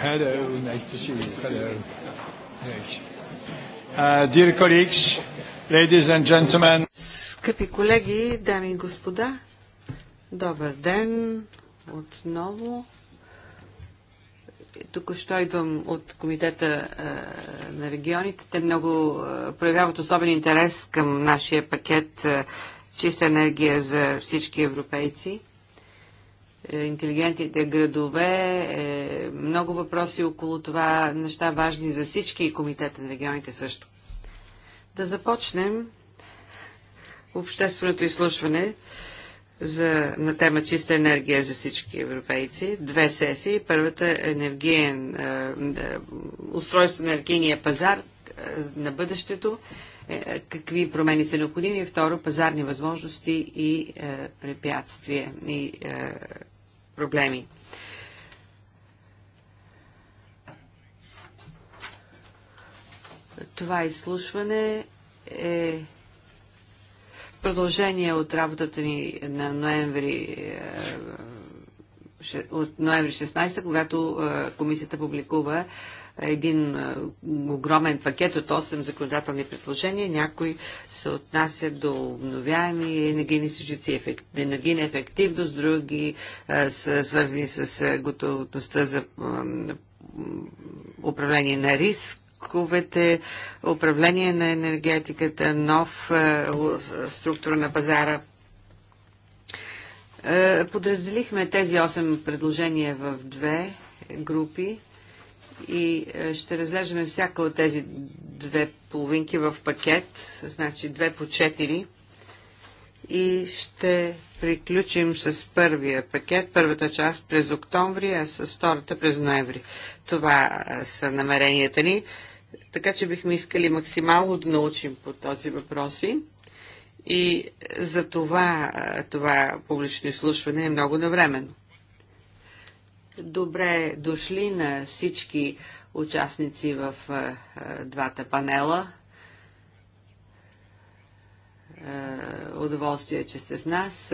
Hello, nice to see you. Hello. Uh, dear colleagues, ladies and gentlemen. Скъпи колеги, дами и господа, добър ден отново. Току-що идвам от Комитета е, на регионите. Те много е, проявяват особен интерес към нашия пакет е, чиста енергия за всички европейци интелигентните градове, е, много въпроси около това, неща важни за всички и Комитета на регионите също. Да започнем общественото изслушване за, на тема чиста енергия за всички европейци. Две сесии. Първата е енергиен, е, е, устройство на енергийния пазар е, на бъдещето, е, какви промени са необходими. Второ, пазарни възможности и е, препятствия и е, проблеми. Това изслушване е продължение от работата ни на ноември е, от ноември 16, когато е, комисията публикува един огромен пакет от 8 законодателни предложения. Някои се отнасят до обновяеми енергийни източници, енергийна ефективност, други са свързани с готовността за управление на риск, рисковете, управление на енергетиката, нов е, структура на пазара. Е, подразделихме тези 8 предложения в две групи и е, ще разлежаме всяка от тези две половинки в пакет, значи две по четири. И ще приключим с първия пакет, първата част през октомври, а с втората през ноември. Това е, са намеренията ни. Така че бихме искали максимално да научим по този въпроси. И е, за това, това публично изслушване е много навременно. Добре дошли на всички участници в двата панела. Удоволствие, че сте с нас.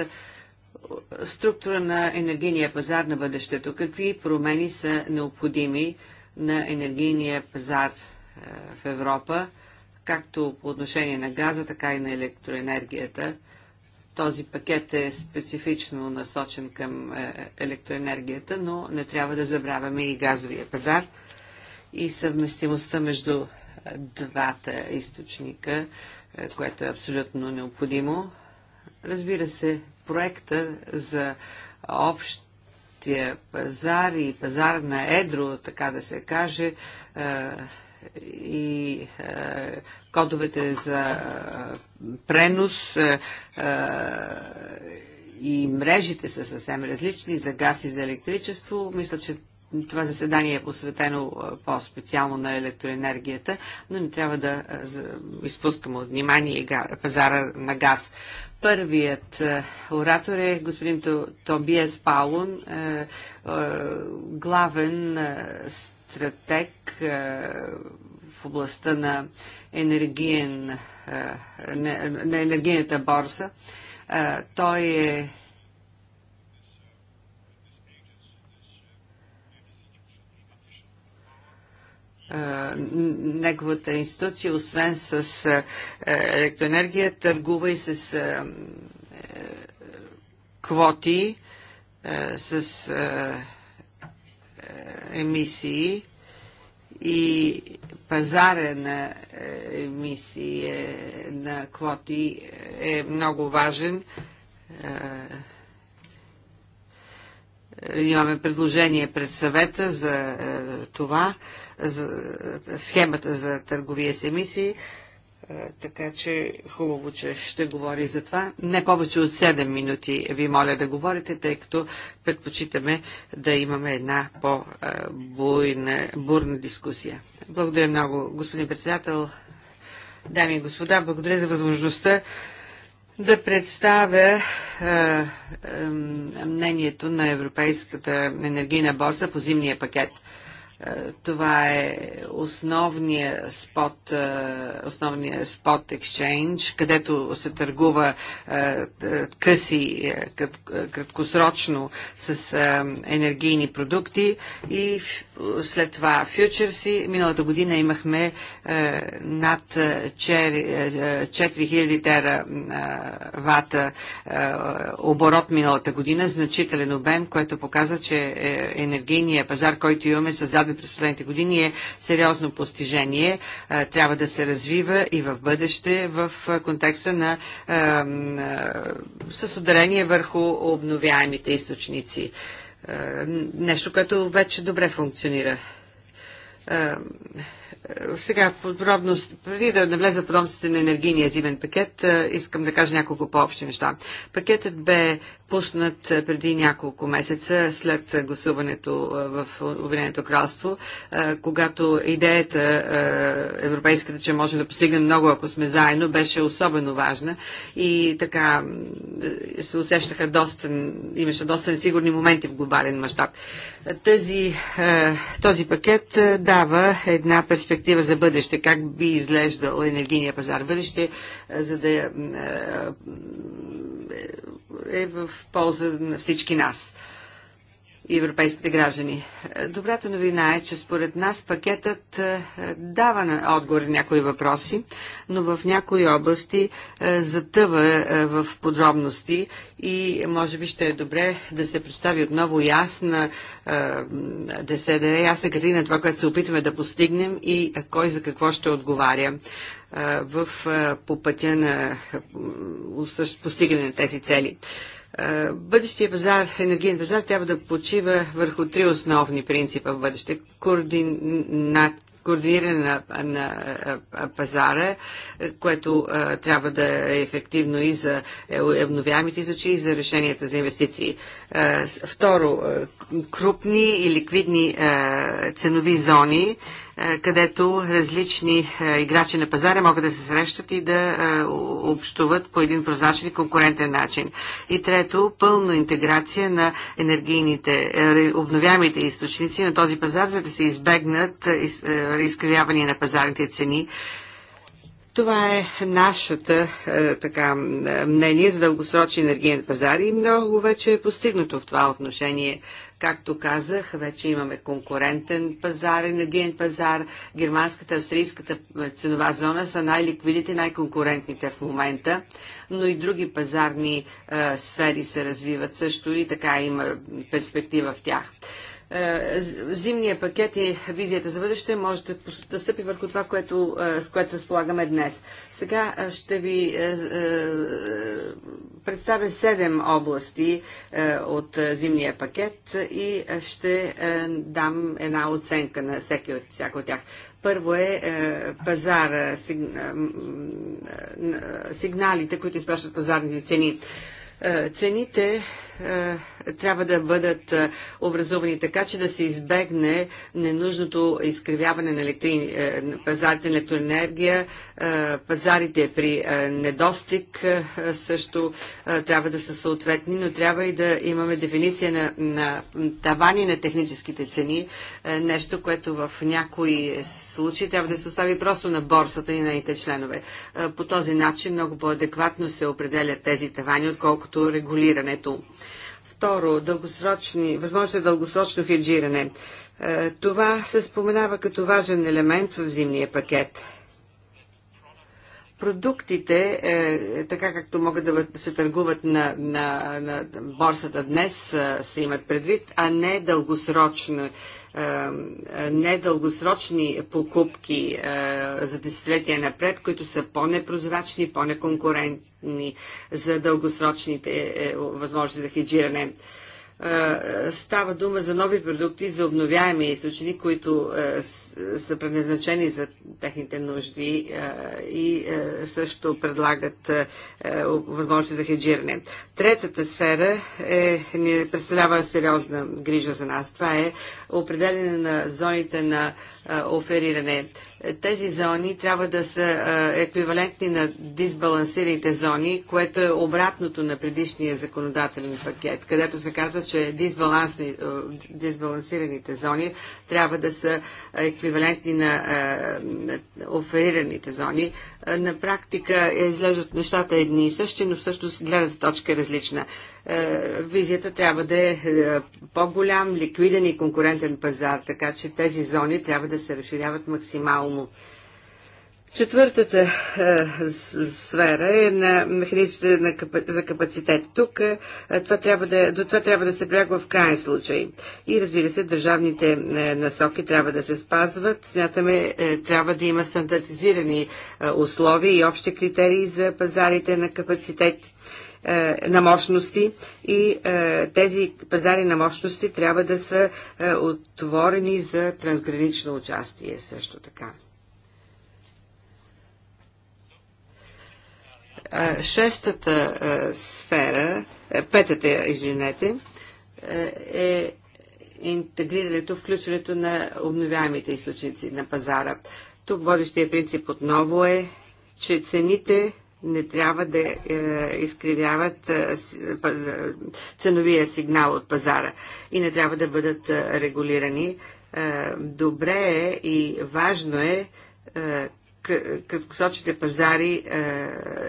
Структура на енергийния пазар на бъдещето. Какви промени са необходими на енергийния пазар в Европа, както по отношение на газа, така и на електроенергията? Този пакет е специфично насочен към е, електроенергията, но не трябва да забравяме и газовия пазар и съвместимостта между е, двата източника, е, което е абсолютно необходимо. Разбира се, проекта за общия пазар и пазар на едро, така да се каже, и кодовете за пренос а, е, а, е, и мрежите са съвсем различни за газ и за електричество. Мисля, че това заседание е посветено е, по-специално на електроенергията, но не трябва да изпускаме от внимание пазара на газ. Първият оратор е господин Тобиас Паулун, главен стратег в областта на енергиен е, на, енергийната борса. Е, той е, е неговата институция, освен с електроенергия, търгува и с квоти, с емисии и пазара на е, емисии е, на квоти е много важен. Е, имаме предложение пред съвета за това, за схемата за търговия с емисии. Е, така че хубаво, че ще говори за това. Не повече от 7 минути ви моля да говорите, тъй като предпочитаме да имаме една по-бурна дискусия. Благодаря много, господин председател. Дами и господа, благодаря за възможността да представя е, е, мнението на Европейската енергийна борса по зимния пакет. Е, това е основния спот, е, основния спот екшейндж, където се търгува е, къси, краткосрочно с енергийни продукти и след това фьючерси. Миналата година имахме е, над 4000 е, е, тера е, вата е, оборот миналата година, значителен обем, което показва, че е, енергийният пазар, който имаме създаден през последните години е сериозно постижение. Е, трябва да се развива и в бъдеще в контекста на е, е, с ударение върху обновяемите източници. Е, е, нещо, което вече добре функционира. Е, е, сега подробно, подробност, преди да навлеза в подробностите на енергийния зимен пакет, е, искам да кажа няколко по-общи неща. Пакетът бе пуснат е, преди няколко месеца след гласуването в Обединеното кралство, когато идеята европейската, че можем да постигнем много, ако сме заедно, беше особено важна и така се усещаха доста, имаше доста несигурни моменти в глобален мащаб. Този пакет дава една перспектива перспектива за бъдеще, как би изглеждал енергийния пазар в бъдеще, е, за да е, е, е в полза на всички нас европейските граждани. Добрата новина е, че според нас пакетът е, дава на отговор на някои въпроси, но в някои области е, затъва е, в подробности и може би ще е добре да се представи отново ясна, да се даде ясна картина това, което се опитваме да постигнем и кой за какво ще отговаря в, по пътя на постигане на тези цели. Е, бъдещия пазар, енергиен пазар трябва да почива върху три основни принципа в бъдеще. Координат, координиране на, на е, е, пазара, което а, трябва да е ефективно и за обновяемите изучи, и за решенията за инвестиции. А, второ, крупни и ликвидни а, ценови зони, е, където различни е, играчи на пазара могат да се срещат и да е, общуват по един прозрачен и конкурентен начин. И трето, пълно интеграция на енергийните, обновяемите източници на този пазар, за да се избегнат изкривявания на пазарните цени. Това е нашата така, мнение за дългосрочни енергиен пазар и много вече е постигнато в това отношение Както казах, вече имаме конкурентен пазар, енергиен пазар. Германската, австрийската ценова зона са най-ликвидите, най-конкурентните в момента, но и други пазарни е, сфери се развиват също и така има перспектива в тях е, зимния пакет и визията за бъдеще може да стъпи върху това, което, е, с което разполагаме днес. Сега е, ще ви представя седем области е, от е, зимния пакет и е, ще дам една оценка на всеки от, всяко от тях. Първо е пазара, сигналите, които изпращат пазарните цени. Цените трябва да бъдат е, образувани така, че да се избегне ненужното изкривяване на, е, пазарите на електроенергия. Е, пазарите при недостиг също трябва да са съответни, но трябва и да имаме дефиниция на, на тавани на техническите цени. Нещо, което в някои случаи трябва да се остави просто на борсата и нейните членове. По този начин много по-адекватно се определят тези тавани, отколкото регулирането. Второ, дългосрочни, възможност дългосрочно хеджиране. Е, това се споменава като важен елемент в зимния пакет. Продуктите, е, така както могат да се търгуват на, на, на борсата днес, е, се имат предвид, а не дългосрочно е, е, недългосрочни покупки е, за десетилетия напред, които са по-непрозрачни, по-неконкурентни за дългосрочните възможности за хеджиране става дума за нови продукти, за обновяеми източни, които са предназначени за техните нужди и също предлагат възможности за хеджиране. Третата сфера е, ни представлява сериозна грижа за нас. Това е определене на зоните на офериране. Тези зони трябва да са еквивалентни на дисбалансираните зони, което е обратното на предишния законодателен пакет, където се казва, че дисбалансираните зони трябва да са еквивалентни еквивалентни на оферираните зони, на практика е, излежат нещата едни и същи, но всъщност гледната точка е различна. Визията трябва да е, е по-голям, ликвиден и конкурентен пазар, така че тези зони трябва да се разширяват максимално Четвъртата е, сфера е на механизмите на капа, за капацитет. Тук е, това трябва да, до това трябва да се прягва в крайен случай. И разбира се, държавните е, насоки трябва да се спазват. Смятаме, е, трябва да има стандартизирани е, условия и общи критерии за пазарите на капацитет е, на мощности и е, тези пазари на мощности трябва да са е, отворени за трансгранично участие също така. Шестата сфера, петата, извинете, е интегрирането, включването на обновяемите източници на пазара. Тук водещия принцип отново е, че цените не трябва да е, изкривяват е, ценовия сигнал от пазара и не трябва да бъдат регулирани. Е, добре е и важно е краткосрочните пазари, е,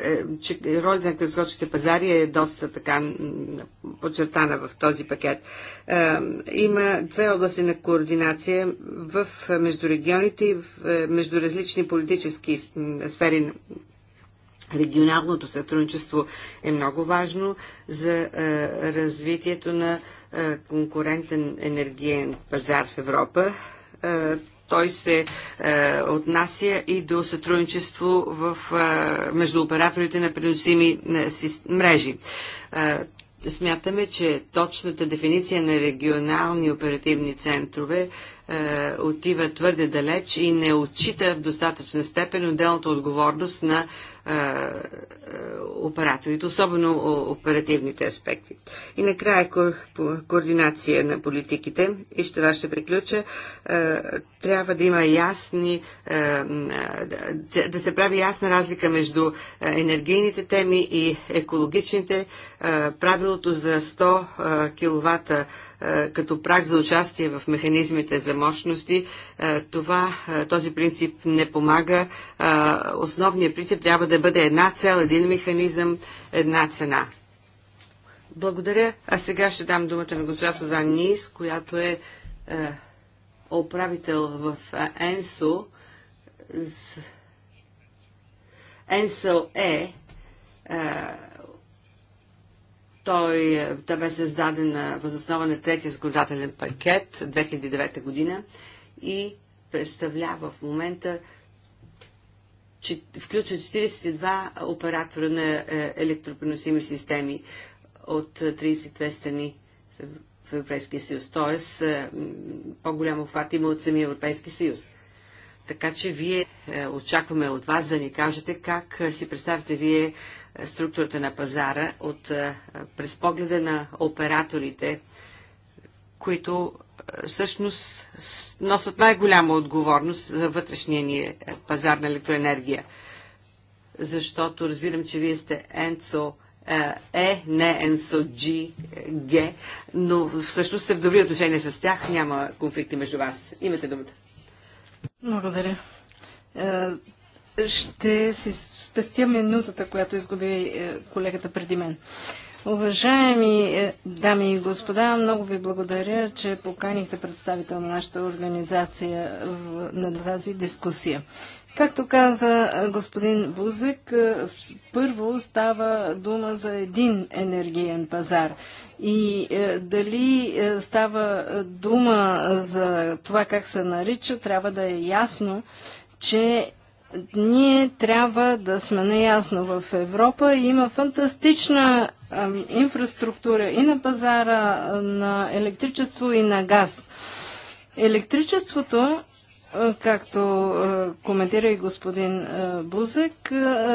е, че ролята на краткосрочните пазари е доста така подчертана в този пакет. Е, има две области на координация в между регионите и между различни политически сфери Регионалното сътрудничество е много важно за развитието на конкурентен енергиен пазар в Европа той се е, отнася и до сътрудничество в, е, между операторите на преносими е, си, мрежи. Е, смятаме, че точната дефиниция на регионални оперативни центрове е, отива твърде далеч и не отчита в достатъчна степен отделната отговорност на е, операторите, особено оперативните аспекти. И накрая ко координация на политиките, и ще това ще приключа, трябва да има ясни, да се прави ясна разлика между енергийните теми и екологичните. Правилото за 100 кВт е, като прак за участие в механизмите за мощности. Е, това, е, този принцип не помага. Основният принцип трябва да бъде една цел, един механизъм, една цена. Благодаря. А сега ще дам думата на госпожа Сузан Нис, която е, управител в ЕНСО. ЕНСО е, е той да е, бе създаден е, възоснова на третия законодателен пакет 2009 година и представлява в момента че, включва 42 оператора на е, електропреносими системи от 32 страни в Европейския съюз. Тоест, по-голям обхват има от самия Европейски съюз. Така че вие очакваме от вас да ни кажете как си представите вие структурата на пазара от, през погледа на операторите, които всъщност носят най-голяма отговорност за вътрешния ни е, пазар на електроенергия. Защото разбирам, че вие сте ЕНЦО Е, не ЕНЦО G, е, Г, но всъщност сте в добри отношения с тях, няма конфликти между вас. Имате думата. Благодаря. Е, ще си спестя минутата, която изгуби е, колегата преди мен. Уважаеми е, дами и господа, много ви благодаря, че поканихте представител на нашата организация на тази дискусия. Както каза е, господин Бузек, първо става дума за един енергиен пазар. И дали става дума за това как се нарича, трябва да е ясно, че ние трябва да сме наясно в Европа. Има фантастична инфраструктура и на пазара на електричество и на газ. Електричеството както коментира и господин Бузек,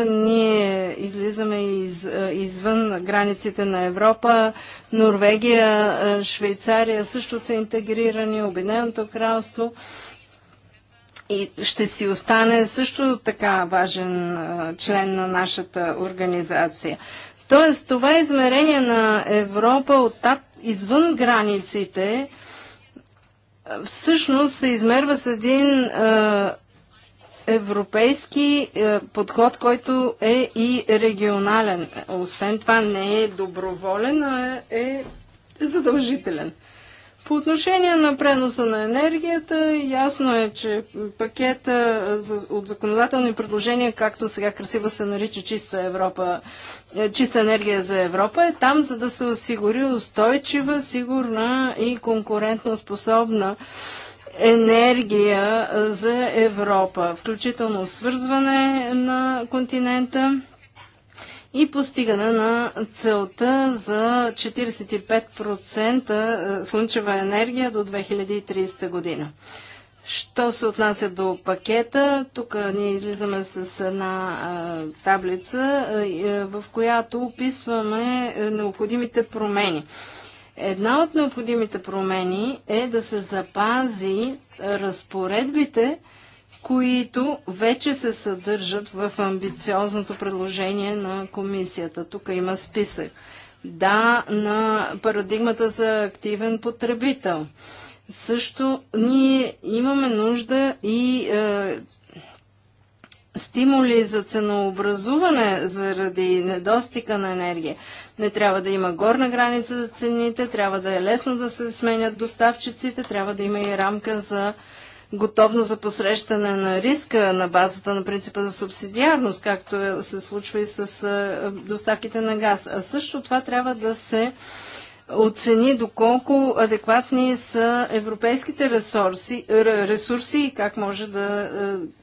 ние излизаме из, извън границите на Европа. Норвегия, Швейцария също са интегрирани, Обединеното кралство и ще си остане също така важен член на нашата организация. Тоест, това измерение на Европа от тат, извън границите всъщност се измерва с един европейски е, подход, който е и регионален. Освен това не е доброволен, а е задължителен. По отношение на преноса на енергията, ясно е, че пакета от законодателни предложения, както сега красиво се нарича чиста, Европа, е, чиста енергия за Европа, е там, за да се осигури устойчива, сигурна и конкурентно способна енергия за Европа, включително свързване на континента и постигане на целта за 45% е, слънчева енергия до 2030 година. Що се отнася до пакета, тук ние излизаме с една е, таблица, е, в която описваме необходимите промени. Една от необходимите промени е да се запази разпоредбите, които вече се съдържат в амбициозното предложение на комисията. Тук има списък. Да, на парадигмата за активен потребител. Също ние имаме нужда и е, стимули за ценообразуване заради недостига на енергия. Не трябва да има горна граница за цените, трябва да е лесно да се сменят доставчиците, трябва да има и рамка за готовност за посрещане на риска на базата на принципа за субсидиарност, както е- се случва и с доставките на газ. А също това трябва да се оцени доколко адекватни са европейските ресурси, ресурси и как може да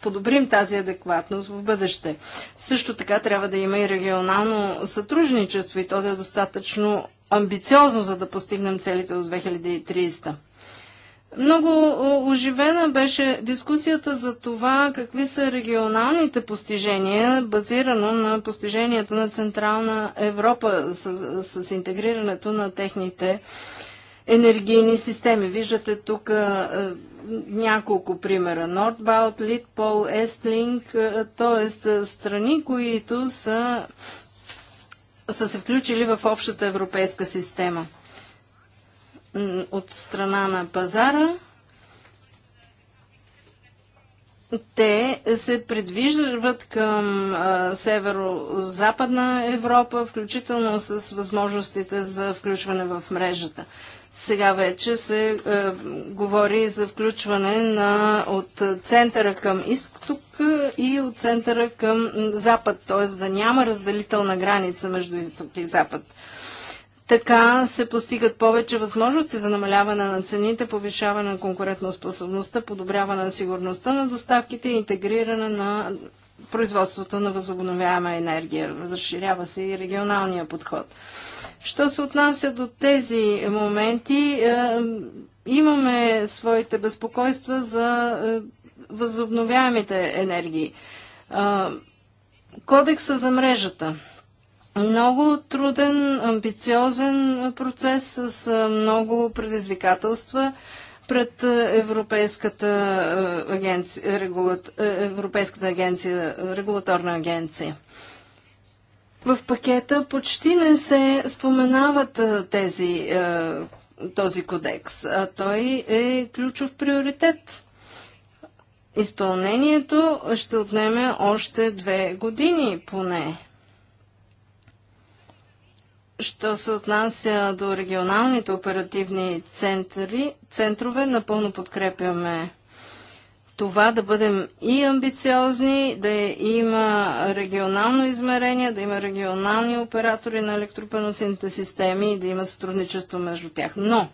подобрим тази адекватност в бъдеще. Също така трябва да има и регионално сътрудничество и то да е достатъчно амбициозно, за да постигнем целите до 2300. Много оживена беше дискусията за това какви са регионалните постижения, базирано на постиженията на Централна Европа с, с интегрирането на техните енергийни системи. Виждате тук а, е, няколко примера. Нордбалт, Литпол, Естлинг, т.е. Е, страни, които са, са се включили в общата европейска система – от страна на пазара, те се придвижват към северо-западна Европа, включително с възможностите за включване в мрежата. Сега вече се е, говори за включване на, от центъра към изток и от центъра към запад, т.е. да няма разделителна граница между изток и запад. Така се постигат повече възможности за намаляване на цените, повишаване на конкурентоспособността, подобряване на сигурността на доставките и интегриране на производството на възобновяема енергия. Разширява се и регионалния подход. Що се отнася до тези моменти, е, имаме своите безпокойства за е, възобновяемите енергии. Е, кодекса за мрежата – много труден, амбициозен процес с много предизвикателства пред Европейската, агенция, регулат, Европейската агенция, регулаторна агенция. В пакета почти не се споменават тези, този кодекс, а той е ключов приоритет. Изпълнението ще отнеме още две години поне Що се отнася до регионалните оперативни центри, центрове, напълно подкрепяме това да бъдем и амбициозни, да има регионално измерение, да има регионални оператори на електропеноцините системи и да има сътрудничество между тях. Но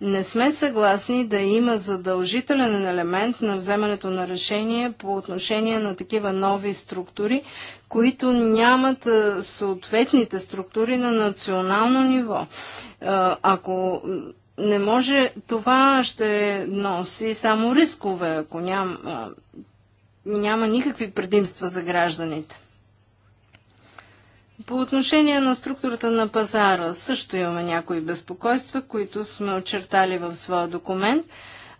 не сме съгласни да има задължителен елемент на вземането на решение по отношение на такива нови структури, които нямат съответните структури на национално ниво. Ако не може, това ще носи само рискове, ако няма, няма никакви предимства за гражданите. По отношение на структурата на пазара също имаме някои безпокойства, които сме очертали в своя документ.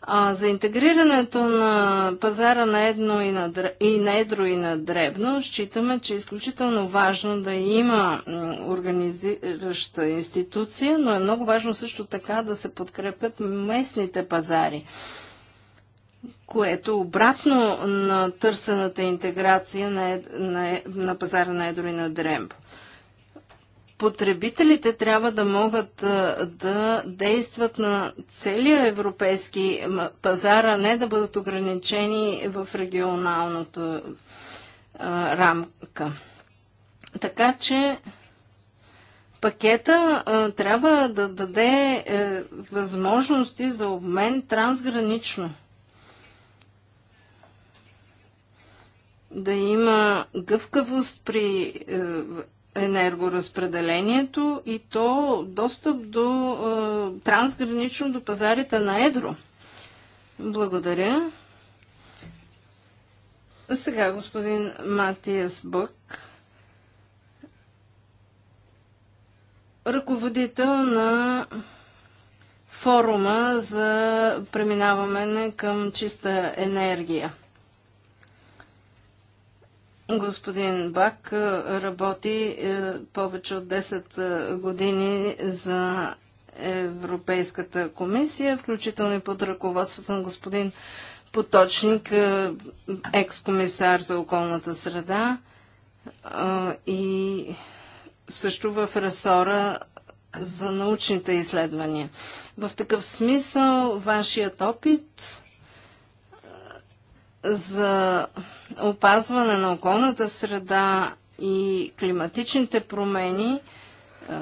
А, за интегрирането на пазара на едно и на, и на едро и на дребно считаме, че е изключително важно да има организираща институция, но е много важно също така да се подкрепят местните пазари което е обратно на търсената интеграция на, на, е-, на пазара на едро и на дрембо. Потребителите трябва да могат да действат на целия европейски пазар, а не да бъдат ограничени в регионалната рамка. Така че пакета а, трябва да даде е, възможности за обмен трансгранично да има гъвкавост при е, енергоразпределението и то достъп до е, трансгранично до пазарите на едро. Благодаря. Сега господин Матиас Бък, ръководител на форума за преминаване към чиста енергия. Господин Бак е, работи е, повече от 10 е, години за Европейската комисия, включително и под ръководството на господин Поточник, екс-комисар за околната среда и също в ресора за научните изследвания. В такъв смисъл, вашият опит за опазване на околната среда и климатичните промени, е,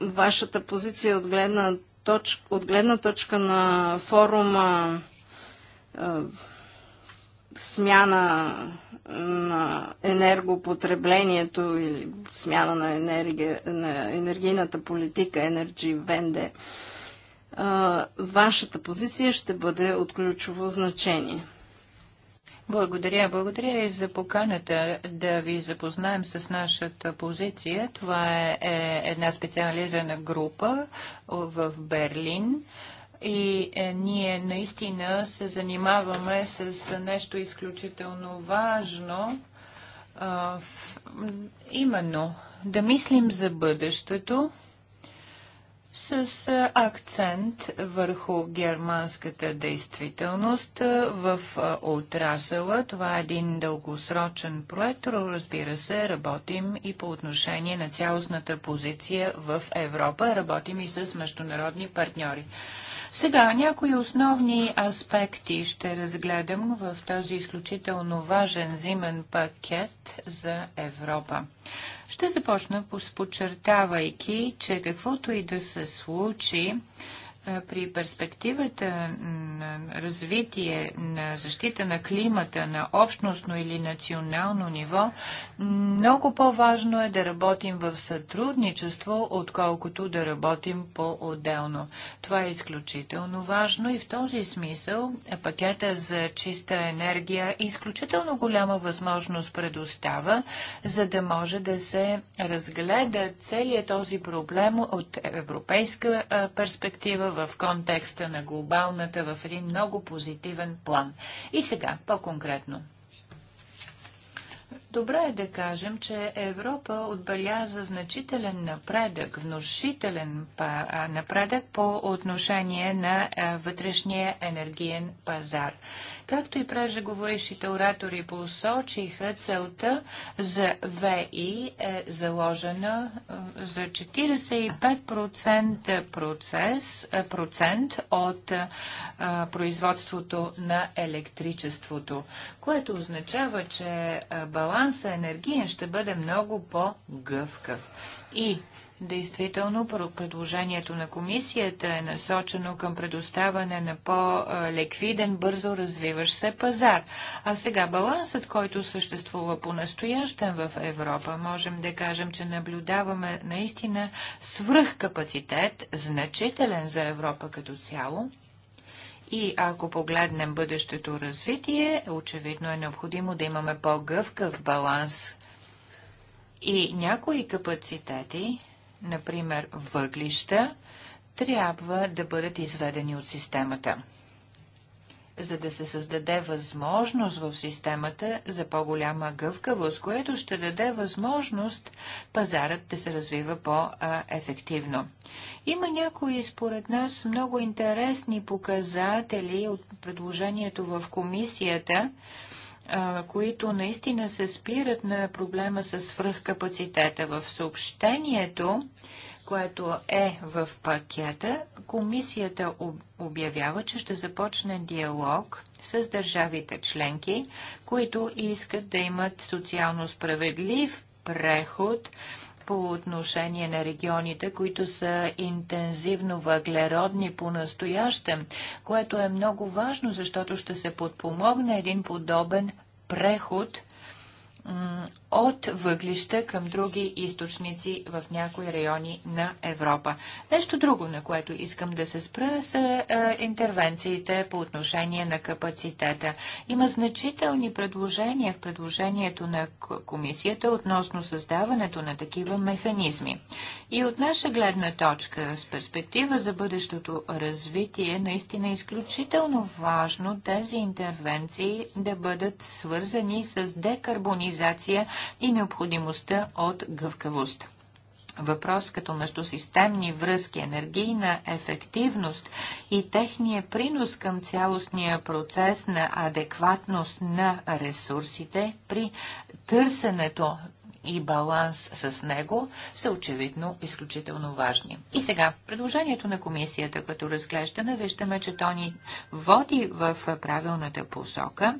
вашата позиция от гледна точка, от гледна точка на форума е, смяна на енергопотреблението или смяна на, енергия, на енергийната политика Energy Vende, е, вашата позиция ще бъде от ключово значение. Благодаря. Благодаря и за поканата да ви запознаем с нашата позиция. Това е, е една специализирана група в Берлин и е, ние наистина се занимаваме с нещо изключително важно, именно да мислим за бъдещето, с акцент върху германската действителност в отрасъла. Това е един дългосрочен проект. Разбира се, работим и по отношение на цялостната позиция в Европа. Работим и с международни партньори. Сега някои основни аспекти ще разгледам в този изключително важен зимен пакет за Европа. Ще започна подчертавайки, че каквото и да се случи, е, при перспективата на развитие на защита на климата на общностно или национално ниво, много по-важно е да работим в сътрудничество, отколкото да работим по-отделно. Това е изключително важно и в този смисъл пакета за чиста енергия е изключително голяма възможност предостава, за да може да се разгледа целият този проблем от европейска перспектива в контекста на глобалната в един много позитивен план. И сега, по-конкретно. Добре е да кажем, че Европа отбеляза значителен напредък, внушителен напредък по отношение на вътрешния енергиен пазар. Както и преждеговорившите оратори посочиха, целта за ВИ е заложена е, за 45% процес, е, процент от а, е, производството на електричеството, което означава, че баланса енергиен ще бъде много по-гъвкав. И Действително, предложението на комисията е насочено към предоставане на по-ликвиден, бързо развиващ се пазар. А сега балансът, който съществува по-настоящен в Европа, можем да кажем, че наблюдаваме наистина свръхкапацитет, значителен за Европа като цяло. И ако погледнем бъдещето развитие, очевидно е необходимо да имаме по-гъвкав баланс. И някои капацитети например въглища, трябва да бъдат изведени от системата, за да се създаде възможност в системата за по-голяма гъвкавост, което ще даде възможност пазарът да се развива по-ефективно. Има някои, според нас, много интересни показатели от предложението в комисията, които наистина се спират на проблема с свръхкапацитета. В съобщението, което е в пакета, комисията обявява, че ще започне диалог с държавите членки, които искат да имат социално справедлив преход по отношение на регионите, които са интензивно въглеродни по-настоящем, което е много важно, защото ще се подпомогне един подобен преход от въглища към други източници в някои райони на Европа. Нещо друго, на което искам да се спра, са е, интервенциите по отношение на капацитета. Има значителни предложения в предложението на комисията относно създаването на такива механизми. И от наша гледна точка, с перспектива за бъдещото развитие, наистина е изключително важно тези интервенции да бъдат свързани с декарбонизация и необходимостта от гъвкавост. Въпрос като междусистемни връзки, енергийна ефективност и техния принос към цялостния процес на адекватност на ресурсите при търсенето и баланс с него са очевидно изключително важни. И сега, предложението на комисията, като разглеждаме, виждаме, че то ни води в правилната посока.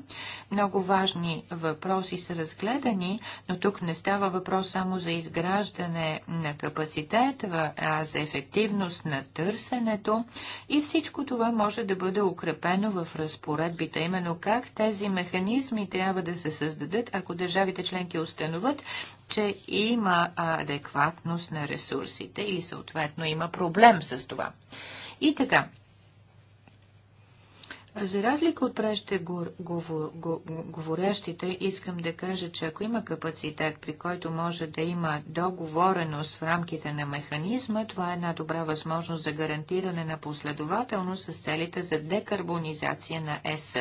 Много важни въпроси са разгледани, но тук не става въпрос само за изграждане на капацитет, а за ефективност на търсенето и всичко това може да бъде укрепено в разпоредбите, именно как тези механизми трябва да се създадат, ако държавите членки установят, че има адекватност на ресурсите или съответно има проблем с това. И така, за разлика от говорящите, искам да кажа, че ако има капацитет, при който може да има договореност в рамките на механизма, това е една добра възможност за гарантиране на последователност с целите за декарбонизация на ЕС.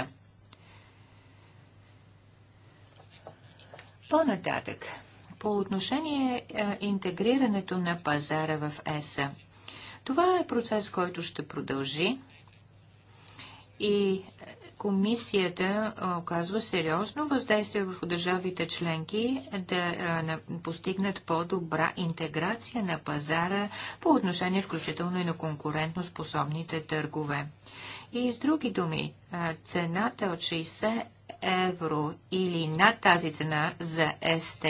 По-нататък по отношение е, интегрирането на пазара в ЕСА. Това е процес, който ще продължи и е, комисията е, оказва сериозно въздействие върху държавите членки да а, постигнат по-добра интеграция на пазара по отношение включително и на конкурентно способните търгове. И с други думи, цената от 60 евро или над тази цена за СТ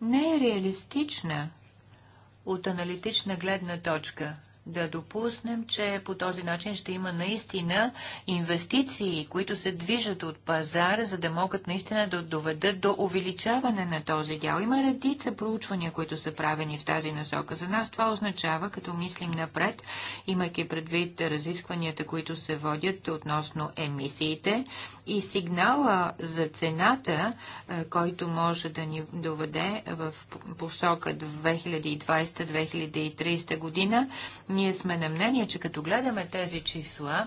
не е реалистична от аналитична гледна точка да допуснем, че по този начин ще има наистина инвестиции, които се движат от пазара, за да могат наистина да доведат до увеличаване на този дял. Има редица проучвания, които са правени в тази насока. За нас това означава, като мислим напред, имайки предвид разискванията, които се водят относно емисиите, и сигнала за цената, е, който може да ни доведе в посока 2020-2030 година, ние сме на мнение, че като гледаме тези числа, е,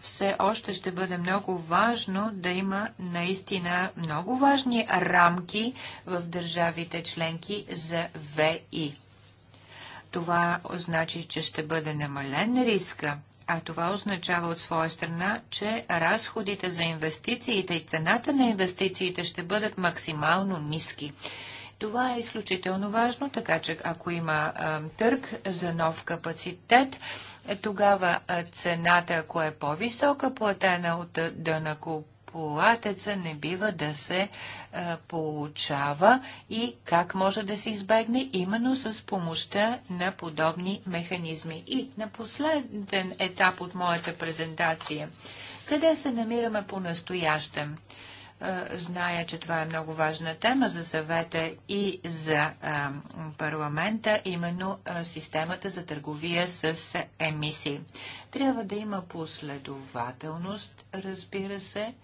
все още ще бъде много важно да има наистина много важни рамки в държавите членки за ВИ. Това значи, че ще бъде намален риска а това означава от своя страна, че разходите за инвестициите и цената на инвестициите ще бъдат максимално ниски. Това е изключително важно, така че ако има търг за нов капацитет, е, тогава цената, ако е по-висока, платена от дънакоплатеца, платеца не бива да се а, получава и как може да се избегне именно с помощта на подобни механизми. И на последен етап от моята презентация. Къде се намираме по-настоящем? Е, зная, че това е много важна тема за съвета и за е, парламента, именно е, системата за търговия с емисии. Трябва да има последователност, разбира се,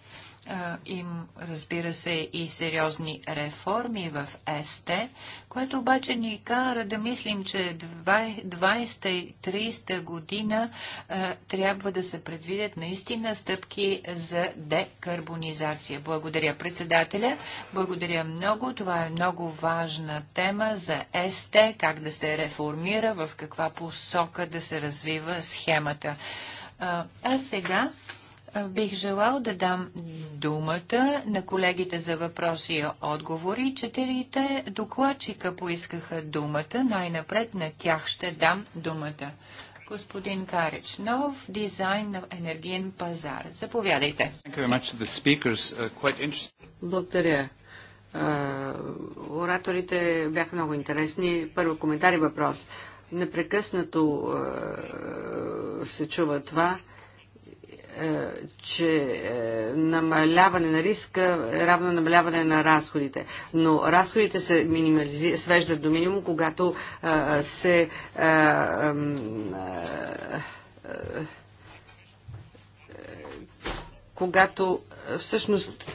е, им, разбира се, и сериозни реформи в СТ, което обаче ни кара да мислим, че 20 и 30 година е, трябва да се предвидят наистина стъпки за декарбонизация. Благодаря председателя, благодаря много. Това е много важна тема за СТ, как да се реформира, в каква посока да се развива схемата. Е, а сега бих желал да дам думата на колегите за въпроси и отговори. Четирите докладчика поискаха думата. Най-напред на тях ще дам думата. Господин Карич, нов дизайн на енергиен пазар. Заповядайте. Благодаря. Ораторите бяха много интересни. Първо коментар и въпрос. Непрекъснато се чува това е, че е, намаляване на риска е равно намаляване на разходите. Но разходите се минимализи... свеждат до минимум, когато е, се когато всъщност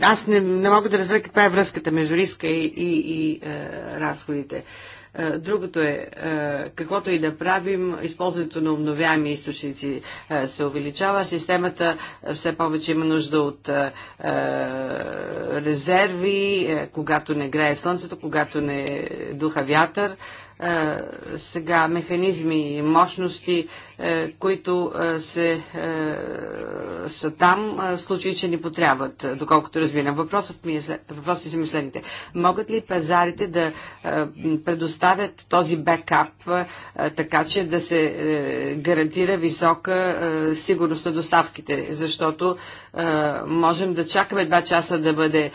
аз не, не мога да разбера каква е връзката между риска и, и, и е, разходите. Е, е, другото е, е, каквото и да правим, използването на обновяеми източници е, се увеличава. Системата все повече има нужда от резерви, когато не грее слънцето, когато не духа вятър. Е, сега механизми и мощности, е, които е, се, са там в случай, че ни потрябват, доколкото разбирам. Въпросът ми е, въпросите са ми следните. Могат ли пазарите да предоставят този бекап, така че да се гарантира висока сигурност на доставките? Защото можем да чакаме два часа да бъде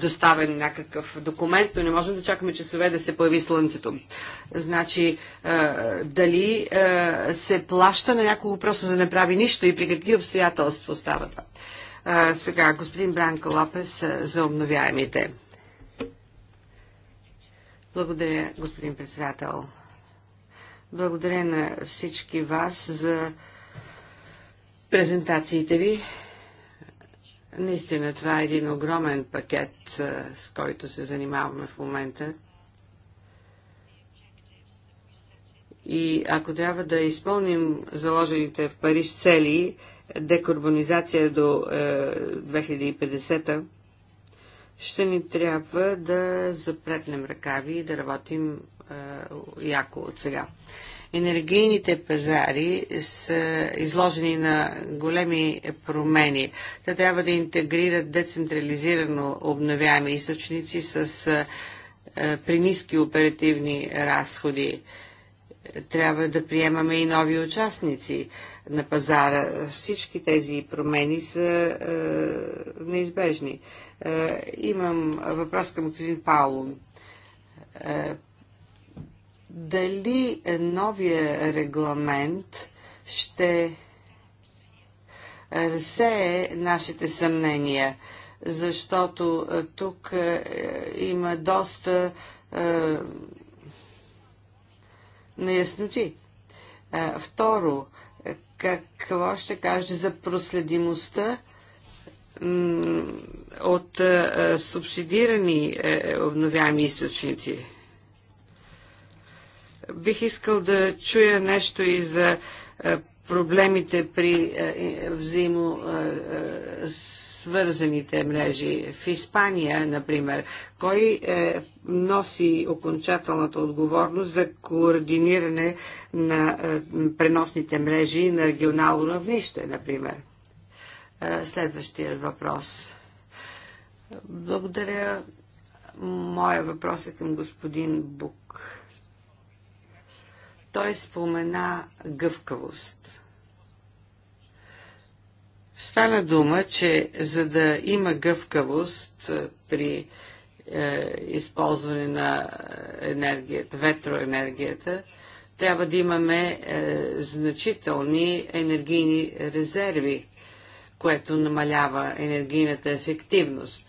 доставен някакъв документ, но не можем да чакаме часове да се появи слънцето. Значи, е, дали е, се плаща на някого просто за да направи нищо и при какви обстоятелства става това. Е, сега, господин Бранка Лапес за обновяемите. Благодаря, господин председател. Благодаря на всички вас за презентациите ви. Наистина това е един огромен пакет, с който се занимаваме в момента. И ако трябва да изпълним заложените в Париж цели, декарбонизация до е, 2050 ще ни трябва да запретнем ръкави и да работим е, яко от сега. Енергийните пазари са изложени на големи промени. Те трябва да интегрират децентрализирано обновяеми източници с е, при ниски оперативни разходи. Е, трябва да приемаме и нови участници на пазара. Всички тези промени са е, неизбежни. Е, имам въпрос към господин Пауло. Е, дали новия регламент ще разсее нашите съмнения, защото е, тук е, има доста е, неясноти. Второ, какво ще каже за проследимостта от субсидирани е, обновяеми източници? Бих искал да чуя нещо и за проблемите при взаимо свързаните мрежи. В Испания, например, кой е, носи окончателната отговорност за координиране на е, преносните мрежи на регионално равнище, например? Е, следващият въпрос. Благодаря. Моя въпрос е към господин Бук. Той спомена гъвкавост Стана дума, че за да има гъвкавост при е, използване на енергията, ветроенергията, трябва да имаме е, значителни енергийни резерви, което намалява енергийната ефективност.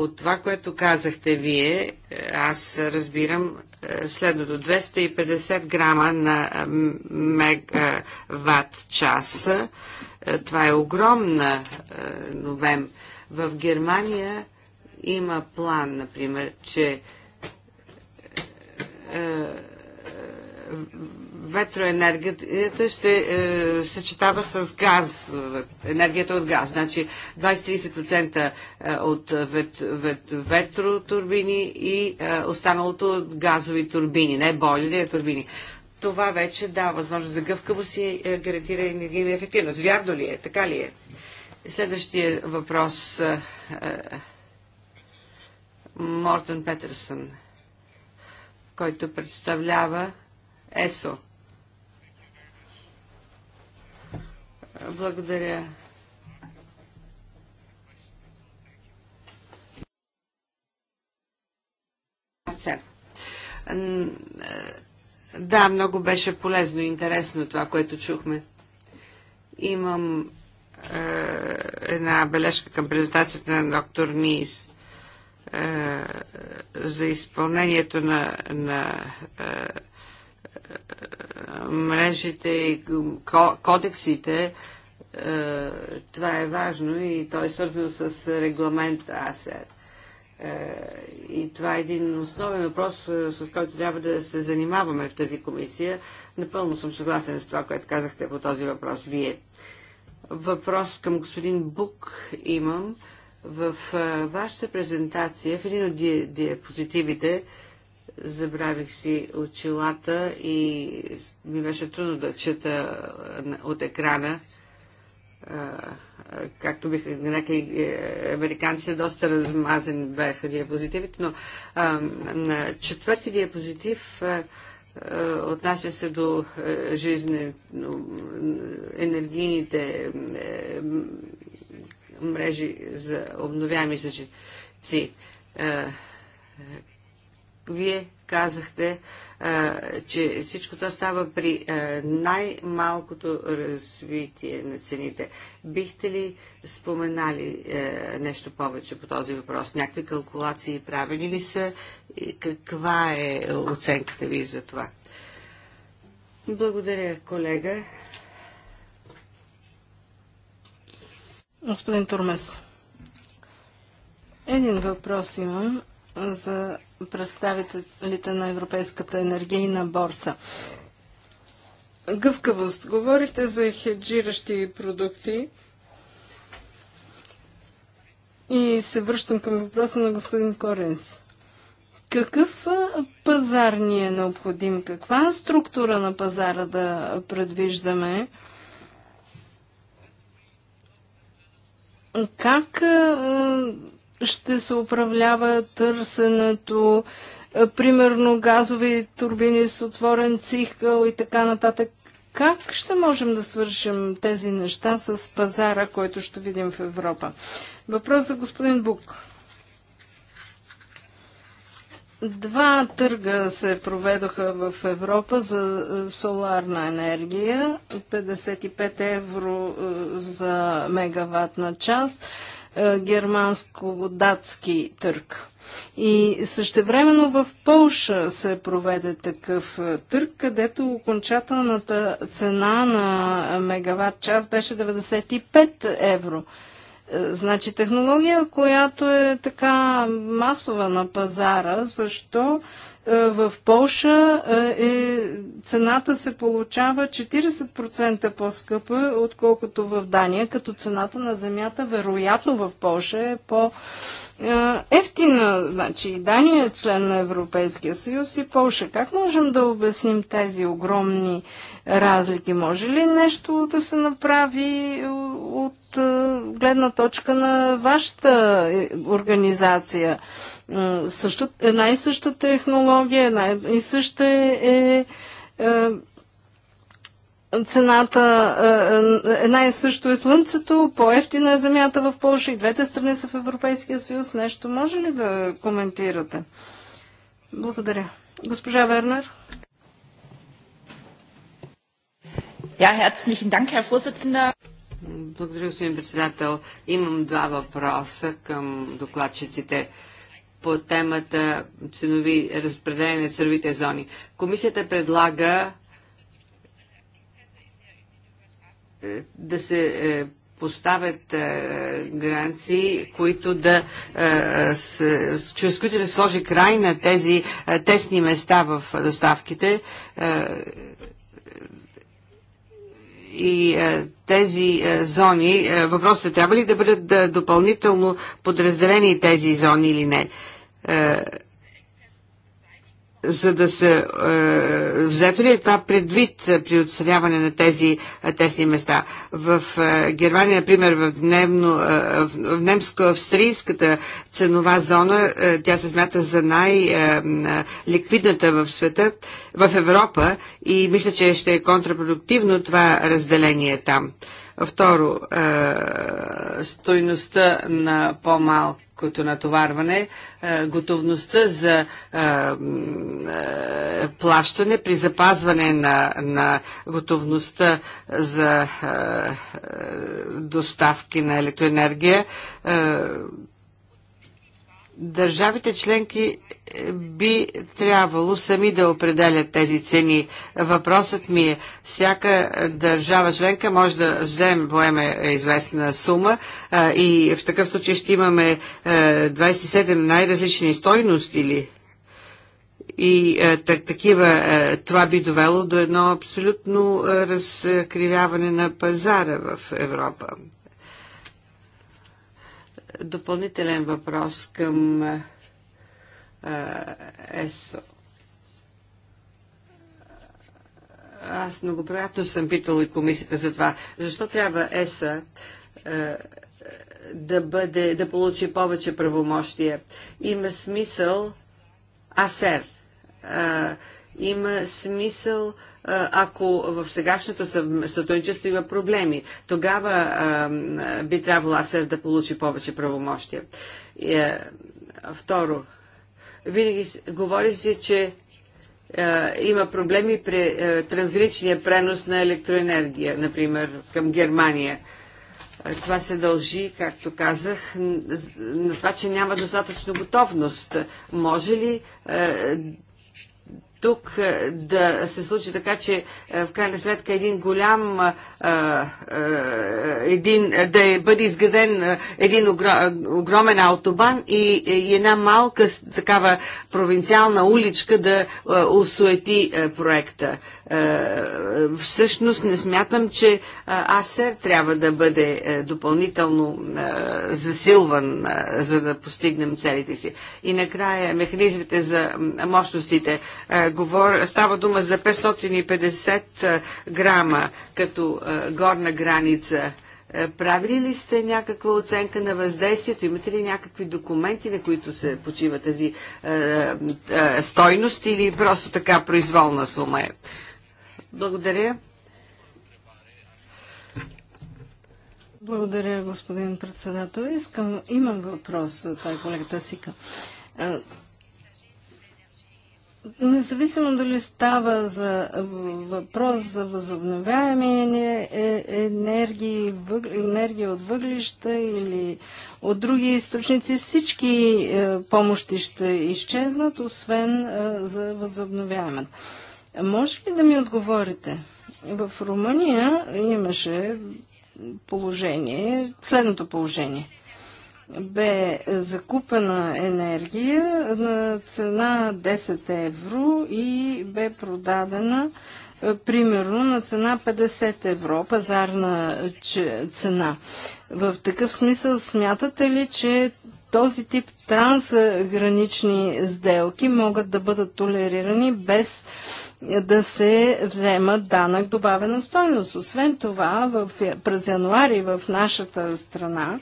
От това, което казахте вие, аз разбирам е, следното. 250 грама на е, мегаватт е, час. Това е огромна новем. В Германия има план, например, че ветроенергията ще е, съчетава с газ, енергията от газ. Значи 20-30% е, от вет, вет, ветротурбини и е, останалото от газови турбини, не бойлери, а турбини. Това вече дава възможност за гъвкавост и е, гарантира енергийна ефективност. Вярно ли е? Така ли е? Следващия въпрос. Е, е, Мортон който представлява ЕСО. Благодаря. Да, много беше полезно и интересно това, което чухме. Имам е, една бележка към презентацията на доктор Нис е, за изпълнението на, на е, мрежите и кодексите, е, това е важно и то е свързано с регламент АСЕР. И това е един основен въпрос, е, с който трябва да се занимаваме в тази комисия. Напълно съм съгласен с това, което казахте по този въпрос вие. Въпрос към господин Бук имам. В е, вашата презентация, в един от диапозитивите, Забравих си очилата и ми беше трудно да чета от екрана. Както бих нарекли е, американците, доста размазани бяха диапозитивите, но на четвърти диапозитив отнася се до е, жизнен, е, енергийните мрежи за обновяеми съчетци. Вие казахте, че всичко това става при най-малкото развитие на цените. Бихте ли споменали нещо повече по този въпрос? Някакви калкулации правени ли са? Каква е оценката ви за това? Благодаря, колега. Господин Турмес, един въпрос имам за представителите на Европейската енергийна борса. Гъвкавост. Говорихте за хеджиращи продукти. И се връщам към въпроса на господин Коренс. Какъв пазар ни е необходим? Каква структура на пазара да предвиждаме? Как ще се управлява търсенето, е, примерно газови турбини с отворен цикъл и така нататък. Как ще можем да свършим тези неща с пазара, който ще видим в Европа? Въпрос за господин Бук. Два търга се проведоха в Европа за е, соларна енергия. 55 евро е, за мегаватна част е, германско-датски търг. И същевременно в Полша се проведе такъв е, търг, където окончателната цена на мегаватт час беше 95 евро. Е, значи технология, която е така масова на пазара, защо е, в Польша е, е, цената се получава 40% по-скъпа, отколкото в Дания, като цената на земята вероятно в Полша е по е, ефтина, значи и Дания е член на Европейския съюз и Полша. Как можем да обясним тези огромни разлики? Може ли нещо да се направи от е, гледна точка на вашата е, организация? една и съща технология, една и съща е, е цената е, е, една и също е слънцето, по-ефтина е земята в Польша и двете страни са в Европейския съюз. Нещо може ли да коментирате? Благодаря. Госпожа Вернер. Благодаря, господин председател. Имам два въпроса към докладчиците по темата ценови разпределение на цървите зони. Комисията предлага Е, да се е, поставят е, гаранции, които да, чрез които да сложи край на тези тесни места в доставките и тези зони. Въпросът е, трябва ли да бъдат допълнително подразделени тези зони или не? за да се е, взето ли е това предвид при отстраняване на тези е, тесни места. В е, Германия, например, в, дневно, е, в, в немско-австрийската ценова зона, е, тя се смята за най-ликвидната е, е в света, в Европа и мисля, че ще е контрапродуктивно това разделение там. Е, Второ, е, стойността на по-малко като натоварване, е, готовността за е, плащане при запазване на, на готовността за доставки на електроенергия Държавите членки би трябвало сами да определят тези цени. Въпросът ми е, всяка държава членка може да вземе, поеме известна сума а, и в такъв случай ще имаме а, 27 най-различни стойности или и а, так, такива, а, това би довело до едно абсолютно разкривяване на пазара в Европа допълнителен въпрос към ЕСО. Аз приятно съм питал и комисията за това. Защо трябва ЕСА да, бъде, да получи повече правомощия? Има смисъл АСЕР. има смисъл ако в сегашното сътрудничество има проблеми. Тогава би трябвало АСЕР да получи повече правомощия. второ, винаги говори се, че има проблеми при трансграничния пренос на електроенергия, например, към Германия. Това се дължи, както казах, на това, че няма достатъчно готовност. Може ли тук е, да се случи така, че е, в крайна сметка един голям е, един, да бъде изграден един огромен автобан и, и една малка такава провинциална уличка да осуети проекта. Е, всъщност не смятам, че е, АСЕР трябва да бъде е, допълнително засилван, за да постигнем целите си. И накрая механизмите за мощностите. Става дума за 550 грама като горна граница. Правили ли сте някаква оценка на въздействието? Имате ли някакви документи, на които се почива тази е, е, стойност или просто така произволна сума е? Благодаря. Благодаря, господин председател. Искам, имам въпрос, това е колегата Сика. Независимо дали става за въпрос за възобновяеми е, енергии, енергия от въглища или от други източници, всички помощи ще изчезнат, освен за възобновяемата. Може ли да ми отговорите? В Румъния имаше положение, следното положение. Бе закупена енергия на цена 10 евро и бе продадена е, примерно на цена 50 евро, пазарна цена. В такъв смисъл смятате ли, че този тип трансгранични сделки могат да бъдат толерирани без да се взема данък добавена стойност. Освен това, в, през януари в нашата страна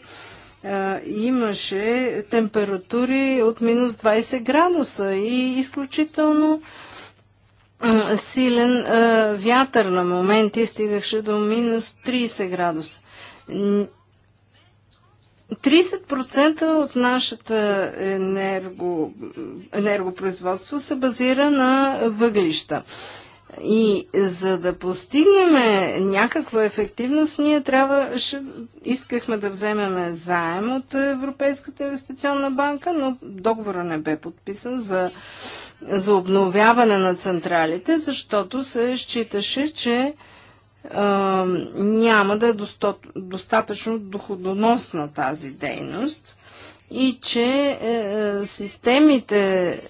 а, имаше температури от минус 20 градуса и изключително а, силен а, вятър на моменти стигаше до минус 30 градуса 30% от нашата енерго, енергопроизводство се базира на въглища. И за да постигнем някаква ефективност, ние трябва, искахме да вземем заем от Европейската инвестиционна банка, но договора не бе подписан за, за обновяване на централите, защото се считаше, че няма да е достатъчно доходоносна тази дейност и че е, е, системите е,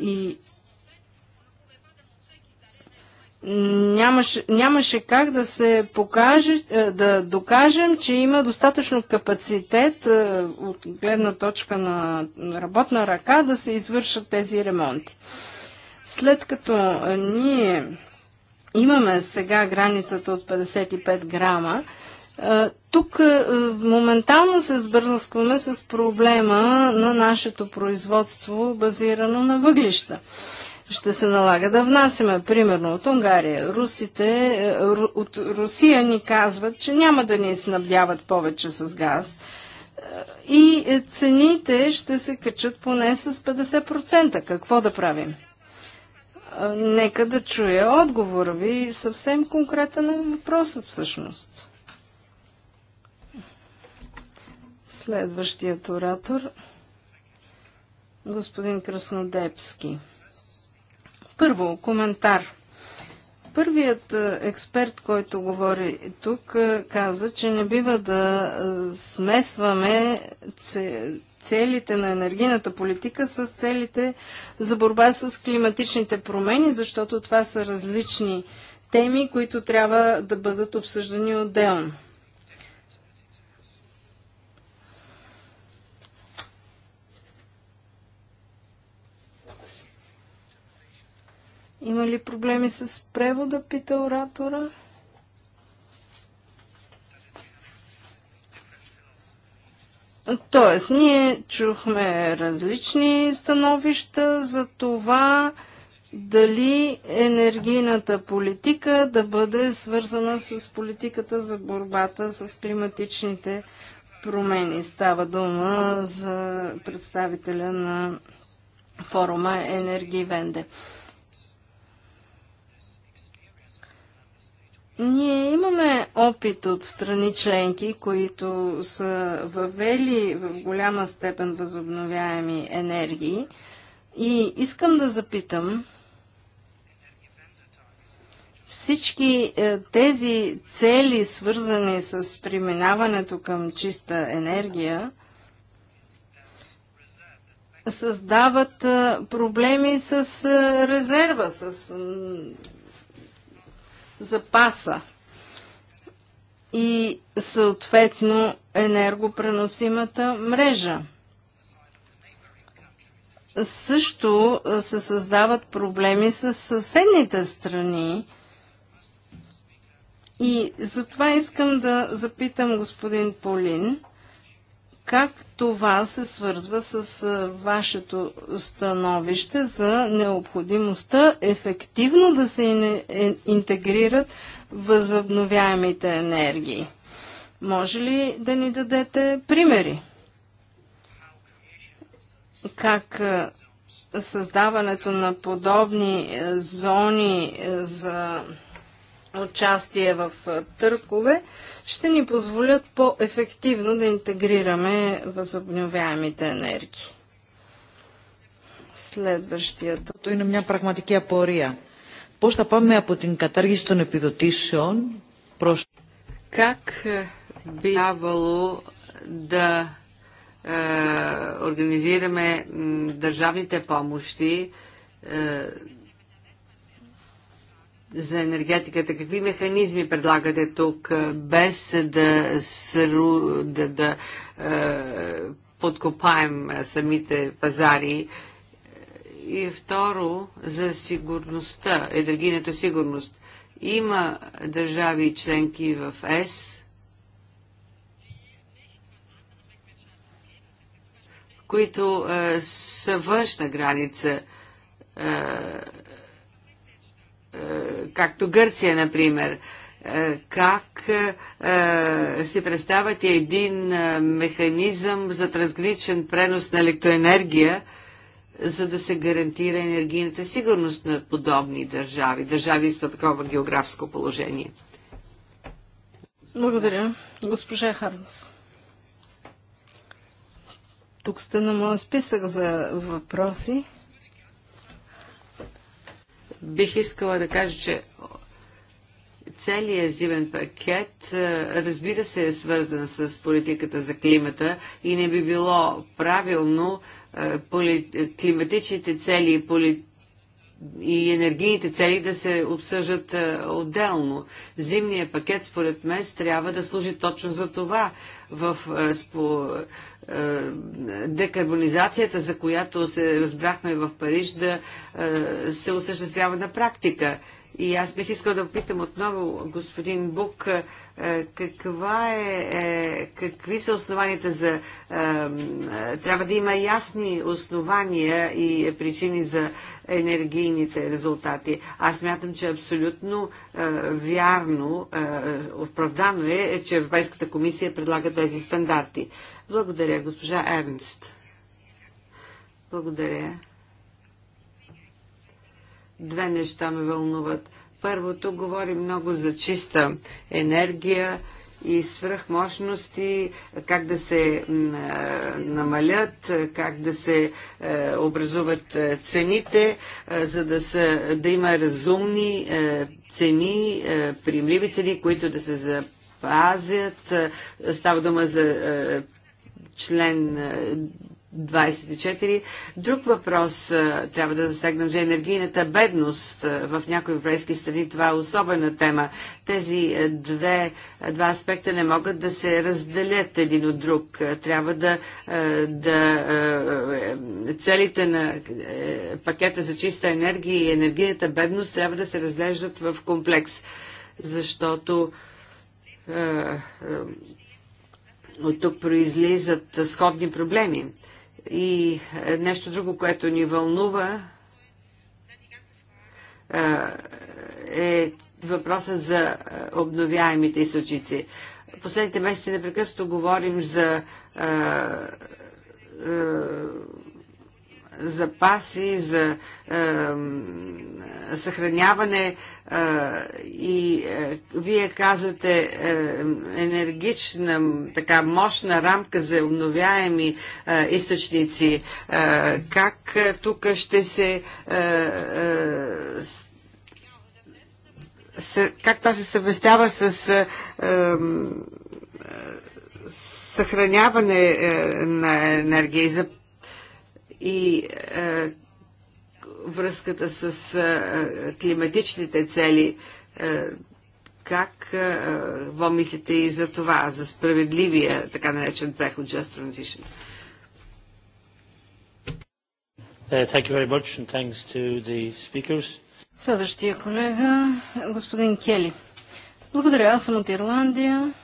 и нямаше, нямаше как да се покаже, е, да докажем, че има достатъчно капацитет е, от гледна точка на работна ръка да се извършат тези ремонти. След като е, ние имаме сега границата от 55 грама, тук моментално се сбързваме с проблема на нашето производство, базирано на въглища. Ще се налага да внасяме, примерно от Унгария. Русите, е, от Русия ни казват, че няма да ни снабдяват повече с газ е, и е, цените ще се качат поне с 50%. Какво да правим? Нека да чуя отговора ви. Съвсем конкретен на е въпросът всъщност. Следващият оратор господин Краснодепски. Първо, коментар. Първият експерт, който говори тук, каза, че не бива да смесваме целите на енергийната политика с целите за борба с климатичните промени, защото това са различни теми, които трябва да бъдат обсъждани отделно. Има ли проблеми с превода, пита оратора? Тоест, ние чухме различни становища за това дали енергийната политика да бъде свързана с политиката за борбата с климатичните промени. Става дума за представителя на форума Енергивенде. Венде. Ние имаме опит от страни членки, които са въвели в голяма степен възобновяеми енергии. И искам да запитам, всички е, тези цели, свързани с преминаването към чиста енергия, създават е, проблеми с е, резерва, с запаса и съответно енергопреносимата мрежа. Също се създават проблеми с съседните страни и затова искам да запитам господин Полин, как това се свързва с вашето становище за необходимостта ефективно да се е, интегрират възобновяемите енергии. Може ли да ни дадете примери? Как създаването на подобни зони за участие в търкове, ще ни позволят по-ефективно да интегрираме възобновяемите енергии. Следващият. Това е μια прагматική απορία. Πώς θα паме από την κατάργηση των επιδοτήσεων προς... Как би трябвало да е, организираме държавните помощи е, за енергетиката, какви механизми предлагате тук, без да, сру, да, да е, подкопаем самите пазари? И второ, за сигурността, енергийната сигурност. Има държави и членки в ЕС, които е, са външна граница. Е, е, както Гърция, например, е, как е, се представят един механизъм за трансграничен пренос на електроенергия, за да се гарантира енергийната сигурност на подобни държави, държави с такова географско положение. Благодаря. Госпожа Харлос. Тук сте на моят списък за въпроси бих искала да кажа, че целият зимен пакет, е, разбира се, е свързан с политиката за климата и не би било правилно е, климатичните цели и политиката и енергийните цели да се обсъждат е, отделно. Зимният пакет, според мен, трябва да служи точно за това. В е, спо, е, декарбонизацията, за която се разбрахме в Париж, да се осъществява на практика. И аз бих искал да попитам отново господин Бук, е, каква е, е, какви са основанията за... Е, трябва да има ясни основания и причини за енергийните резултати. Аз мятам, че абсолютно вярно, оправдано е, че Европейската комисия предлага тези стандарти. Благодаря, госпожа Ернст. Благодаря. Две неща ме вълнуват. Първото, говори много за чиста енергия и свръхмощности, как да се намалят, как да се е, образуват е, цените, е, за да, са, да има разумни цени, приемливи цени, които да се запазят. Става дума за член 24. Друг въпрос е, трябва да засегнем за енергийната бедност е, в някои европейски страни. Това е особена тема. Тези е, две, два аспекта не могат да се разделят един от друг. Трябва да, да целите на пакета за чиста енергия и енергийната бедност трябва да се разглеждат в комплекс, защото от тук произлизат сходни проблеми. И е, нещо друго, което ни вълнува, е, е въпросът за е, обновяемите източници. Последните месеци непрекъснато говорим за запаси, за е, съхраняване е, и е, вие казвате е, енергична, така мощна рамка за обновяеми е, източници. Е, как е, тук ще се е, е, с, как това се съвестява с е, е, съхраняване е, на енергия и за и е, връзката с е, климатичните цели. Е, как е, во мислите и за това, за справедливия, така наречен преход, Just Transition? Uh, thank you very much and thanks to the speakers. Следващия колега, господин Кели. Благодаря, аз съм от Ирландия.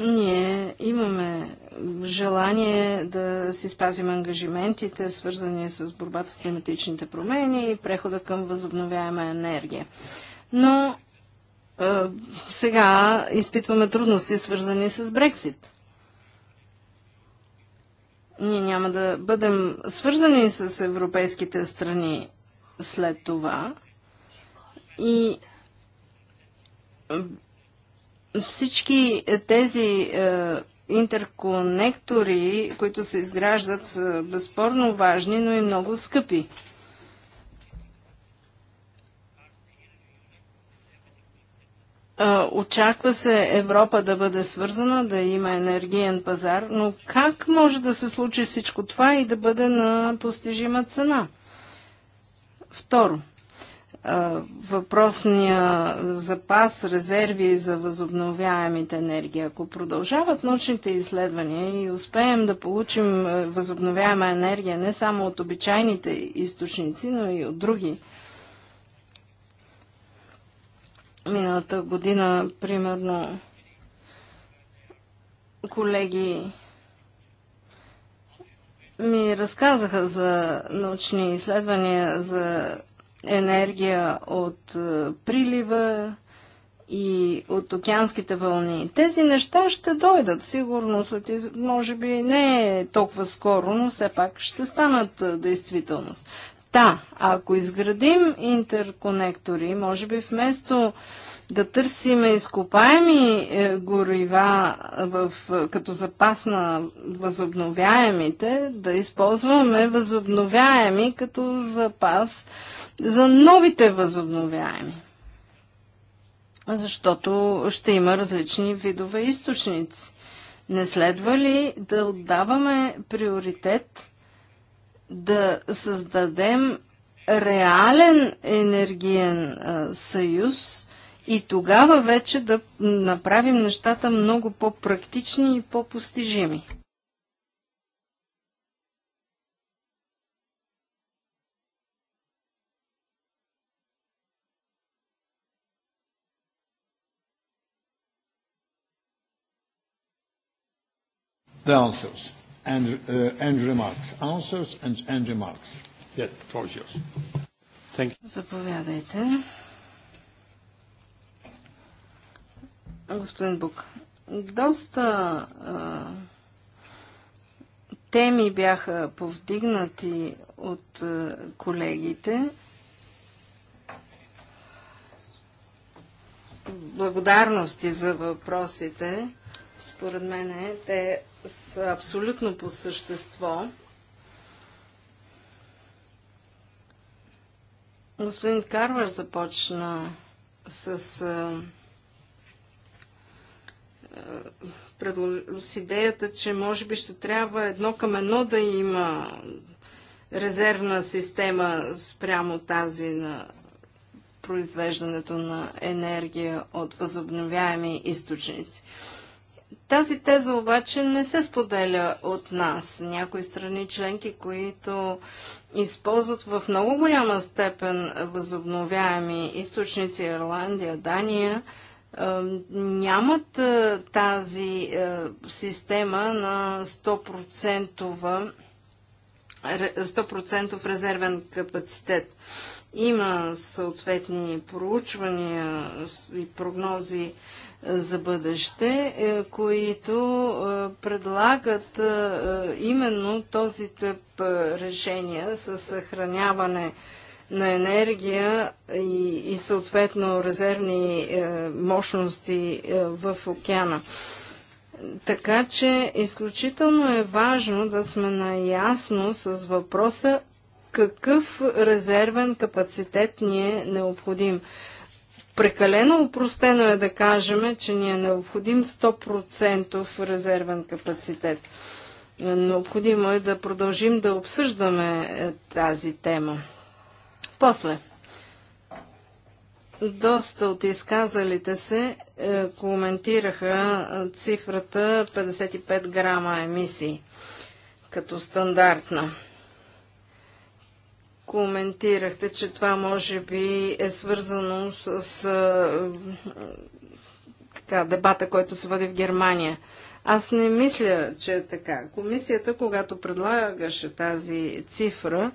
Ние имаме желание да си спазим ангажиментите, свързани с борбата с климатичните промени и прехода към възобновяема енергия. Но е, сега изпитваме трудности, свързани с Брексит. Ние няма да бъдем свързани с европейските страни след това и всички тези е, интерконектори, които се изграждат, са безспорно важни, но и много скъпи. Е, очаква се Европа да бъде свързана, да има енергиен пазар, но как може да се случи всичко това и да бъде на постижима цена? Второ, въпросния запас, резерви за възобновяемите енергии. Ако продължават научните изследвания и успеем да получим възобновяема енергия не само от обичайните източници, но и от други. Миналата година, примерно, колеги ми разказаха за научни изследвания за енергия от е, прилива и от океанските вълни. Тези неща ще дойдат, сигурно, след, може би не толкова скоро, но все пак ще станат е, действителност. Та, ако изградим интерконектори, може би вместо да търсиме изкопаеми е, горива в, е, като запас на възобновяемите, да използваме възобновяеми като запас за новите възобновяеми. Защото ще има различни видове източници. Не следва ли да отдаваме приоритет да създадем реален енергиен а, съюз, и тогава вече да направим нещата много по-практични и по-постижими. the answers and, uh, and remarks. Answers and, and remarks. yours. Thank you. Заповядайте. господин Бук. Доста а, теми бяха повдигнати от а, колегите. Благодарности за въпросите. Според мен те са абсолютно по същество. Господин Карвар започна с а, с идеята, че може би ще трябва едно към едно да има резервна система спрямо тази на произвеждането на енергия от възобновяеми източници. Тази теза обаче не се споделя от нас. Някои страни членки, които използват в много голяма степен възобновяеми източници Ирландия, Дания – е, нямат е, тази е, система на 100%, резервен капацитет. Има съответни проучвания и прогнози за бъдеще, които предлагат именно този тип решения със съхраняване на енергия и, и съответно резервни е, мощности е, в океана. Така че изключително е важно да сме наясно с въпроса какъв резервен капацитет ни е необходим. Прекалено упростено е да кажем, че ни е необходим 100% резервен капацитет. Е, необходимо е да продължим да обсъждаме е, тази тема. После, доста от изказалите се е, коментираха е, цифрата 55 грама емисии като стандартна. Коментирахте, че това може би е свързано с, с е, така, дебата, който се води в Германия. Аз не мисля, че е така. Комисията, когато предлагаше тази цифра,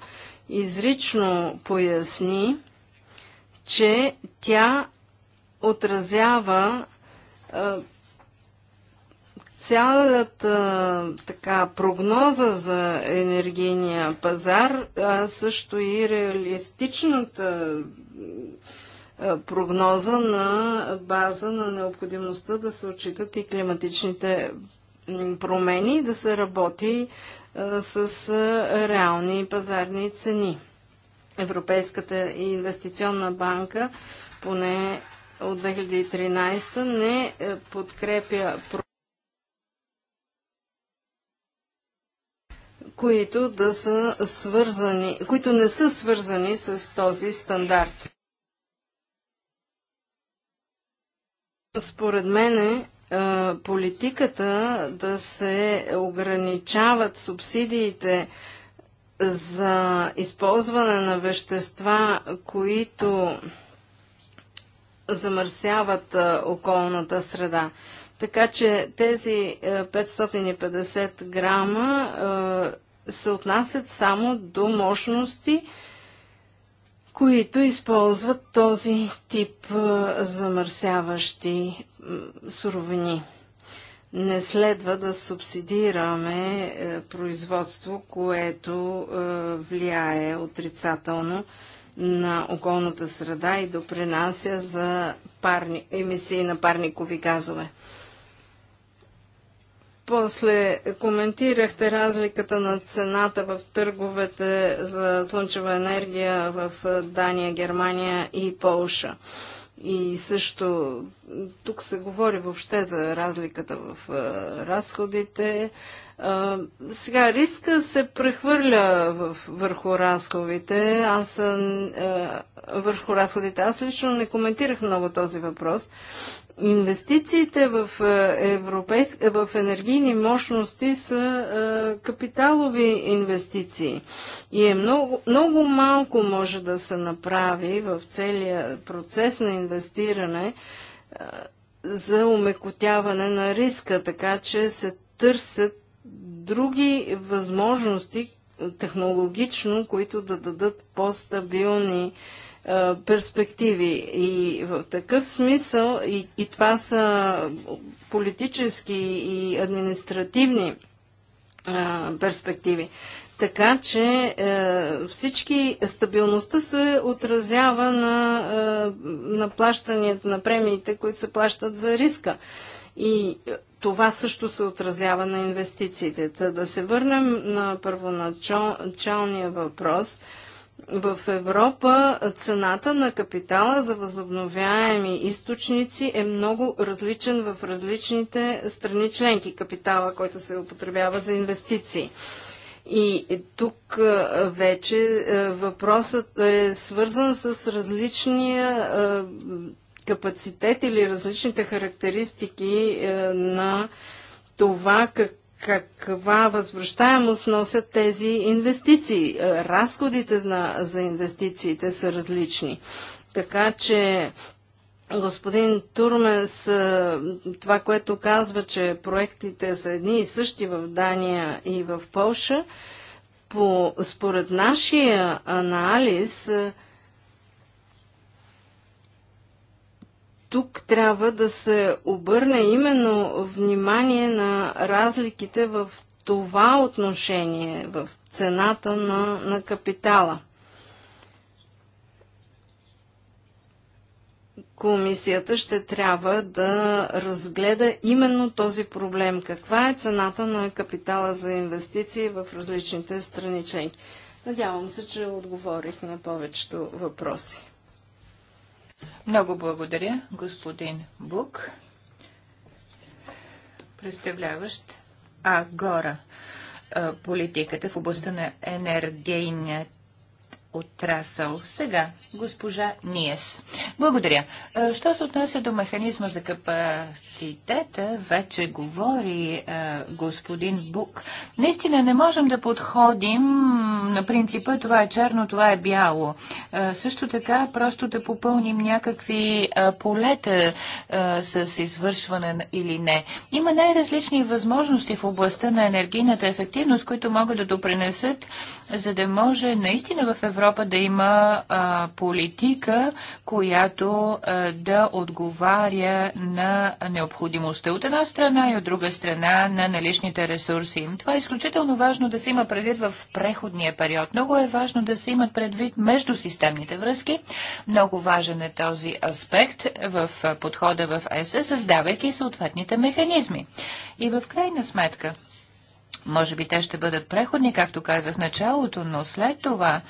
изрично поясни, че тя отразява цялата така прогноза за енергийния пазар, а също и реалистичната прогноза на база на необходимостта да се отчитат и климатичните промени и да се работи с реални пазарни цени. Европейската инвестиционна банка поне от 2013 не е, подкрепя които да са свързани, които не са свързани с този стандарт. Според мен е, политиката да се ограничават субсидиите за използване на вещества, които замърсяват е, околната среда. Така че тези 550 е, грама се отнасят само до мощности, които използват този тип замърсяващи суровини. Не следва да субсидираме е, производство, което е, влияе отрицателно на околната среда и допринася за парни, емисии на парникови газове. После коментирахте разликата на цената в търговете за слънчева енергия в Дания, Германия и Полша. И също тук се говори въобще за разликата в разходите. сега риска се прехвърля върху разходите. Аз върху разходите. Аз лично не коментирах много този въпрос, Инвестициите в, е, европейс... в енергийни мощности са е, капиталови инвестиции и е много, много малко може да се направи в целия процес на инвестиране е, за умекотяване на риска, така че се търсят други възможности технологично, които да дадат по-стабилни е, перспективи. И в такъв смисъл, и, и това са политически и административни а, е, перспективи. Така че е, всички стабилността се отразява на, е, на плащанията на премиите, които се плащат за риска. И е, това също се отразява на инвестициите. Та да се върнем на първоначалния въпрос. Е, в Европа цената на капитала за възобновяеми източници е много различен в различните страни членки. Капитала, който се употребява за инвестиции. И тук вече въпросът е свързан с различния капацитет или различните характеристики на това как каква възвръщаемост носят тези инвестиции. Е, разходите на, за инвестициите са различни. Така че господин Турмес, е, това, което казва, че проектите са едни и същи в Дания и в Полша, по, според нашия анализ, е, тук трябва да се обърне именно внимание на разликите в това отношение, в цената на, на капитала. Комисията ще трябва да разгледа именно този проблем. Каква е цената на капитала за инвестиции в различните страни членки? Надявам се, че отговорих на повечето въпроси. Много благодаря, господин Бук, представляващ Агора политиката в областта на енергийният отрасъл. Сега госпожа Ниес. Благодаря. Е, що се отнася до механизма за капацитета, вече говори е, господин Бук. Наистина не можем да подходим на принципа това е черно, това е бяло. Е, също така просто да попълним някакви полета с извършване или не. Има най-различни възможности в областта на енергийната ефективност, които могат да допринесат, за да може наистина в Европа да има а, политика, която да отговаря на необходимостта от една страна и от друга страна на наличните ресурси. Това е изключително важно да се има предвид в преходния период. Много е важно да се имат предвид между системните връзки. Много важен е този аспект в подхода в ЕС, създавайки съответните механизми. И в крайна сметка, може би те ще бъдат преходни, както казах в началото, но след това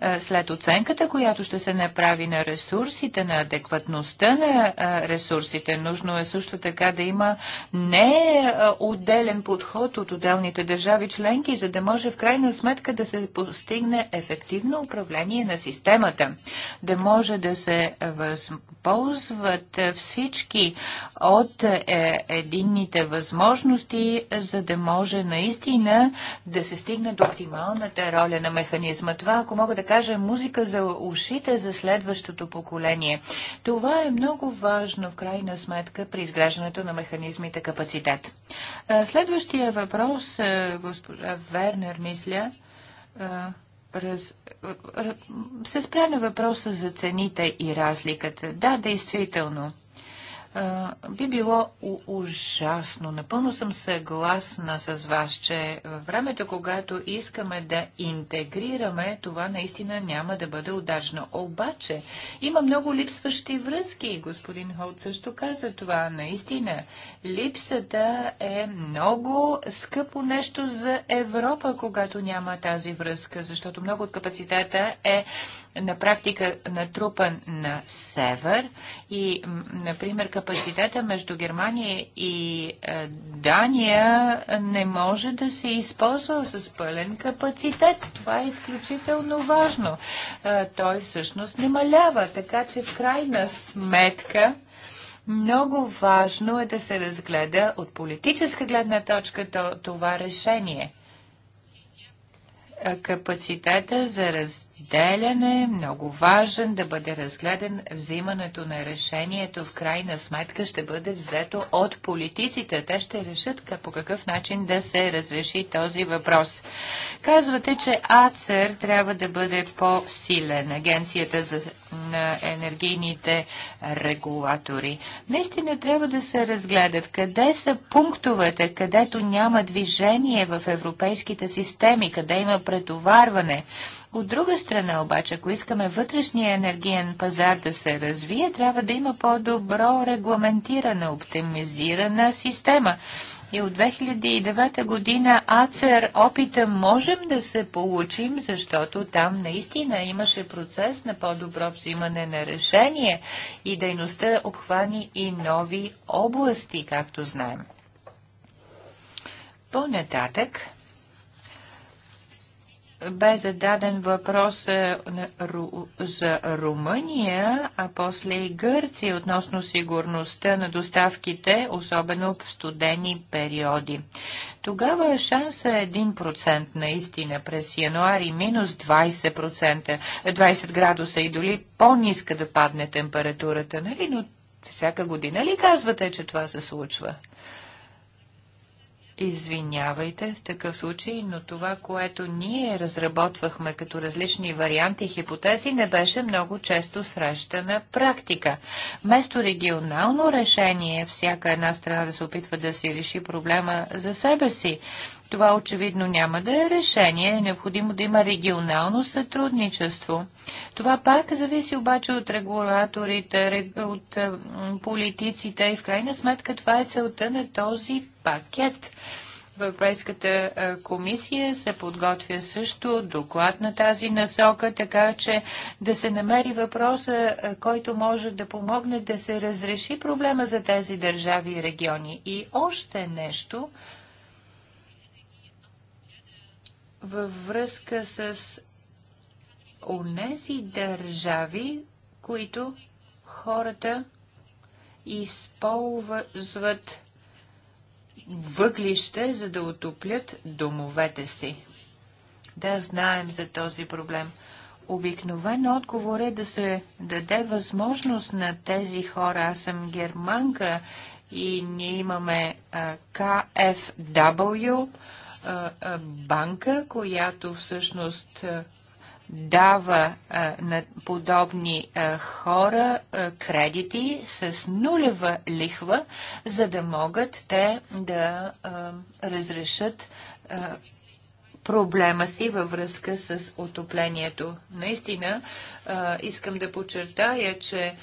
е, след оценката, която ще се направи на ресурсите, на адекватността на е, ресурсите, нужно е също така да има не е, отделен подход от отделните държави членки, за да може в крайна сметка да се постигне ефективно управление на системата, да може да се възползват всички от единните възможности, за да може наистина да се стигне до оптималната роля на механизма. Това, ако мога да каже, музика за ушите за следващото поколение. Това е много важно в крайна сметка при изграждането на механизмите капацитет. Следващия въпрос, госпожа Вернер, мисля, раз, се спря на въпроса за цените и разликата. Да, действително би било ужасно. Напълно съм съгласна с вас, че във времето, когато искаме да интегрираме, това наистина няма да бъде удачно. Обаче, има много липсващи връзки. Господин Холт също каза това. Наистина, липсата е много скъпо нещо за Европа, когато няма тази връзка, защото много от капацитета е на практика натрупан на север и, например, капацитета между Германия и е, Дания не може да се използва с пълен капацитет. Това е изключително важно. Е, той всъщност намалява, така че в крайна сметка много важно е да се разгледа от политическа гледна точка това решение. Е, капацитета за раз е много важен да бъде разгледан. Взимането на решението в крайна сметка ще бъде взето от политиците. Те ще решат по какъв начин да се разреши този въпрос. Казвате, че АЦЕР трябва да бъде по-силен, Агенцията за на енергийните регулатори. Наистина трябва да се разгледат къде са пунктовете, където няма движение в европейските системи, къде има претоварване. От друга страна обаче, ако искаме вътрешния енергиен пазар да се развие, трябва да има по-добро регламентирана, оптимизирана система. И от 2009 година АЦЕР опита можем да се получим, защото там наистина имаше процес на по-добро взимане на решение и дейността обхвани и нови области, както знаем. По-нататък бе зададен въпрос е, за Румъния, а после и Гърция относно сигурността на доставките, особено в студени периоди. Тогава шанса е 1% наистина през януари, минус 20%, 20 градуса и дори по-ниска да падне температурата, нали? Но всяка година ли казвате, че това се случва? Извинявайте в такъв случай, но това, което ние разработвахме като различни варианти и хипотези, не беше много често срещана практика. Место регионално решение, всяка една страна да се опитва да си реши проблема за себе си. Това очевидно няма да е решение. Е необходимо да има регионално сътрудничество. Това пак зависи обаче от регулаторите, от политиците и в крайна сметка това е целта на този пакет. В Европейската е, комисия се подготвя също доклад на тази насока, така че да се намери въпроса, е, който може да помогне да се разреши проблема за тези държави и региони. И още нещо – във връзка с онези държави, които хората използват въглище, за да отоплят домовете си. Да знаем за този проблем. Обикновен отговор е да се даде възможност на тези хора. Аз съм германка и ние имаме KFW, банка, която всъщност дава на подобни хора кредити с нулева лихва, за да могат те да разрешат проблема си във връзка с отоплението. Наистина, искам да подчертая, че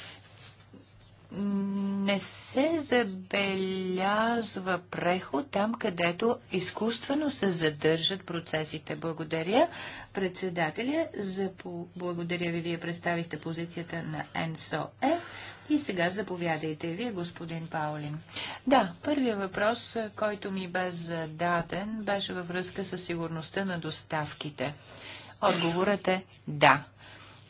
не се забелязва преход там, където изкуствено се задържат процесите. Благодаря, председателя. За по... Благодаря ви, вие представихте позицията на НСОЕ. И сега заповядайте вие, господин Паулин. Да, първият въпрос, който ми бе зададен, беше във връзка с сигурността на доставките. Отговорът е да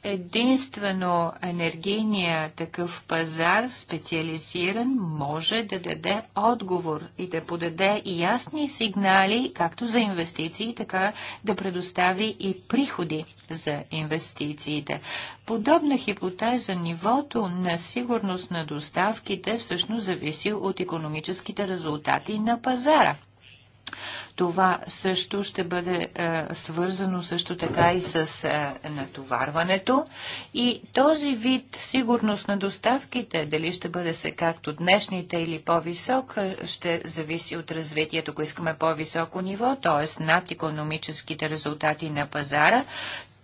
единствено енергийния такъв пазар, специализиран, може да даде отговор и да подаде ясни сигнали, както за инвестиции, така да предостави и приходи за инвестициите. Подобна хипотеза нивото на сигурност на доставките всъщност зависи от економическите резултати на пазара. Това също ще бъде е, свързано също така и с е, натоварването. И този вид сигурност на доставките, дали ще бъде се както днешните или по-висок, е, ще зависи от развитието. Ако искаме по-високо ниво, т.е. над економическите резултати на пазара,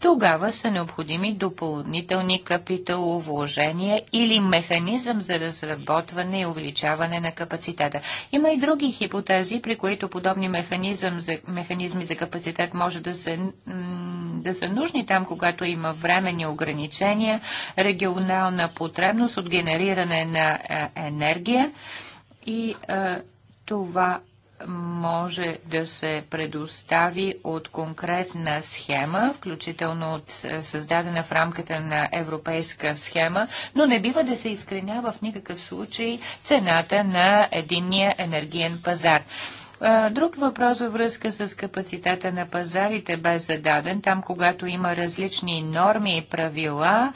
тогава са необходими допълнителни капиталовложения или механизъм за разработване и увеличаване на капацитета. Има и други хипотези, при които подобни механизъм за, механизми за капацитет може да са, да са нужни там, когато има временни ограничения, регионална потребност от генериране на енергия и това може да се предостави от конкретна схема, включително от е, създадена в рамката на европейска схема, но не бива да се изкренява в никакъв случай цената на единния енергиен пазар. Друг въпрос във връзка с капацитета на пазарите бе зададен. Там, когато има различни норми и правила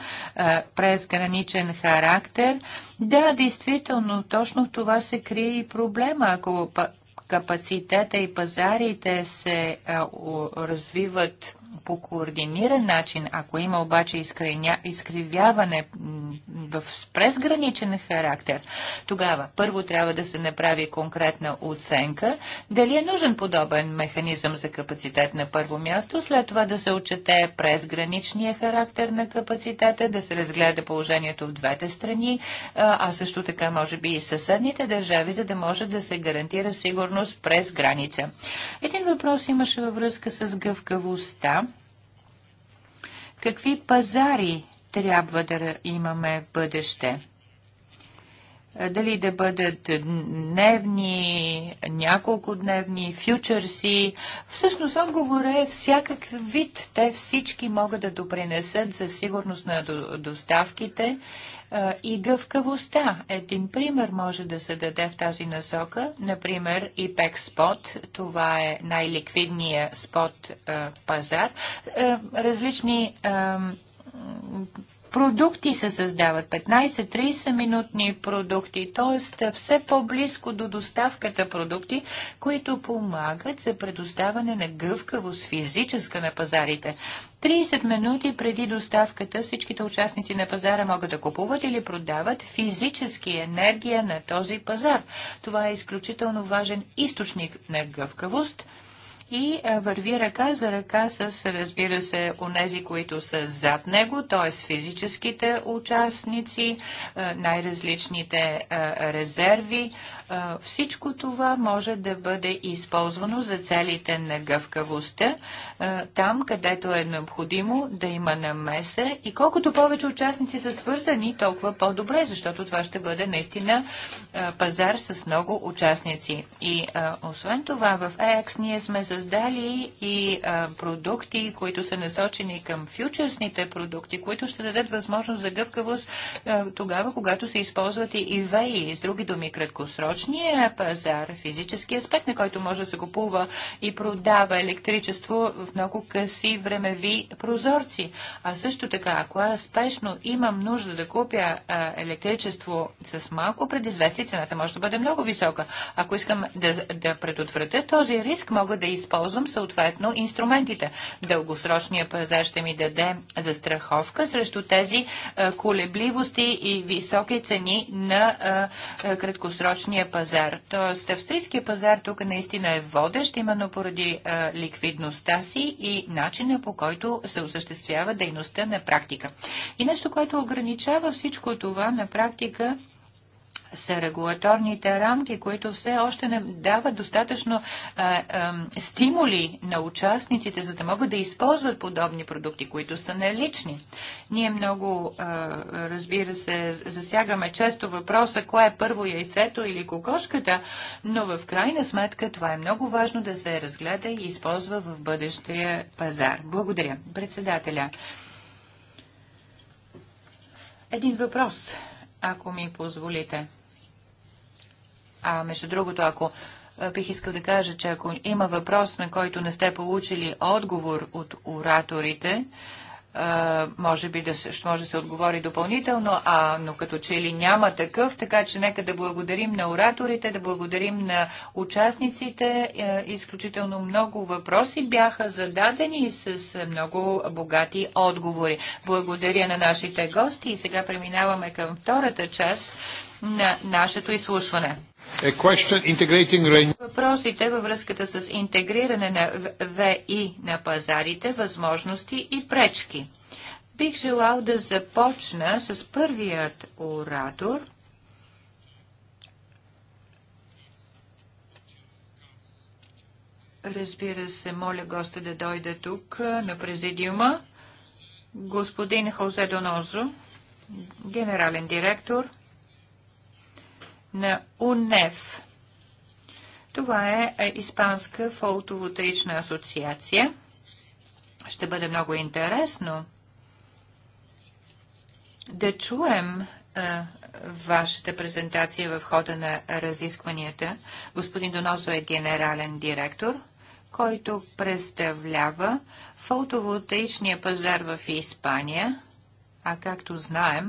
през граничен характер, да, действително, точно това се крие и проблема. Ако капацитета и пазарите се развиват по координиран начин, ако има обаче изкривяване в презграничен характер, тогава първо трябва да се направи конкретна оценка, дали е нужен подобен механизъм за капацитет на първо място, след това да се отчете презграничния характер на капацитета, да се разгледа положението в двете страни, а също така може би и съседните държави, за да може да се гарантира сигурност през граница. Един въпрос имаше във връзка с гъвкавостта Какви пазари трябва да имаме в бъдеще? Е, дали да бъдат дневни, няколко дневни, фьючерси. Всъщност отговора е всякакъв вид. Те всички могат да допринесат за сигурност на доставките е, и гъвкавостта. Един пример може да се даде в тази насока. Например, IPEC спот. Това е най-ликвидният спот е, пазар. Различни продукти се създават, 15-30 минутни продукти, т.е. все по-близко до доставката продукти, които помагат за предоставане на гъвкавост физическа на пазарите. 30 минути преди доставката всичките участници на пазара могат да купуват или продават физически енергия на този пазар. Това е изключително важен източник на гъвкавост – и е, върви ръка за ръка с, разбира се, онези, които са зад него, т.е. физическите участници, е, най-различните е, резерви. Всичко това може да бъде използвано за целите на гъвкавостта, там където е необходимо да има намеса и колкото повече участници са свързани, толкова по-добре, защото това ще бъде наистина пазар с много участници. И освен това в ЕКС ние сме с създали и а, продукти, които са насочени към фьючерсните продукти, които ще дадат възможност за гъвкавост а, тогава, когато се използват и ИВЕИ. С други думи, краткосрочния пазар, физически аспект, на който може да се купува и продава електричество в много къси времеви прозорци. А също така, ако аз спешно имам нужда да купя а, електричество с малко предизвести, цената може да бъде много висока. Ако искам да, да предотвратя този риск, мога да използвам използвам съответно инструментите. Дългосрочния пазар ще ми даде застраховка срещу тези е, колебливости и високи цени на е, е, краткосрочния пазар. Тоест, австрийския пазар тук наистина е водещ, именно поради ликвидността си и начина по който се осъществява дейността на практика. И нещо, което ограничава всичко това на практика са регулаторните рамки, които все още не дават достатъчно а, а, стимули на участниците, за да могат да използват подобни продукти, които са налични. Ние много, а, разбира се, засягаме често въпроса, кое е първо яйцето или кокошката, но в крайна сметка това е много важно да се разгледа и използва в бъдещия пазар. Благодаря. Председателя. Един въпрос ако ми позволите. А между другото, ако бих искал да кажа, че ако има въпрос, на който не сте получили отговор от ораторите, може би да се, може да се отговори допълнително, а, но като че ли няма такъв, така че нека да благодарим на ораторите, да благодарим на участниците. Е, изключително много въпроси бяха зададени с е, много богати отговори. Благодаря на нашите гости и сега преминаваме към втората част на нашето изслушване. Въпросите във връзката с интегриране на ВИ на пазарите, възможности и пречки. Бих желал да започна с първият оратор. Разбира се, моля госта да дойде тук на президиума. Господин Хозе Донозо, генерален директор на УНЕФ. Това е, е Испанска фотоволтаична асоциация. Ще бъде много интересно да чуем е, вашата презентация в хода на разискванията. Господин Доносо е генерален директор, който представлява фотоволтаичния пазар в Испания, а както знаем,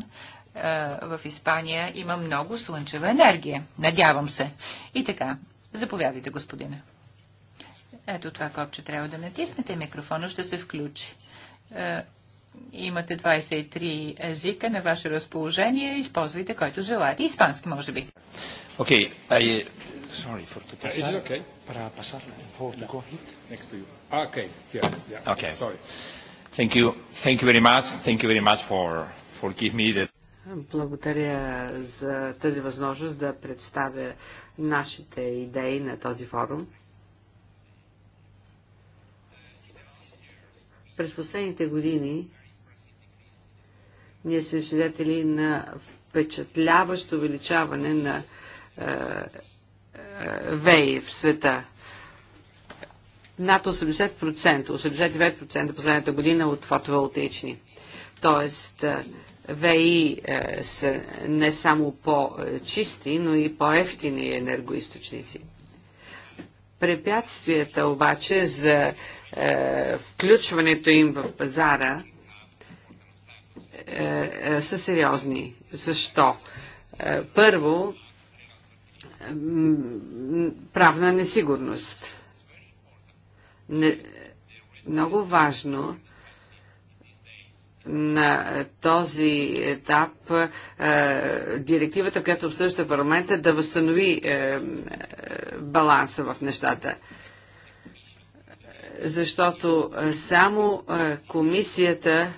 е, в Испания има много слънчева енергия. Надявам се. И така, заповядайте, господина. Ето това копче трябва да натиснете. и Микрофона ще се включи. Е, имате 23 езика на ваше разположение. Използвайте който желаете. Испански, може би. Окей. Okay, I... Sorry for to pass. Is it okay? Para pasar for the go Next to you. Ah, okay. Yeah. yeah. Okay. Sorry. Thank you. Thank you very much. Thank you very much for for giving me the благодаря за тази възможност да представя нашите идеи на този форум. През последните години ние сме свидетели на впечатляващо увеличаване на е, е, ВЕИ в света. Над 80%, 89% последната година от фотоволтаични. Тоест, е, ВИ е, са не само по-чисти, но и по-ефтини енергоисточници. Препятствията обаче за е, включването им в пазара е, е, са сериозни. Защо? Е, първо, е, правна несигурност. Не, много важно на този етап е, директивата, която обсъжда парламента, да възстанови е, е, баланса в нещата защото само комисията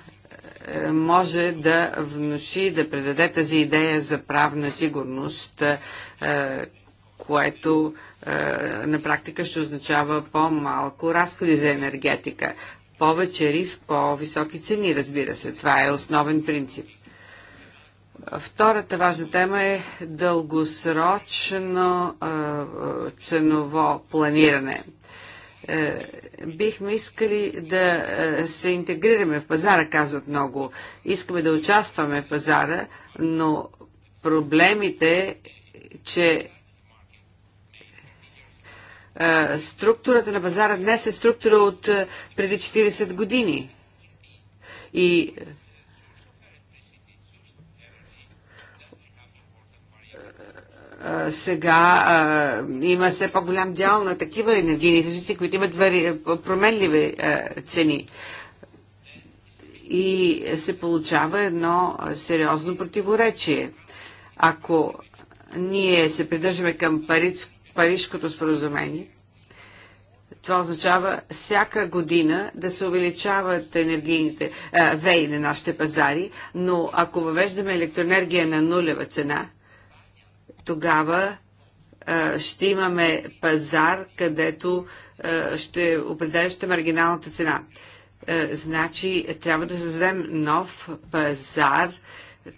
може да внуши, да предаде тази идея за правна сигурност, което на практика ще означава по-малко разходи за енергетика повече риск, по-високи цени, разбира се. Това е основен принцип. Втората важна тема е дългосрочно ценово планиране. Е, бихме искали да е, се интегрираме в пазара, казват много. Искаме да участваме в пазара, но проблемите, че Структурата на пазара днес е структура от преди 40 години. И сега а, има все по-голям дял на такива енергийни източници, които имат вари... променливи а, цени. И се получава едно сериозно противоречие. Ако ние се придържаме към Парицко Парижското споразумение. Това означава всяка година да се увеличават енергийните а, веи на нашите пазари, но ако въвеждаме електроенергия на нулева цена, тогава а, ще имаме пазар, където а, ще определяща маргиналната цена. А, значи трябва да създадем нов пазар,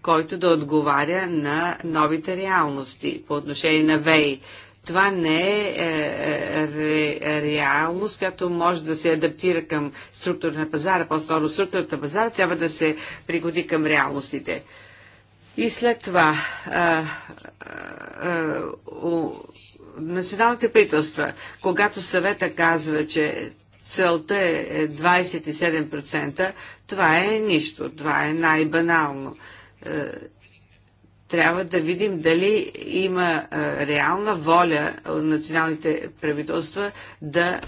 който да отговаря на новите реалности по отношение на ВЕИ това не е, е, е реалност, която може да се адаптира към структурата на пазара. По-скоро структурата на пазара трябва да се пригоди към реалностите. И след това у, националните правителства, когато съвета казва, че целта е 27%, е това е нищо, това е най-банално. Е, трябва да видим дали има реална воля от националните правителства да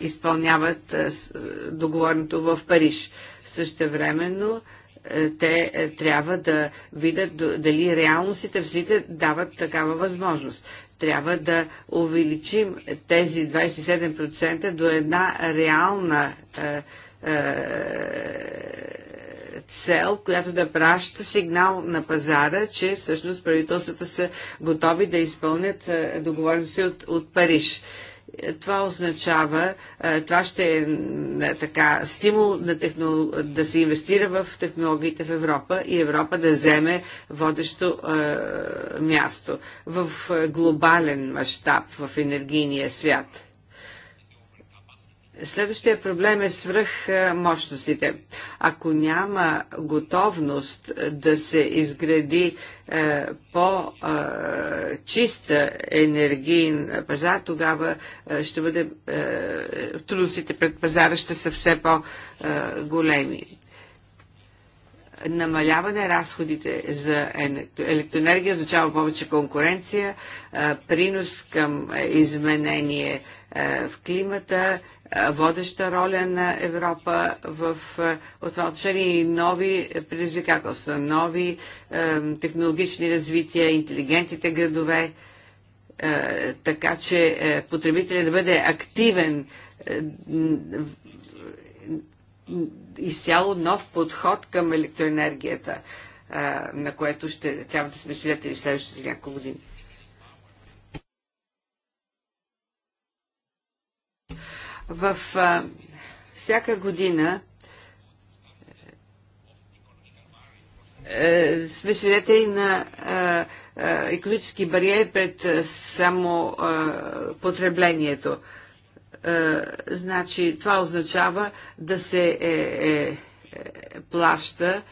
изпълняват договорното в Париж. Същевременно те трябва да видят дали реалностите в свите дават такава възможност. Трябва да увеличим тези 27% до една реална е, цел, която да праща сигнал на пазара, че всъщност правителствата са готови да изпълнят е, договорници от, от Париж е, това означава, е, това ще е така стимул на технолог... да се инвестира в технологиите в Европа и Европа да вземе водещо е, място в глобален мащаб в енергийния свят. Следващия проблем е свръх е, мощностите. Ако няма готовност е, да се изгради е, по-чиста е, енергиен пазар, тогава е, ще бъде, е, трудностите пред пазара ще са все по-големи. Намаляване разходите за електроенергия означава повече конкуренция, е, принос към е, изменение е, в климата, е, водеща роля на Европа в, е, това отношение и нови предизвикателства, нови е, технологични развития, интелигентните градове, е, така че е, потребителят да бъде активен, е, изцяло нов подход към електроенергията, е, на което ще трябва да сме свидетели в следващите няколко години. В а, всяка година а, е, сме свидетели на економически бариери пред само а, потреблението. А, значи, това означава да се е, е, е плаща,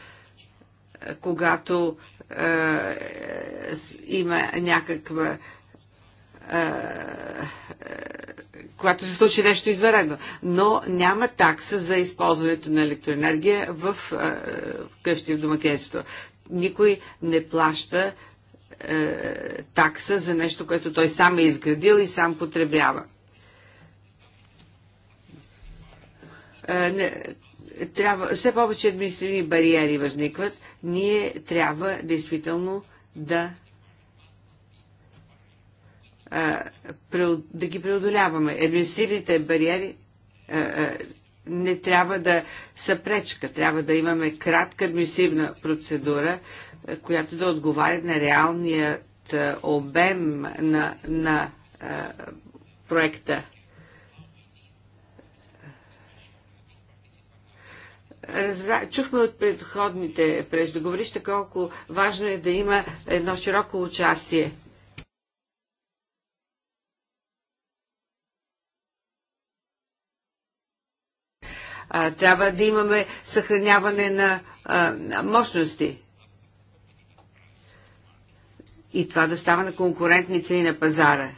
когато е, има някаква е, е, когато се случи нещо изваредно. Но няма такса за използването на електроенергия в къщи в домакинството. Никой не плаща е, такса за нещо, което той сам е изградил и сам потребява. Е, не, трябва, все повече административни бариери възникват. Ние трябва действително да да ги преодоляваме. Административните бариери не трябва да са пречка. Трябва да имаме кратка административна процедура, която да отговаря на реалният обем на, на проекта. Разбра... Чухме от предходните преждоговорища колко важно е да има едно широко участие А, трябва да имаме съхраняване на, а, на мощности. И това да става на конкурентни цени на пазара.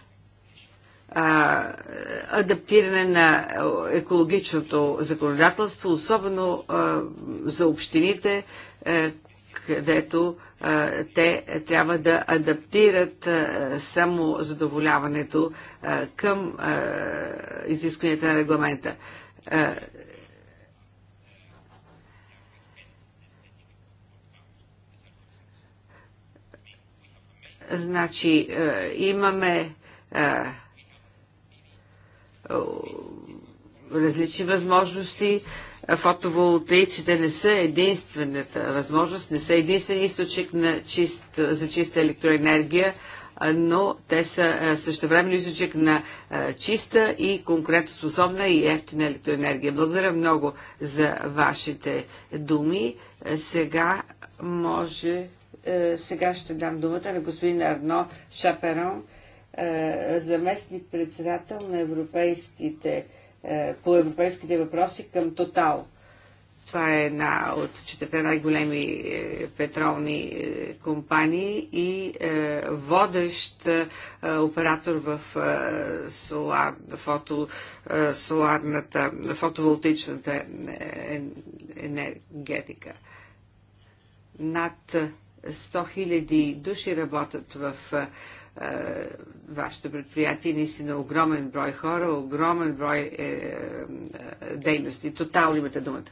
А, адаптиране на екологичното законодателство, особено а, за общините, е, а, където те трябва да адаптират само задоволяването към изискванията на регламента. Значи е, имаме е, различни възможности. Фотоволтаиците не са единствената възможност, не са единствен източник на чист, за чиста електроенергия, но те са е, същевременно източник на чиста и конкурентоспособна и ефтина електроенергия. Благодаря много за вашите думи. Сега може е, сега ще дам думата на господин Арно Шаперон, е, заместник председател на европейските, е, по европейските въпроси към Тотал. Това е една от четирите най-големи петролни компании и водещ оператор в солар, фото, соларната, фотоволтичната енергетика. Над 100 хиляди души работят в вашето предприятие. Наистина огромен брой хора, огромен брой е, е, дейности. Тотал имате думата.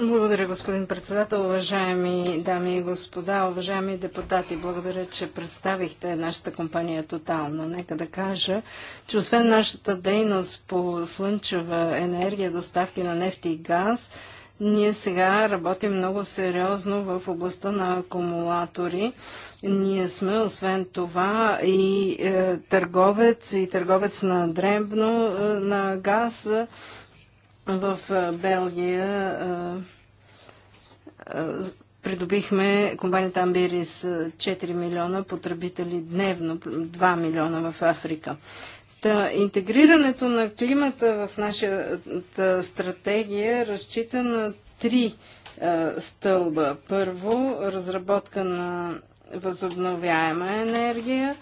Благодаря, господин председател, уважаеми дами и господа, уважаеми депутати. Благодаря, че представихте нашата компания тотално. Нека да кажа, че освен нашата дейност по слънчева енергия, доставки на нефти и газ, ние сега работим много сериозно в областта на акумулатори. Ние сме, освен това, и е, търговец, и търговец на дребно е, на газ е, в е, Белгия. Е, е, придобихме компанията Амбирис 4 милиона потребители дневно, 2 милиона в Африка. Та, интегрирането на климата в нашата стратегия разчита на три а, стълба. Първо, разработка на възобновяема енергия,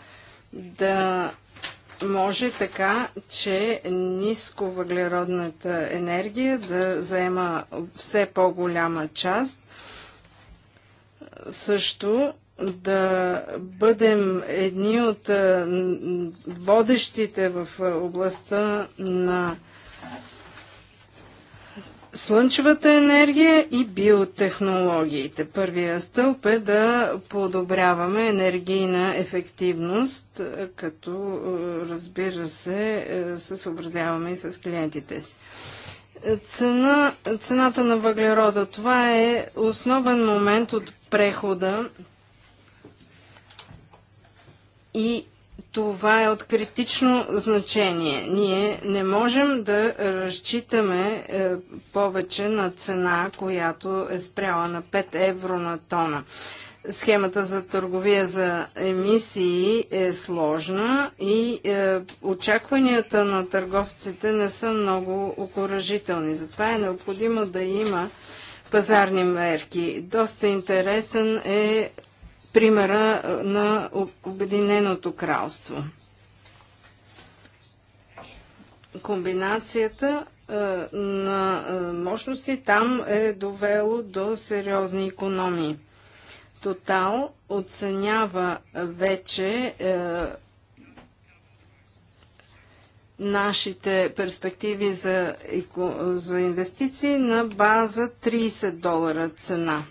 да може така, че ниско въглеродната енергия да заема все по-голяма част. Също да бъдем едни от водещите в областта на слънчевата енергия и биотехнологиите. Първия стълб е да подобряваме енергийна ефективност, като разбира се се съобразяваме и с клиентите си. Цена, цената на въглерода. Това е основен момент от прехода и това е от критично значение. Ние не можем да разчитаме е, повече на цена, която е спряла на 5 евро на тона. Схемата за търговия за емисии е сложна и е, очакванията на търговците не са много окоръжителни. Затова е необходимо да има пазарни мерки. Доста интересен е примера на Обединеното кралство. Комбинацията на мощности там е довело до сериозни економии. Тотал оценява вече е, нашите перспективи за, за инвестиции на база 30 долара цена.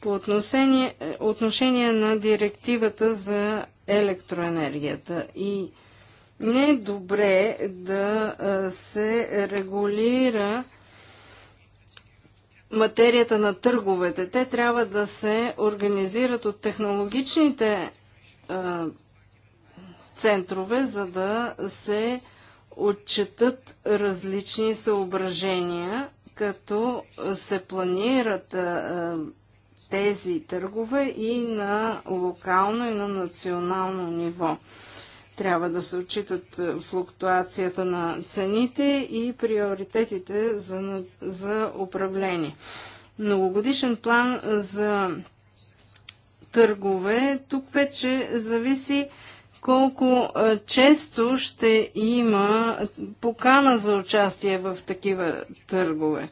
По отношение, отношение на директивата за електроенергията и не е добре да се регулира материята на търговете. Те трябва да се организират от технологичните а, центрове, за да се отчетат различни съображения, като се планират а, тези търгове и на локално и на национално ниво. Трябва да се отчитат е, флуктуацията на цените и приоритетите за, за управление. Многогодишен план за търгове тук вече зависи колко е, често ще има покана за участие в такива търгове.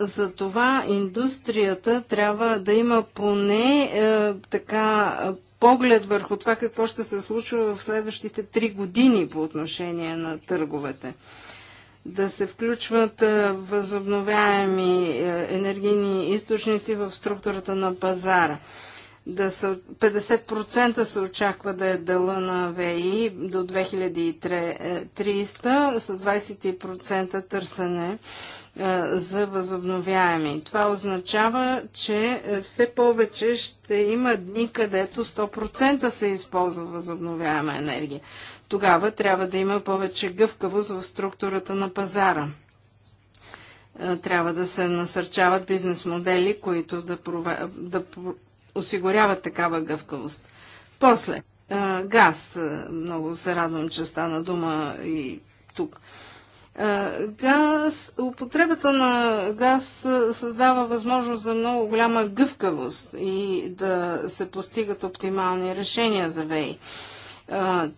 Затова индустрията трябва да има поне е, така поглед върху това какво ще се случва в следващите три години по отношение на търговете. Да се включват е, възобновяеми е, енергийни източници в структурата на пазара. Да се, 50% се очаква да е дела на ВИ до 2300 е, с 20% търсене за възобновяеми. Това означава, че все повече ще има дни, където 100% се използва възобновяема енергия. Тогава трябва да има повече гъвкавост в структурата на пазара. Трябва да се насърчават бизнес модели, които да, прове... да осигуряват такава гъвкавост. После, газ. Много се радвам, че стана дума и тук е, газ, употребата на газ е, създава възможност за много голяма гъвкавост и да се постигат оптимални решения за ВЕИ. Е,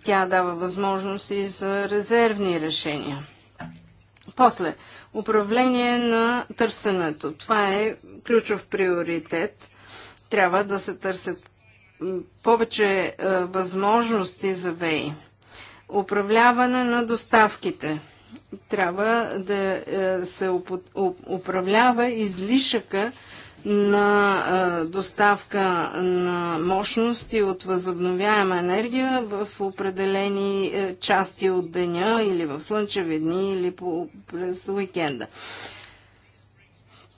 тя дава възможност и за резервни решения. После, управление на търсенето. Това е ключов приоритет. Трябва да се търсят повече възможности за ВЕИ. Управляване на доставките трябва да е, се управлява излишъка на е, доставка на мощности от възобновяема енергия в определени е, части от деня или в слънчеви дни или по, през уикенда.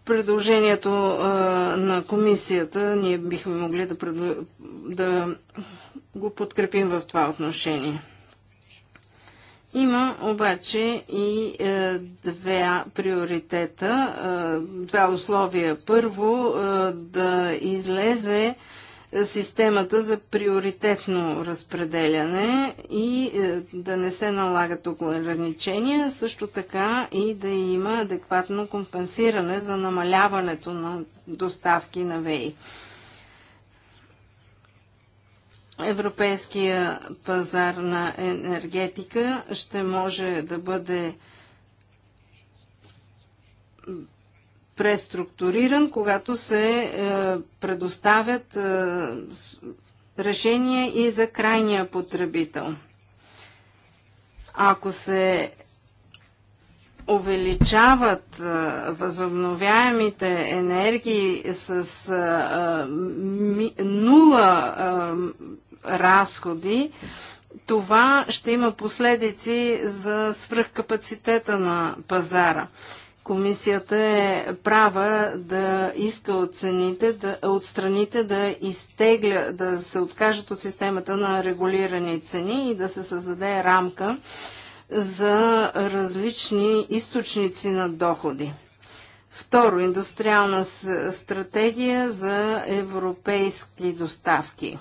Предложението на комисията ние бихме могли да, да го подкрепим в това отношение. Има обаче и е, две приоритета, е, две условия. Първо, е, да излезе системата за приоритетно разпределяне и е, да не се налагат ограничения, също така и да има адекватно компенсиране за намаляването на доставки на ВЕИ европейския пазар на енергетика ще може да бъде преструктуриран, когато се е, предоставят е, решения и за крайния потребител. Ако се увеличават е, възобновяемите енергии с нула разходи, това ще има последици за свръхкапацитета на пазара. Комисията е права да иска от, цените, да, от страните да изтегля, да се откажат от системата на регулирани цени и да се създаде рамка за различни източници на доходи. Второ, индустриална стратегия за европейски доставки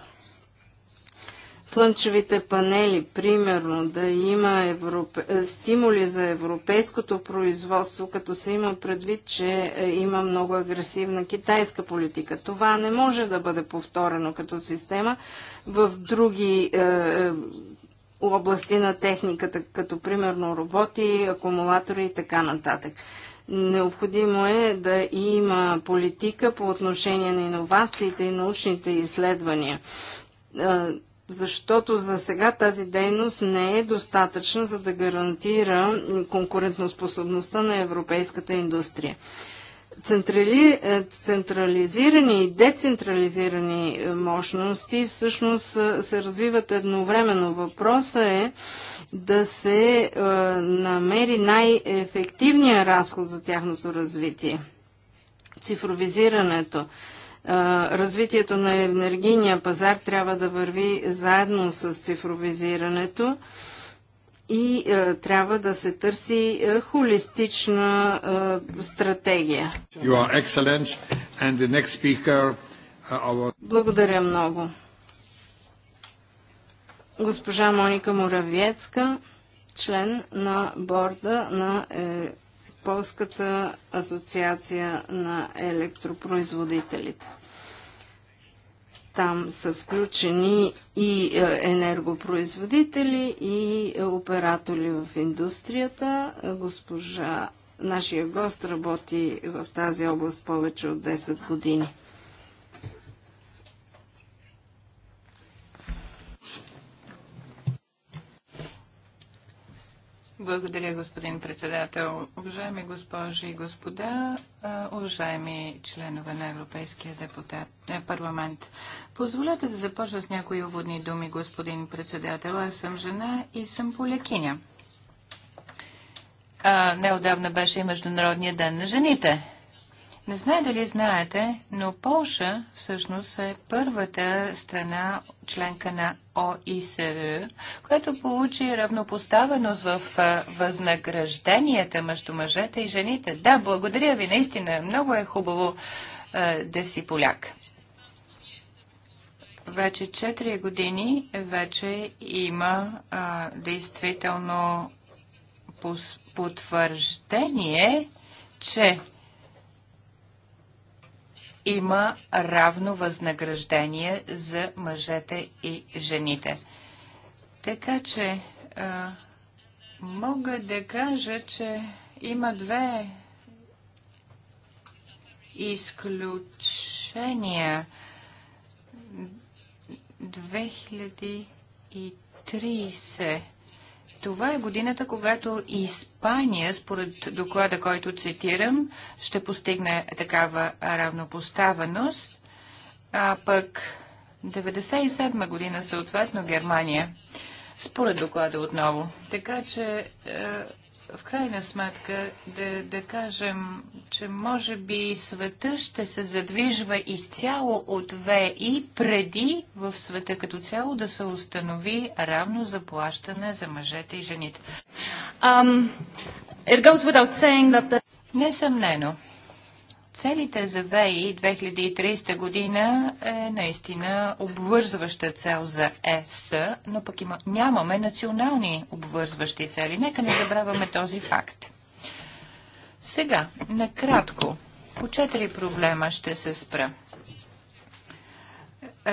слънчевите панели, примерно, да има европе... Е, стимули за европейското производство, като се има предвид, че е, има много агресивна китайска политика. Това не може да бъде повторено като система в други е, е, области на техниката, като примерно роботи, акумулатори и така нататък. Необходимо е да има политика по отношение на иновациите и научните изследвания е, защото за сега тази дейност не е достатъчна, за да гарантира конкурентоспособността на европейската индустрия. Централи... Е, централизирани и децентрализирани е, мощности всъщност е, се развиват едновременно. Въпросът е да се намери най ефективният разход за тяхното развитие. Цифровизирането развитието на енергийния пазар трябва да върви заедно с цифровизирането и трябва да се търси холистична стратегия. Speaker, uh, our... Благодаря много. Госпожа Моника Муравецка, член на борда на е, Полската асоциация на електропроизводителите. Там са включени и е, енергопроизводители, и е, оператори в индустрията. Госпожа, нашия гост работи в тази област повече от 10 години. Благодаря, господин председател. Уважаеми госпожи и господа, уважаеми членове на Европейския депутат, е, парламент, позволете да започна с някои уводни думи, господин председател. Аз съм жена и съм полякиня. неодавна беше и Международния ден на жените. Не знае дали знаете, но Полша всъщност е първата страна членка на ОИСР, която получи равнопоставеност в възнагражденията между мъжете и жените. Да, благодаря ви, наистина. Много е хубаво е, да си поляк. Вече 4 години вече има а, действително потвърждение, че има равно възнаграждение за мъжете и жените. Така че а, мога да кажа, че има две изключения. 2030 това е годината, когато Испания, според доклада, който цитирам, ще постигне такава равнопоставеност, а пък 1997 година съответно Германия, според доклада отново. Така че е, в крайна сметка да, да кажем, че може би света ще се задвижва изцяло от ВИ преди в света като цяло да се установи равно заплащане за мъжете и жените. Um, that... Несъмнено. Целите за ВЕИ 2030 година е наистина обвързваща цел за ЕС, но пък има, нямаме национални обвързващи цели. Нека не забравяме този факт. Сега, накратко, по четири проблема ще се спра.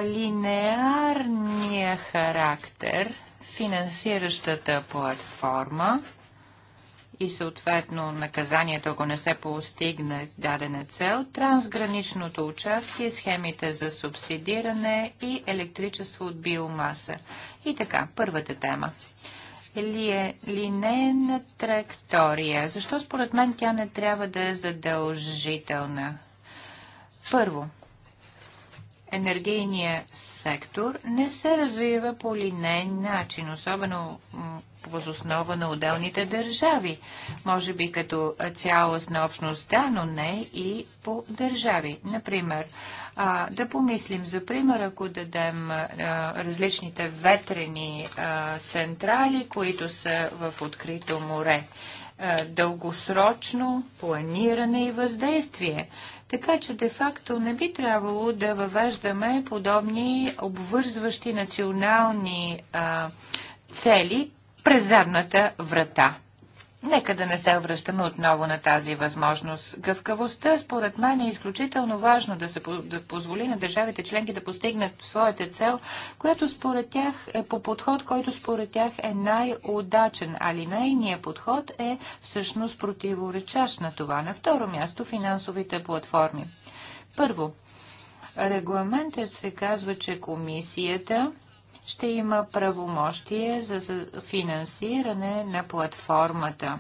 Линеарния характер, финансиращата платформа – и съответно наказанието, ако не се постигне дадена цел, трансграничното участие, схемите за субсидиране и електричество от биомаса. И така, първата тема. Ли е линейна траектория? Защо според мен тя не трябва да е задължителна? Първо, енергийния сектор не се развива по линейен начин, особено въз основа на отделните държави. Може би като цялостна общност, да, но не и по държави. Например, а, да помислим за пример, ако дадем а, различните ветрени а, централи, които са в открито море. А, дългосрочно планиране и въздействие. Така че де-факто не би трябвало да въвеждаме подобни обвързващи национални а, цели през задната врата. Нека да не се връщаме отново на тази възможност. Гъвкавостта, според мен, е изключително важно да се да позволи на държавите членки да постигнат своята цел, която според тях е по подход, който според тях е най-удачен, а най-ният подход е всъщност противоречащ на това. На второ място финансовите платформи. Първо, регламентът се казва, че комисията ще има правомощие за финансиране на платформата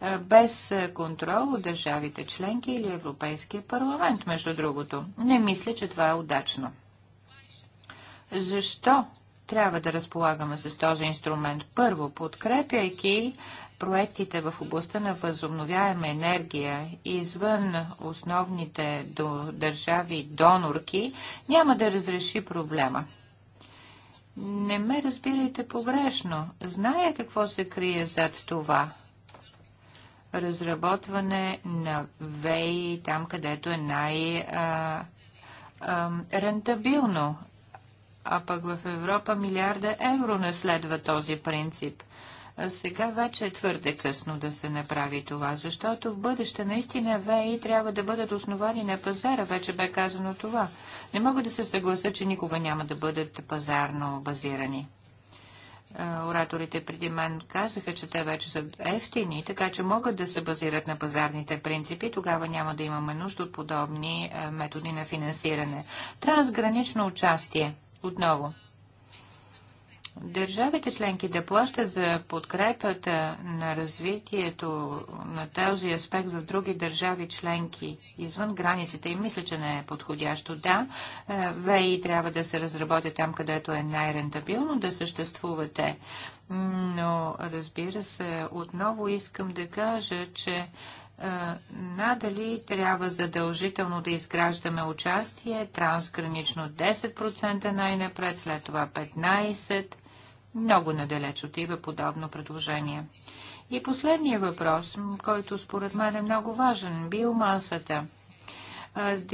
е, без контрол от държавите членки или Европейския парламент, между другото. Не мисля, че това е удачно. Защо трябва да разполагаме с този инструмент? Първо, подкрепяйки проектите в областта на възобновяема енергия извън основните държави донорки, няма да разреши проблема. Не ме разбирайте погрешно. Зная какво се крие зад това. Разработване на ВЕИ там, където е най-рентабилно. А, а пък в Европа милиарда евро не следва този принцип – сега вече е твърде късно да се направи това, защото в бъдеще наистина веи трябва да бъдат основани на пазара, вече бе казано това. Не мога да се съглася, че никога няма да бъдат пазарно базирани. Ораторите преди мен казаха, че те вече са ефтини, така че могат да се базират на пазарните принципи. Тогава няма да имаме нужда от подобни методи на финансиране. Трансгранично участие. Отново. Държавите членки да плащат за подкрепата на развитието на този аспект в други държави членки извън границите и мисля, че не е подходящо. Да, е, ВИ трябва да се разработи там, където е най-рентабилно да съществувате. Но разбира се, отново искам да кажа, че е, надали трябва задължително да изграждаме участие, трансгранично 10% най-напред, след това 15%, много надалеч отива подобно предложение. И последният въпрос, който според мен е много важен – биомасата.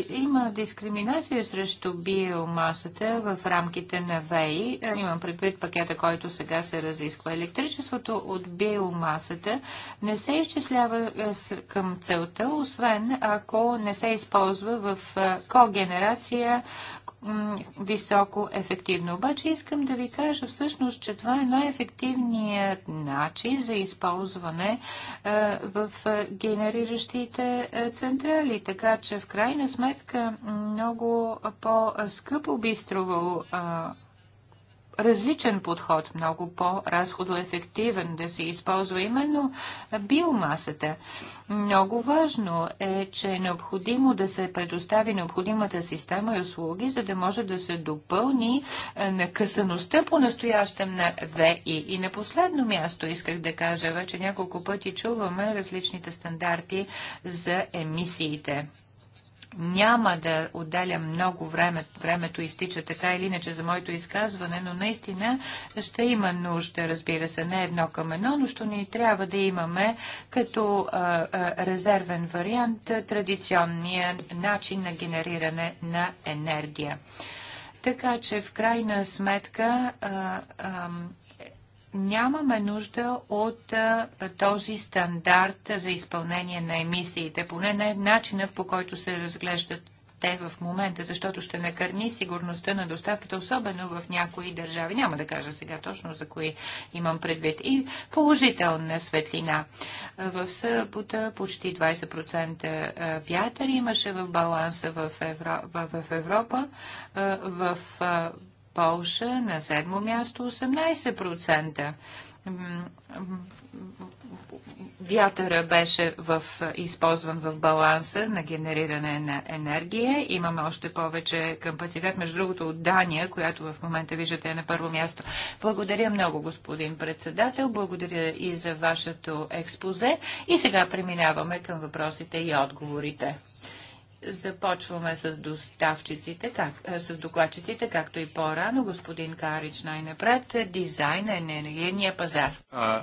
Има дискриминация срещу биомасата в рамките на ВЕИ. Имам предвид пакета, който сега се разисква. Електричеството от биомасата не се изчислява към целта, освен ако не се използва в когенерация високо ефективно. Обаче искам да ви кажа всъщност, че това е най-ефективният начин за използване е, в е, генериращите е, централи. Така че в крайна сметка много по-скъпо би струвало различен подход, много по-разходоефективен, да се използва именно биомасата. Много важно е, че е необходимо да се предостави необходимата система и услуги, за да може да се допълни е, накъсаността по настоящем на ВИ. И на последно място исках да кажа, вече няколко пъти чуваме различните стандарти за емисиите. Няма да отделя много време, времето изтича така или иначе за моето изказване, но наистина ще има нужда, разбира се, не едно към едно, но ще ни трябва да имаме като а, а, резервен вариант традиционния начин на генериране на енергия. Така че в крайна сметка а, а, нямаме нужда от този стандарт за изпълнение на емисиите, поне не начинът по който се разглеждат те в момента, защото ще накърни сигурността на доставките, особено в някои държави. Няма да кажа сега точно за кои имам предвид. И положителна светлина. В събота почти 20% вятър имаше в баланса в Европа. В Полша на седмо място 18%. Вятъра беше в, използван в баланса на генериране на енергия. Имаме още повече капацитет, между другото от Дания, която в момента виждате е на първо място. Благодаря много, господин председател. Благодаря и за вашето експозе. И сега преминаваме към въпросите и отговорите. Започваме с доставчиците, как, е, с докладчиците, както и по-рано, господин Карич най-напред, е, дизайн на енергийния пазар. Uh,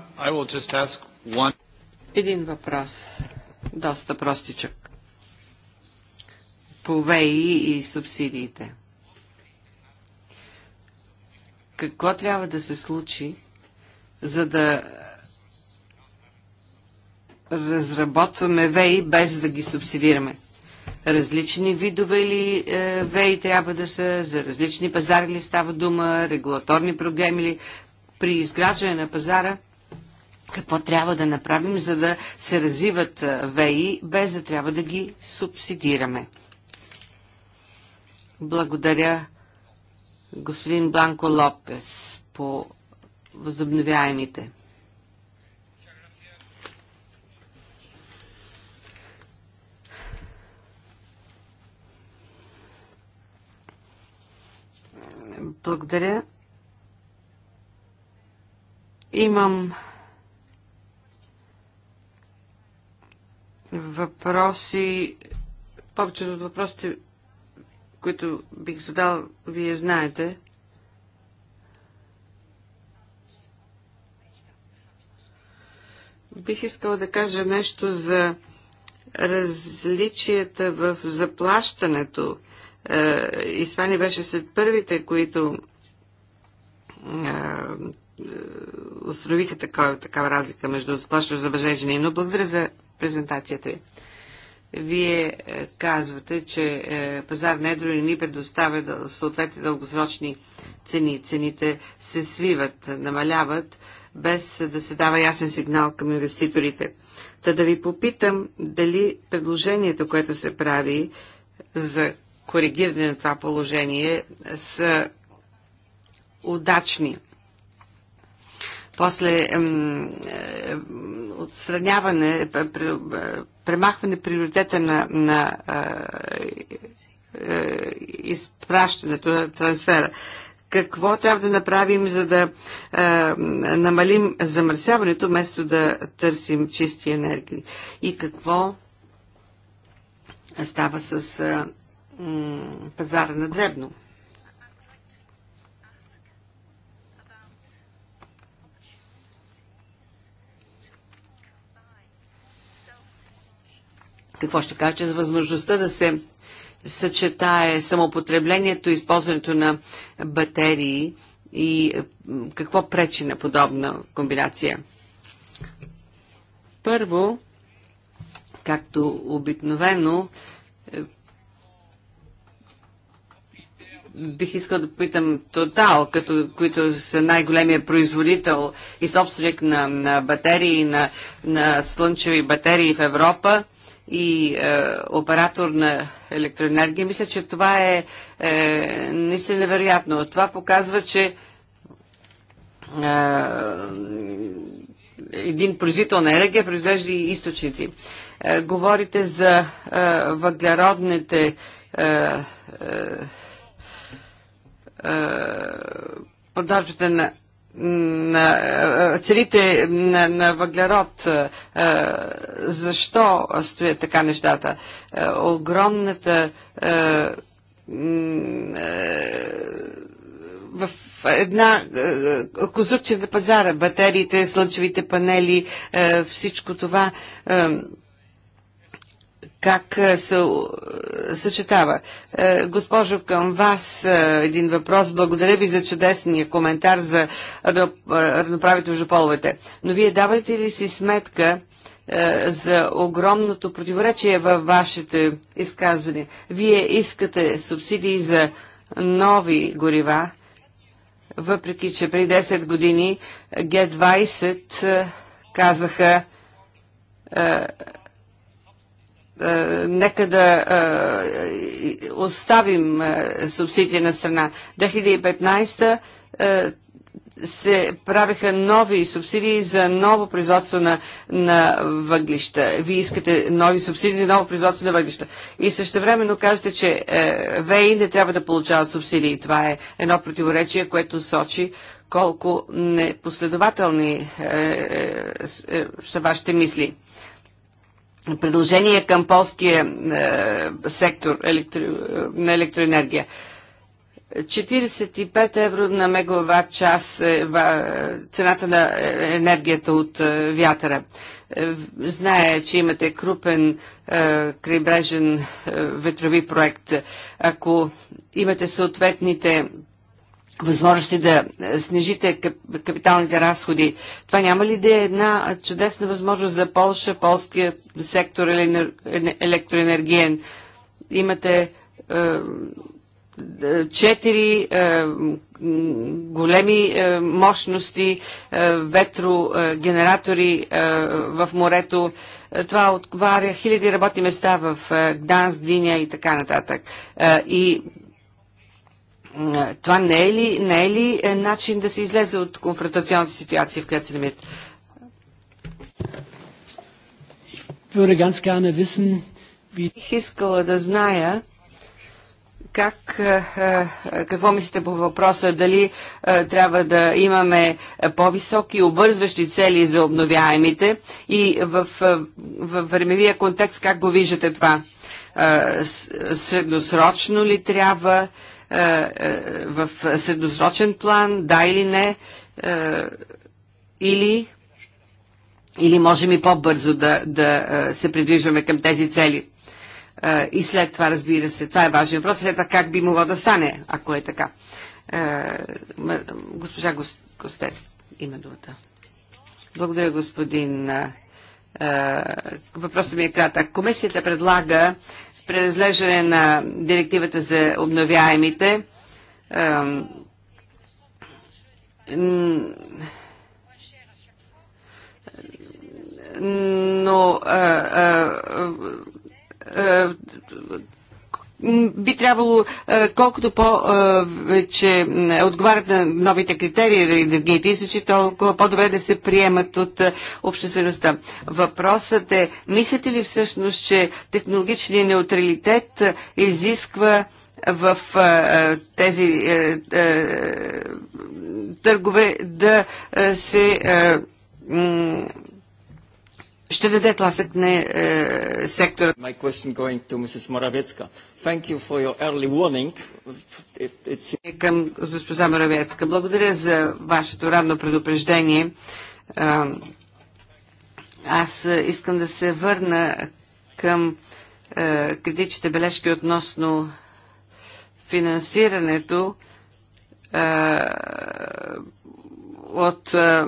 one... Един въпрос, доста простичък. По ВЕИ и субсидиите. Какво трябва да се случи, за да разработваме ВЕИ без да ги субсидираме? различни видове ли е, ВЕИ трябва да са, за различни пазари ли става дума, регулаторни проблеми ли, при изграждане на пазара, какво трябва да направим, за да се развиват е, ВЕИ, без да трябва да ги субсидираме. Благодаря господин Бланко Лопес по възобновяемите. Благодаря. Имам въпроси. Повечето от въпросите, които бих задал, вие знаете. Бих искала да кажа нещо за различията в заплащането е, Испания беше след първите, които е, установиха такава, такава разлика между сплащане за мъже и жени. Но благодаря за презентацията ви. Вие е, казвате, че пазар на едро ни предоставя съответни дългосрочни цени. Цените се свиват, намаляват, без да се дава ясен сигнал към инвеститорите. Та да ви попитам дали предложението, което се прави за коригиране на това положение са удачни. После е, отстраняване, премахване приоритета на, на е, е, изпращането на трансфера какво трябва да направим, за да а, е, намалим замърсяването, вместо да търсим чисти енергии. И какво става с а, пазара на дребно. Какво ще кажа за възможността да се съчетае самопотреблението и използването на батерии и какво пречи на подобна комбинация? Първо, както обикновено, бих искал да питам Тотал, като, които са най-големия производител и собственик на, на батерии, на, на слънчеви батерии в Европа и е, оператор на електроенергия. Мисля, че това е, е наистина невероятно. Това показва, че е, един производител на енергия произвежда и източници. Е, говорите за е, въглеродните е, е, е, продажбите на на е, целите на, на въглерод, е, защо стоят така нещата? Огромната в една конструкция на пазара, батериите, слънчевите панели, всичко това как е, се е, съчетава. Е, госпожо, към вас един въпрос. Благодаря ви за чудесния коментар за равноправите между половете. Но вие давате ли си сметка, за огромното противоречие във вашите изказвания. Вие искате субсидии за нови горива, въпреки че при 10 години Г-20 казаха е, нека да е, оставим е, субсидия на страна. 2015 се правиха нови субсидии за ново производство на, на въглища. Вие искате нови субсидии за ново производство на въглища. И също времено кажете, че е, ВЕИ не трябва да получават субсидии. Това е едно противоречие, което сочи колко непоследователни е, е, са вашите мисли предложение към полския е, сектор електро, е, на електроенергия. 45 евро на мегаватт час е цената на енергията от е, вятъра. Е, знае, че имате крупен е, крайбрежен е, ветрови проект. Ако имате съответните възможности да снижите капиталните разходи. Това няма ли да е една чудесна възможност за Полша, полския сектор или електроенергиен? Имате е, е, четири е, големи мощности ветрогенератори в морето. Това отговаря хиляди работни места в Гданс, Диня и така нататък. И това не е ли, не е ли е начин да се излезе от конфронтационната ситуация, в която се намират? Бих искала да зная как, е, е, какво мислите по въпроса, дали е, трябва да имаме по-високи обвързващи цели за обновяемите и в, в времевия контекст как го виждате това? Средносрочно ли трябва? Е, е, в средносрочен план, да или не, е, или, или можем и по-бързо да, да се придвижваме към тези цели. И след това, разбира се, това е важен въпрос, след това как би могло да стане, ако е така. Госпожа Гостев има думата. Благодаря, господин Въпросът ми е кратък. Комисията предлага преразглеждане на директивата за обновяемите. Но би трябвало е, колкото по че отговарят на новите критерии на енергийните източи, толкова по-добре да се приемат от е, обществеността. Въпросът е, мислите ли всъщност, че технологичният неутралитет е, изисква в а, тези а, търгове да се а, ще даде тласък на е, сектора. My question going to Mrs. Moravetska. Thank you for your early warning. It, it's... Е, към госпожа Моравецка. Благодаря за вашето ранно предупреждение. Аз е, искам да се върна към е, критичните бележки относно финансирането от е,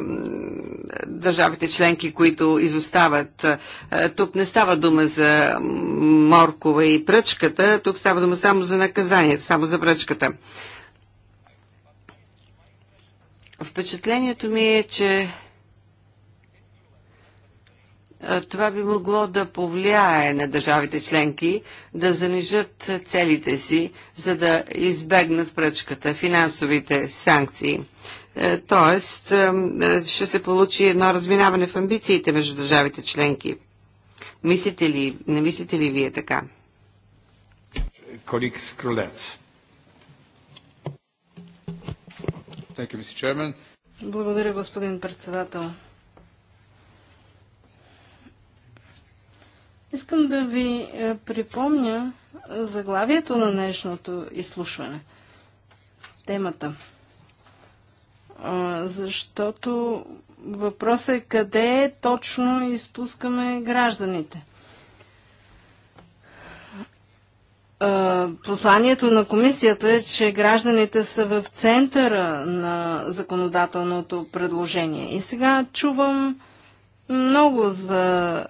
държавите членки, които изостават. Е, тук не става дума за моркова и пръчката, тук става дума само за наказанието, само за пръчката. Впечатлението ми е, че е, това би могло да повлияе на държавите членки да занижат целите си, за да избегнат пръчката, финансовите санкции. Е, тоест, е, ще се получи едно разминаване в амбициите между държавите членки. Мислите ли, не мислите ли вие така? Колик Скролец. Благодаря, господин председател. Искам да ви е, припомня е, заглавието на днешното изслушване. Темата. Е, защото въпросът е къде точно изпускаме гражданите. посланието на комисията е, че гражданите са в центъра на законодателното предложение. И сега чувам много за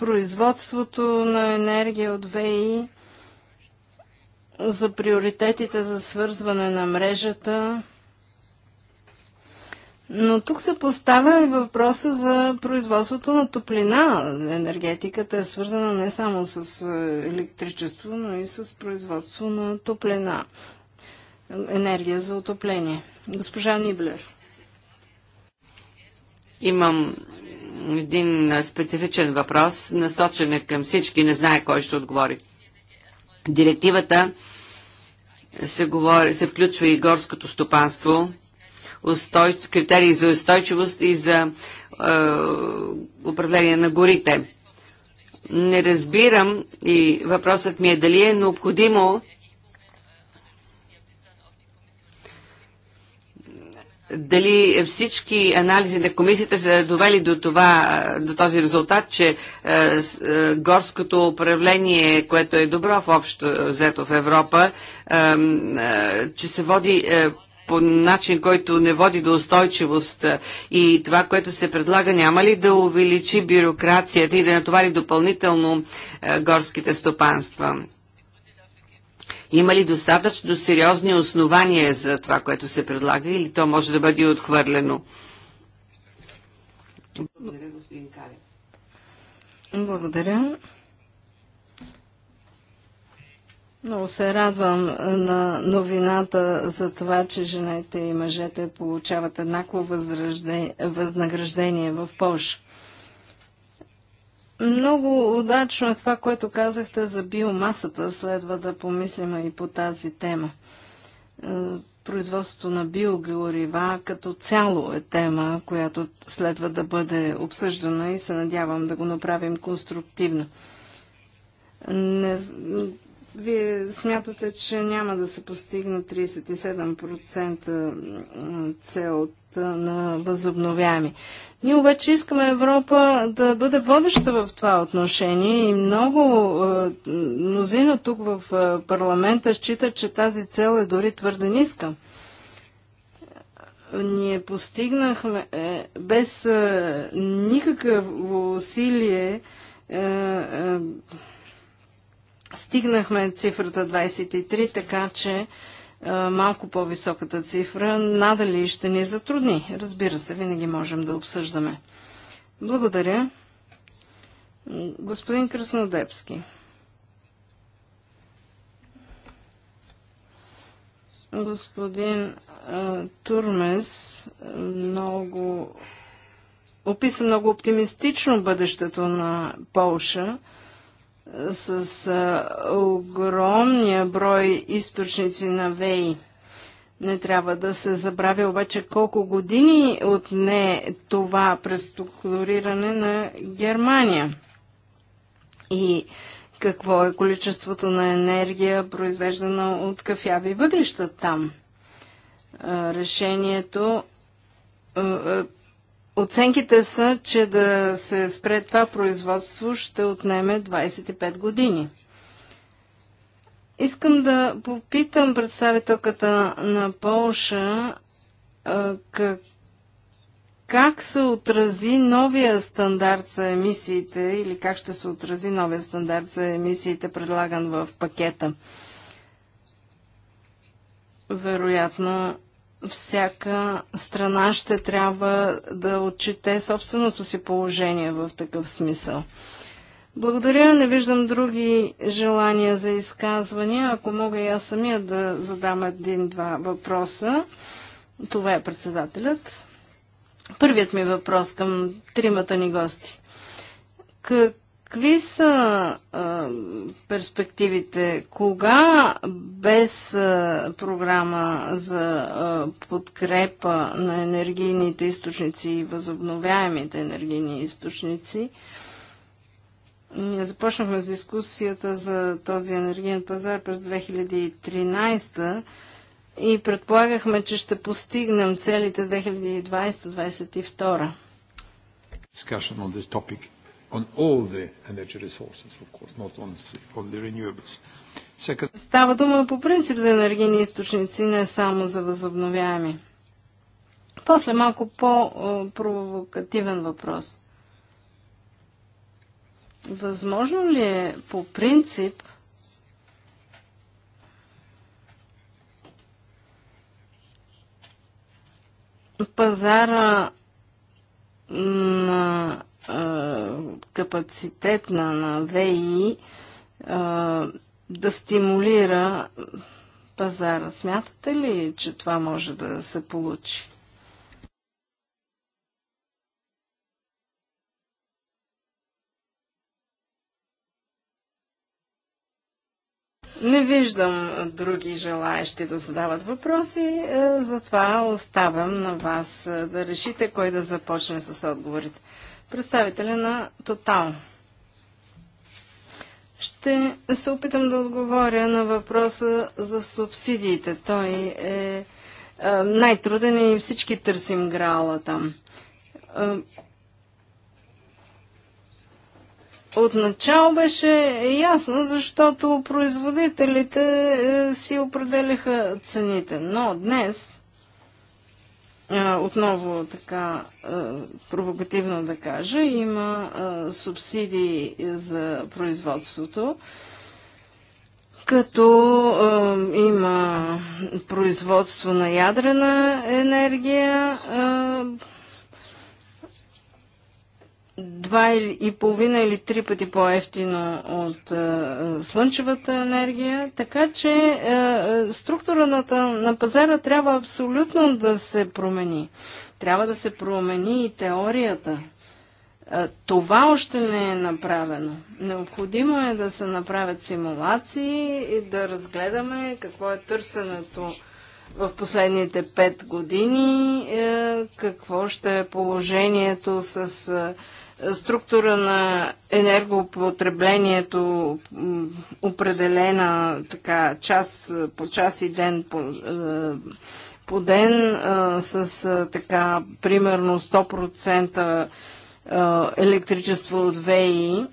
производството на енергия от ВИ, за приоритетите за свързване на мрежата. Но тук се поставя и въпроса за производството на топлина. Енергетиката е свързана не само с е, електричество, но и с производство на топлина. Енергия за отопление. Госпожа Ниблер. Имам един специфичен въпрос, насочен е към всички, не знае кой ще отговори. Директивата се, говори, се включва и горското стопанство, устой, критерии за устойчивост и за е, управление на горите. Не разбирам и въпросът ми е дали е необходимо дали всички анализи на комисията са довели до, това, до този резултат, че е, е горското управление, което е добро в общо взето в Европа, е, е, че се води е, по начин, който не води до устойчивост е, и това, което се предлага, няма ли да увеличи бюрокрацията и да натовари допълнително е, горските стопанства? Има ли достатъчно сериозни основания за това, което се предлага или то може да бъде отхвърлено? Благодаря, господин Калев. Благодаря. Много се радвам на новината за това, че жените и мъжете получават еднакво възнаграждение в Польша. Много удачно е това, което казахте за биомасата. Следва да помислим и по тази тема. Е, производството на биогорива като цяло е тема, която следва да бъде обсъждана и се надявам да го направим конструктивно. Не... Вие смятате, че няма да се постигне 37% цел на възобновяеми. Ние обаче искаме Европа да бъде водеща в това отношение и много мнозина тук в парламента счита, че тази цел е дори твърде ниска. Ние постигнахме е, без никакъв усилие е, е, стигнахме цифрата 23, така че е, малко по-високата цифра, надали ще ни затрудни. Разбира се, винаги можем да обсъждаме. Благодаря. Господин Краснодепски. Господин а, е, Турмес много описа много оптимистично бъдещето на Полша с а, огромния брой източници на ВЕИ. Не трябва да се забравя обаче колко години отне това преструктуриране на Германия. И какво е количеството на енергия, произвеждана от кафяви въглища там. Решението Оценките са, че да се спре това производство ще отнеме 25 години. Искам да попитам представителката на Полша как, как се отрази новия стандарт за емисиите или как ще се отрази новия стандарт за емисиите, предлаган в пакета. Вероятно, всяка страна ще трябва да отчете собственото си положение в такъв смисъл. Благодаря, не виждам други желания за изказвания. Ако мога и аз самия да задам един-два въпроса, това е председателят. Първият ми въпрос към тримата ни гости. Как Какви са а, перспективите? Кога без а, програма за а, подкрепа на енергийните източници и възобновяемите енергийни източници? Ние започнахме с дискусията за този енергиен пазар през 2013 и предполагахме, че ще постигнем целите 2020-2022. Discussion on this topic on all the energy resources, of course, not on, on the renewables. Second... Става дума по принцип за енергийни източници, не само за възобновяеми. После малко по-провокативен въпрос. Възможно ли е по принцип пазара на капацитетна на ВИ да стимулира пазара. Смятате ли, че това може да се получи? Не виждам други желаящи да задават въпроси, е, затова оставям на вас е, да решите кой да започне с отговорите представителя на Тотал. Ще се опитам да отговоря на въпроса за субсидиите. Той е, е най-труден и всички търсим грала там. Е, Отначало беше ясно, защото производителите е, си определяха цените, но днес отново така провокативно да кажа, има субсидии за производството, като има производство на ядрена енергия, два и половина или три пъти по-ефтино от е, слънчевата енергия, така че е, е, структурата на пазара трябва абсолютно да се промени. Трябва да се промени и теорията. Е, това още не е направено. Необходимо е да се направят симулации и да разгледаме какво е търсенето в последните пет години, е, какво ще е положението с структура на енергопотреблението определена така час по час и ден по, е, по ден е, с е, така примерно 100% електричество от ВИ,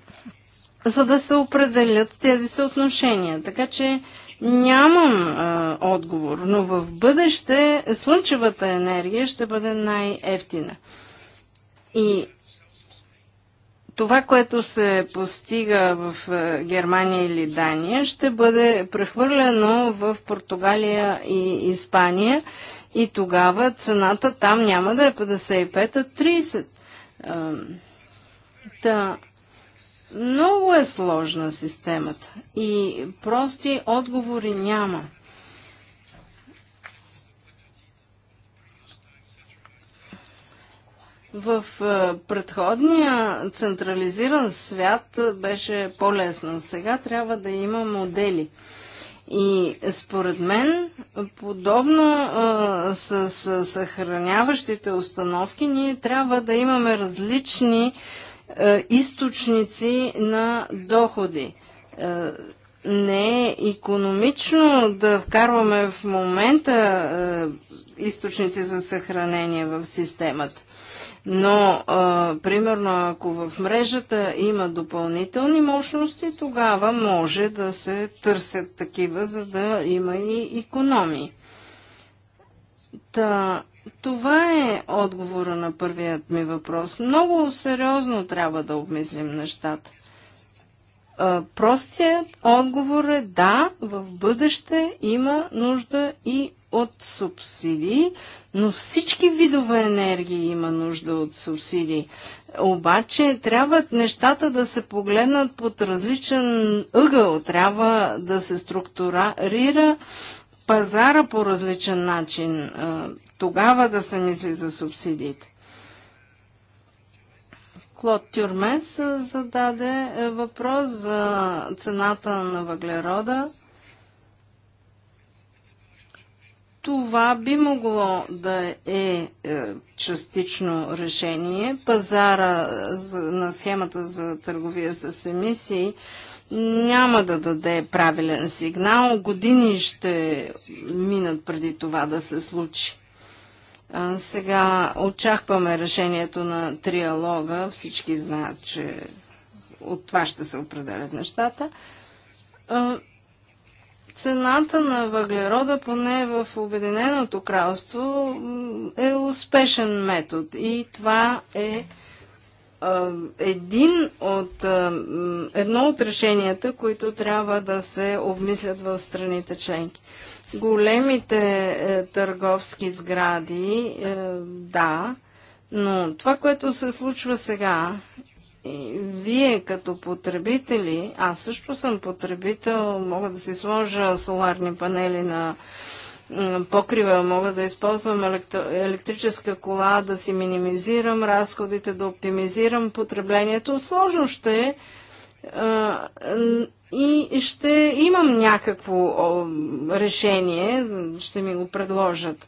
за да се определят тези съотношения. Така че Нямам а, отговор, но в бъдеще слънчевата енергия ще бъде най-ефтина. И това, което се постига в е, Германия или Дания, ще бъде прехвърлено в Португалия и Испания и тогава цената там няма да е 55, а 30. Е, та, много е сложна системата и прости отговори няма. В е, предходния централизиран свят беше по-лесно. Сега трябва да има модели. И според мен, подобно а, е, с, съхраняващите установки, ние трябва да имаме различни а, е, източници на доходи. А, не е економично да вкарваме в момента а, източници за съхранение в системата. Но, а, примерно, ако в мрежата има допълнителни мощности, тогава може да се търсят такива, за да има и економии. Та, това е отговора на първият ми въпрос. Много сериозно трябва да обмислим нещата. А, простият отговор е да, в бъдеще има нужда и от субсидии, но всички видове енергии има нужда от субсидии. Обаче трябва нещата да се погледнат под различен ъгъл, трябва да се структурира пазара по различен начин, тогава да се мисли за субсидиите. Клод Тюрмес зададе е, въпрос за цената на въглерода Това би могло да е, е частично решение. Пазара на схемата за търговия с емисии няма да даде правилен сигнал. Години ще минат преди това да се случи. Сега очакваме решението на триалога. Всички знаят, че от това ще се определят нещата цената на въглерода, поне в Обединеното кралство, е успешен метод. И това е един от, едно от решенията, които трябва да се обмислят в страните членки. Големите е, търговски сгради, е, да, но това, което се случва сега и вие като потребители, аз също съм потребител, мога да си сложа соларни панели на покрива, мога да използвам електрическа кола, да си минимизирам разходите, да оптимизирам потреблението. Сложно ще е и ще имам някакво решение, ще ми го предложат.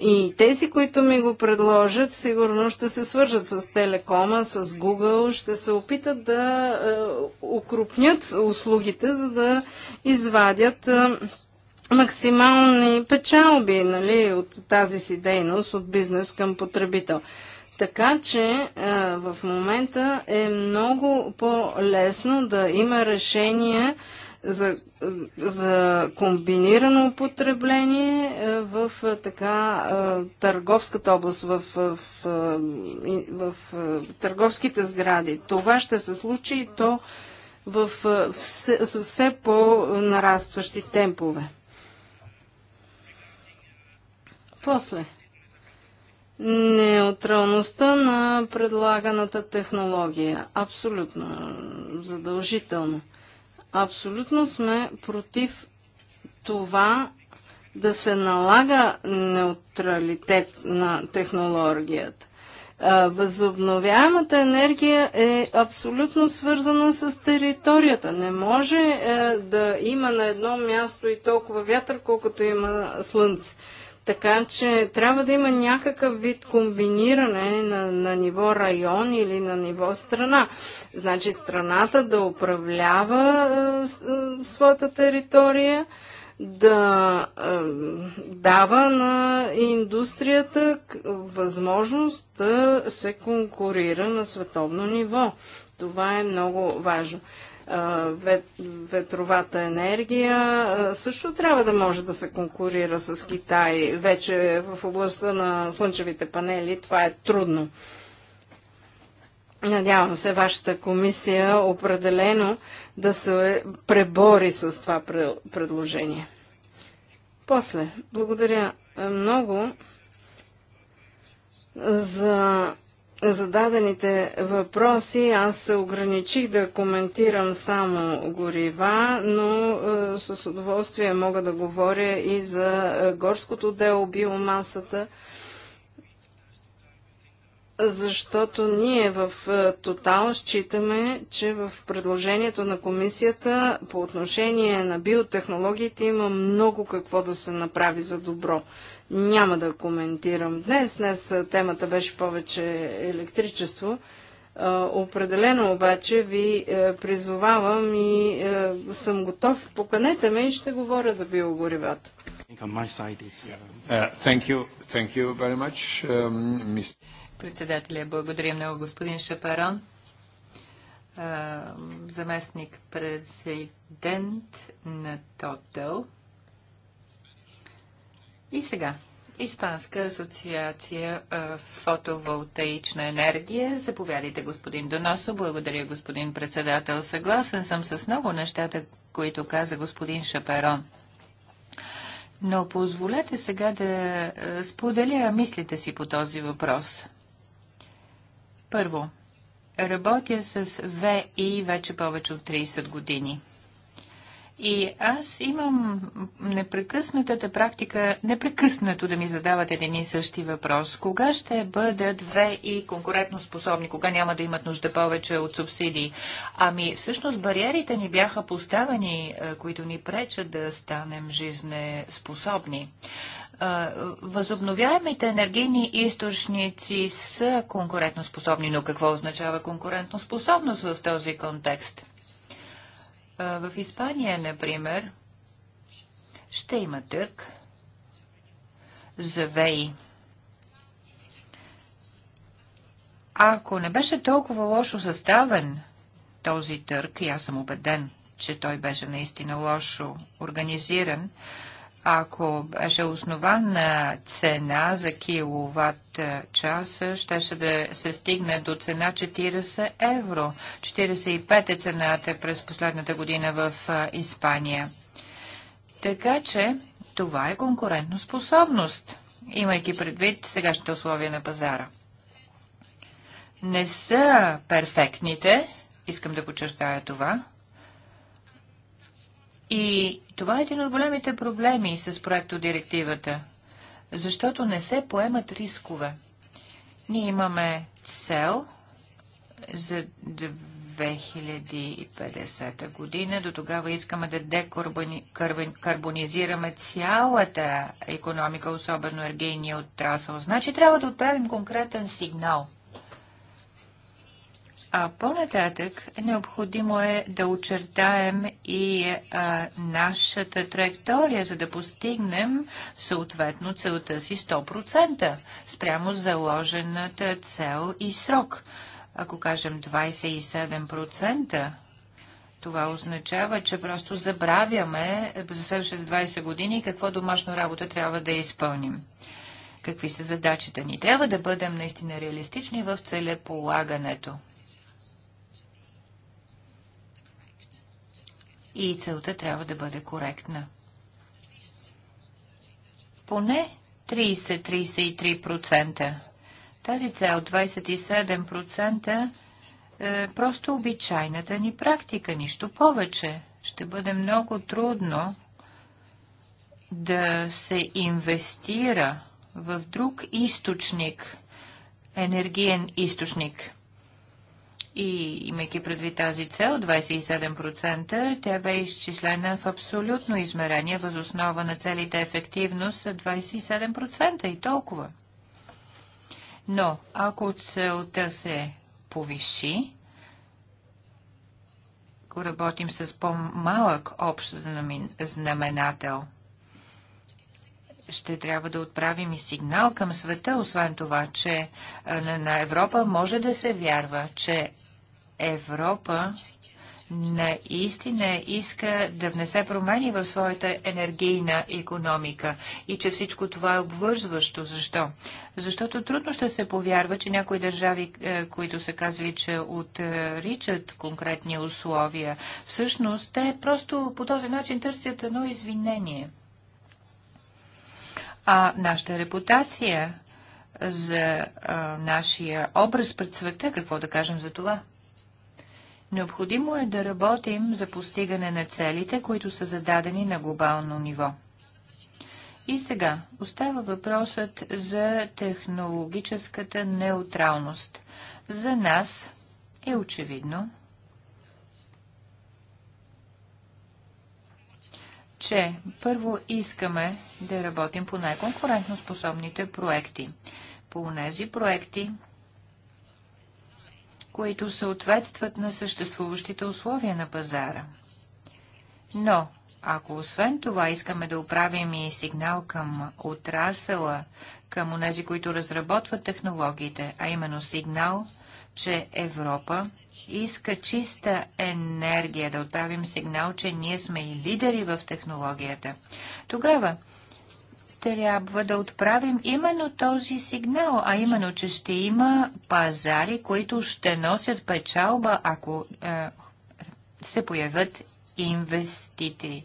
И тези, които ми го предложат, сигурно ще се свържат с Телекома, с Google, ще се опитат да е, укрупнят услугите, за да извадят е, максимални печалби нали, от тази си дейност, от бизнес към потребител. Така че е, в момента е много по-лесно да има решение за, за комбинирано употребление е, в е, така е, търговската област, в, в, в, в търговските сгради. Това ще се случи и то в, в, все, все по-нарастващи темпове. После. Неутралността на предлаганата технология. Абсолютно задължително. Абсолютно сме против това да се налага неутралитет на технологията. Възобновяемата енергия е абсолютно свързана с територията. Не може е, да има на едно място и толкова вятър, колкото има слънце. Така че трябва да има някакъв вид комбиниране на, на ниво район или на ниво страна. Значи страната да управлява е, е своята територия, да е, дава на индустрията възможност да се конкурира на световно ниво. Това е много важно ветровата енергия също трябва да може да се конкурира с Китай. Вече в областта на слънчевите панели това е трудно. Надявам се вашата комисия определено да се пребори с това предложение. После, благодаря много за зададените въпроси. Аз се ограничих да коментирам само горива, но е, с удоволствие мога да говоря и за е, горското дело, биомасата, защото ние в е, Тотал считаме, че в предложението на комисията по отношение на биотехнологиите има много какво да се направи за добро няма да коментирам днес. Днес темата беше повече електричество. Определено обаче ви е, призовавам и е, съм готов. Поканете ме и ще говоря за биогоривата. Председателя, благодаря много, господин Шапарон. Е, Заместник президент на Тотел. И сега. Испанска асоциация а, фотоволтаична енергия. Заповядайте, господин Доносо. Благодаря, господин председател. Съгласен съм с много нещата, които каза господин Шаперон. Но позволете сега да споделя мислите си по този въпрос. Първо, работя с ВИ вече повече от 30 години. И аз имам непрекъснатата практика, непрекъснато да ми задават един и същи въпрос. Кога ще бъдат две и конкурентно способни? Кога няма да имат нужда повече от субсидии? Ами всъщност бариерите ни бяха поставени, които ни пречат да станем жизнеспособни. Възобновяемите енергийни източници са конкурентоспособни, но какво означава конкурентоспособност в този контекст? В Испания, например, ще има търк за ВЕИ. Ако не беше толкова лошо съставен този търк, и аз съм убеден, че той беше наистина лошо организиран, ако беше основан на цена за киловатт е, часа, щеше да се стигне до цена 40 евро. 45 е цената през последната година в е, Испания. Така че това е конкурентно способност, имайки предвид сегашните условия на пазара. Не са перфектните, искам да подчертая това, и това е един от големите проблеми с проекто директивата, защото не се поемат рискове. Ние имаме цел за 2050 година. До тогава искаме да декарбонизираме цялата економика, особено енергийния отрасъл. Значи трябва да отправим конкретен сигнал – а по-нататък необходимо е да очертаем и а, нашата траектория, за да постигнем съответно целта си 100% спрямо заложената цел и срок. Ако кажем 27%, това означава, че просто забравяме за следващите 20 години какво домашно работа трябва да изпълним какви са задачите ни. Трябва да бъдем наистина реалистични в целеполагането. и целта трябва да бъде коректна. Поне 30-33%. Тази цел 27% е просто обичайната ни практика, нищо повече. Ще бъде много трудно да се инвестира в друг източник, енергиен източник. И имайки предвид тази цел, 27%, тя бе изчислена в абсолютно измерение, възоснова на целите ефективност 27% и толкова. Но ако целта се повиши, ако работим с по-малък общ знаменател – ще трябва да отправим и сигнал към света, освен това, че на Европа може да се вярва, че Европа наистина иска да внесе промени в своята енергийна економика и че всичко това е обвързващо. Защо? Защото трудно ще се повярва, че някои държави, е, които са казали, че отричат конкретни условия, всъщност те просто по този начин търсят едно извинение – а нашата репутация, за а, нашия образ пред света, какво да кажем за това? Необходимо е да работим за постигане на целите, които са зададени на глобално ниво. И сега остава въпросът за технологическата неутралност. За нас е очевидно, че първо искаме да работим по най-конкурентно способните проекти. По тези проекти, които съответстват на съществуващите условия на пазара. Но, ако освен това искаме да оправим и сигнал към отрасъла, към онези, които разработват технологиите, а именно сигнал, че Европа иска чиста енергия, да отправим сигнал, че ние сме и лидери в технологията. Тогава трябва да отправим именно този сигнал, а именно, че ще има пазари, които ще носят печалба, ако е, се появят инвеститори.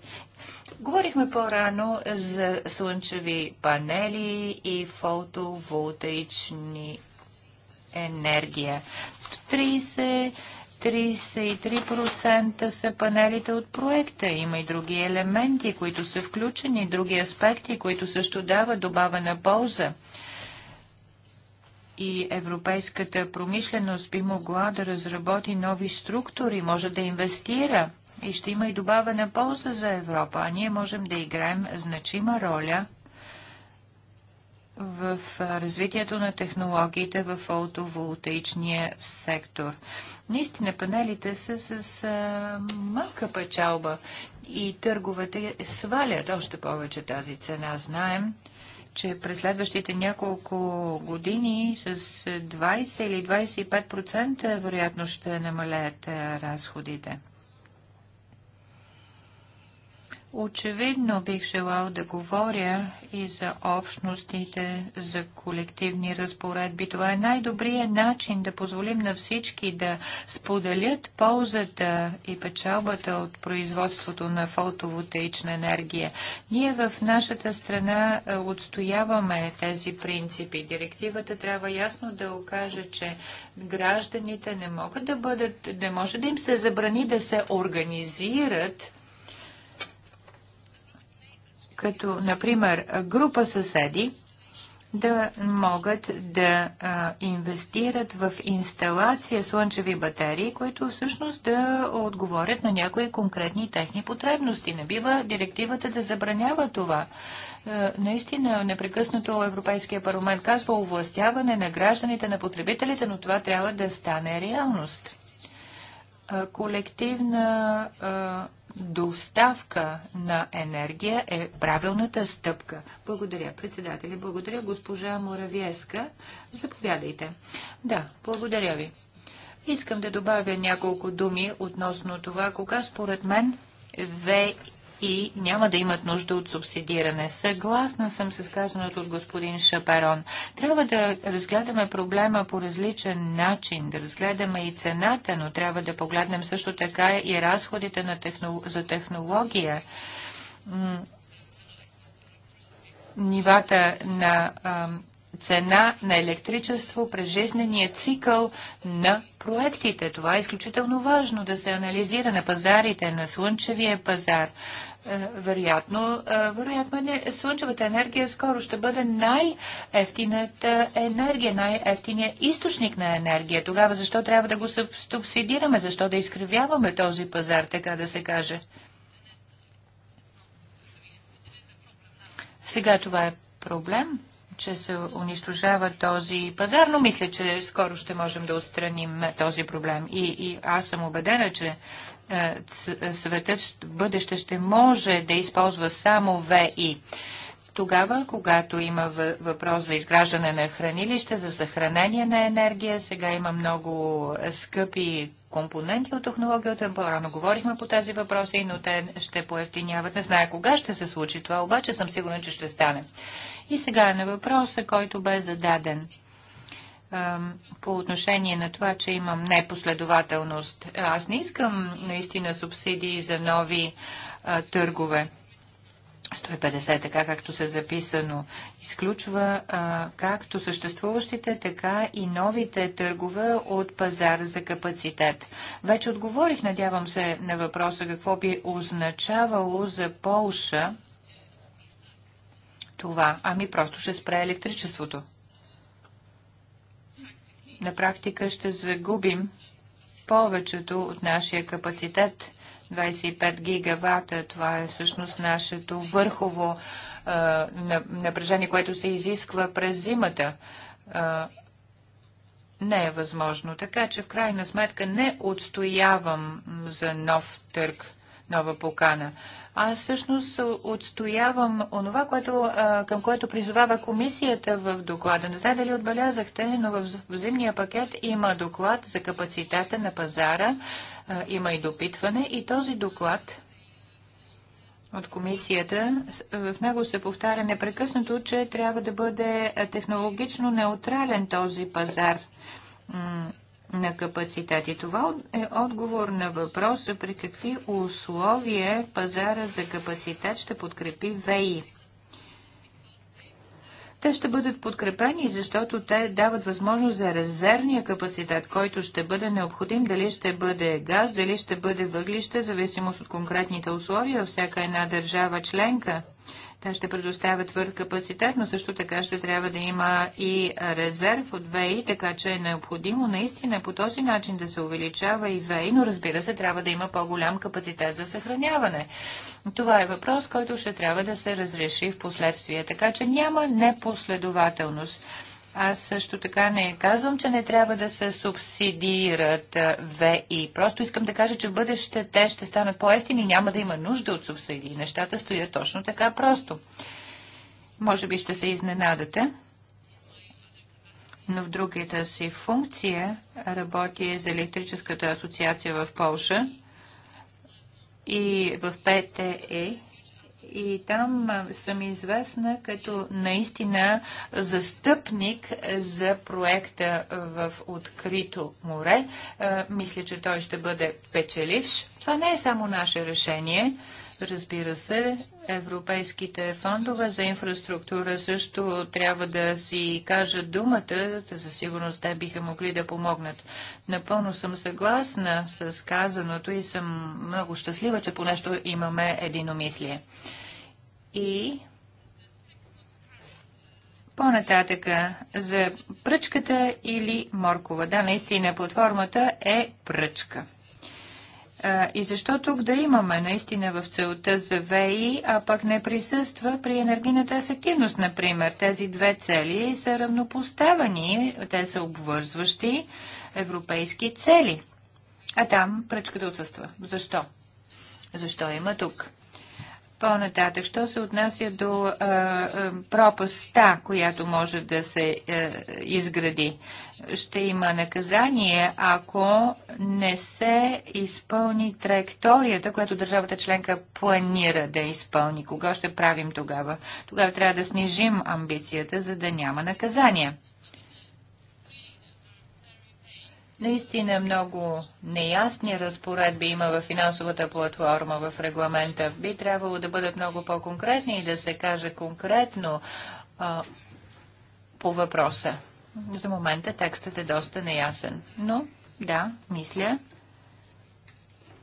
Говорихме по-рано за слънчеви панели и фотоволтаични енергия. 30, 33% са панелите от проекта. Има и други елементи, които са включени, други аспекти, които също дават добавена полза. И европейската промишленост би могла да разработи нови структури, може да инвестира и ще има и добавена полза за Европа, а ние можем да играем значима роля – в развитието на технологиите в фотоволтаичния сектор. Наистина панелите са с а, малка печалба и търговете свалят още повече тази цена. Знаем, че през следващите няколко години с 20 или 25% вероятно ще намалеят разходите. Очевидно бих желал да говоря и за общностите, за колективни разпоредби. Това е най-добрият начин да позволим на всички да споделят ползата и печалбата от производството на фотоволтаична енергия. Ние в нашата страна е, отстояваме тези принципи. Директивата трябва ясно да окаже, че гражданите не могат да бъдат, не може да им се забрани да се организират като, например, група съседи, да могат да инвестират в инсталация слънчеви батерии, които всъщност да отговорят на някои конкретни техни потребности. Не бива директивата да забранява това. наистина, непрекъснато Европейския парламент казва овластяване на гражданите, на потребителите, но това трябва да стане реалност. колективна доставка на енергия е правилната стъпка. Благодаря, председатели. Благодаря, госпожа Моравиеска. Заповядайте. Да, благодаря ви. Искам да добавя няколко думи относно това, кога според мен ВИ и няма да имат нужда от субсидиране. Съгласна съм с казаното от господин Шаперон. Трябва да разгледаме проблема по различен начин, да разгледаме и цената, но трябва да погледнем също така и разходите на техно... за технология нивата на цена на електричество през жизнения цикъл на проектите. Това е изключително важно да се анализира на пазарите, на слънчевия пазар, е, вероятно. Е, вероятно слънчевата енергия скоро ще бъде най-ефтината енергия, най-ефтиният източник на енергия. Тогава защо трябва да го субсидираме? Защо да изкривяваме този пазар, така да се каже? Сега това е проблем, че се унищожава този пазар, но мисля, че скоро ще можем да отстраним този проблем. И, и аз съм убедена, че е, е, светът в бъдеще ще може да използва само ВИ. Тогава, когато има въпрос за изграждане на хранилище, за съхранение на енергия, сега има много е, скъпи компоненти от технологията. По-рано говорихме по тези въпроси, но те ще поевтиняват. Не знае кога ще се случи това, обаче съм сигурен, че ще стане. И сега е на въпроса, който бе зададен по отношение на това, че имам непоследователност. Аз не искам наистина субсидии за нови а, търгове. 150, така както се записано, изключва а, както съществуващите, така и новите търгове от пазар за капацитет. Вече отговорих, надявам се, на въпроса какво би означавало за Полша това. Ами просто ще спре електричеството на практика ще загубим повечето от нашия капацитет. 25 гигавата, това е всъщност нашето върхово е, напрежение, което се изисква през зимата. Е, не е възможно. Така че в крайна сметка не отстоявам за нов търг, нова покана. Аз всъщност отстоявам онова, което, към което призовава комисията в доклада. Не знае дали отбелязахте, но в зимния пакет има доклад за капацитета на пазара, има и допитване и този доклад от комисията. В него се повтаря непрекъснато, че трябва да бъде технологично неутрален този пазар на капацитети. Това е отговор на въпроса при какви условия пазара за капацитет ще подкрепи ВЕИ. Те ще бъдат подкрепени, защото те дават възможност за резервния капацитет, който ще бъде необходим, дали ще бъде газ, дали ще бъде въглища, зависимост от конкретните условия, всяка една държава членка те ще предоставят твърд капацитет, но също така ще трябва да има и резерв от ВЕИ, така че е необходимо наистина по този начин да се увеличава и ВЕИ, но разбира се, трябва да има по-голям капацитет за съхраняване. Това е въпрос, който ще трябва да се разреши в последствие, така че няма непоследователност. Аз също така не казвам, че не трябва да се субсидират ВИ. Просто искам да кажа, че в бъдеще те ще станат по-ефтини, няма да има нужда от субсидии. Нещата стоят точно така просто. Може би ще се изненадате, но в другата си функция работи за електрическата асоциация в Полша и в ПТЕ и там съм известна като наистина застъпник за проекта в открито море. Мисля, че той ще бъде печеливш. Това не е само наше решение. Разбира се, европейските фондове за инфраструктура също трябва да си кажат думата, За сигурност те биха могли да помогнат. Напълно съм съгласна с казаното и съм много щастлива, че по нещо имаме единомислие. И по-нататъка за пръчката или моркова. Да, наистина платформата е пръчка. И защо тук да имаме наистина в целта за ВЕИ, а пък не присъства при енергийната ефективност, например? Тези две цели са равнопоставени, те са обвързващи европейски цели. А там пръчката отсъства. Защо? Защо има тук? По-нататък, що се отнася до а, а, пропаста, която може да се а, изгради? Ще има наказание, ако не се изпълни траекторията, която държавата членка планира да изпълни. Кога ще правим тогава? Тогава трябва да снижим амбицията, за да няма наказание. Наистина много неясни разпоредби има в финансовата платформа, в регламента. Би трябвало да бъдат много по-конкретни и да се каже конкретно а, по въпроса. За момента текстът е доста неясен. Но, да, мисля,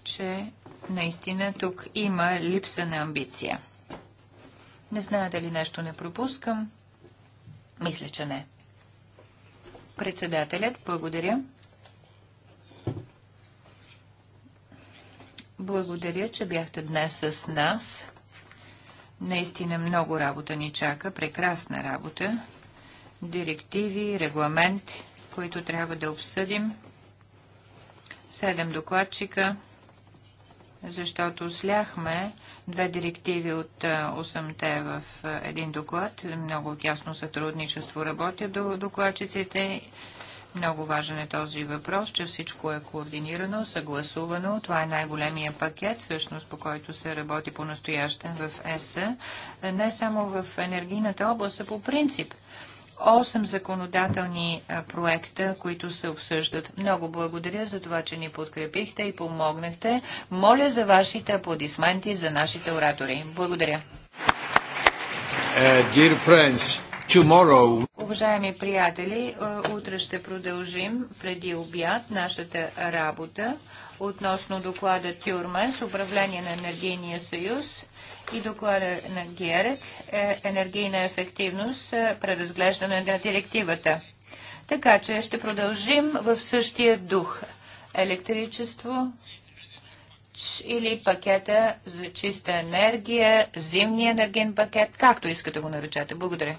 че наистина тук има липса на амбиция. Не знае дали нещо не пропускам. Мисля, че не. Председателят, благодаря. Благодаря, че бяхте днес с нас. Наистина много работа ни чака, прекрасна работа. Директиви, регламент, които трябва да обсъдим. Седем докладчика, защото сляхме две директиви от 8-те в един доклад. Много тясно сътрудничество работят до докладчиците много важен е този въпрос, че всичко е координирано, съгласувано. Това е най-големия пакет, всъщност, по който се работи по-настоящен в ЕС. Не само в енергийната област, а по принцип. Осем законодателни проекта, които се обсъждат. Много благодаря за това, че ни подкрепихте и помогнахте. Моля за вашите аплодисменти за нашите оратори. Благодаря. Uh, Tomorrow. Уважаеми приятели, е, утре ще продължим преди обяд нашата работа относно доклада Тюрмес, управление на енергийния съюз и доклада на ГЕРЕК, е, енергийна ефективност, е, преразглеждане на директивата. Така че ще продължим в същия дух. Електричество или пакета за чиста енергия, зимния енергиен пакет, както искате го наречете. Благодаря.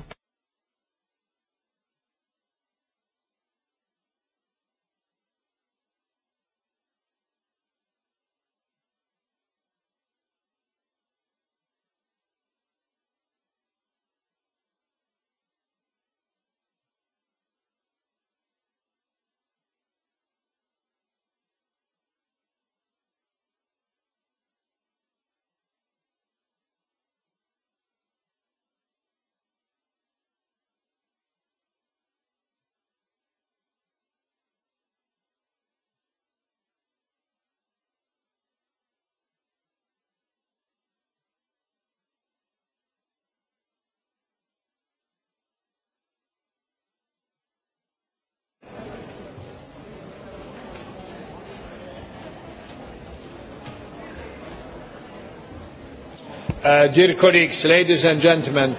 dear colleagues, ladies and gentlemen,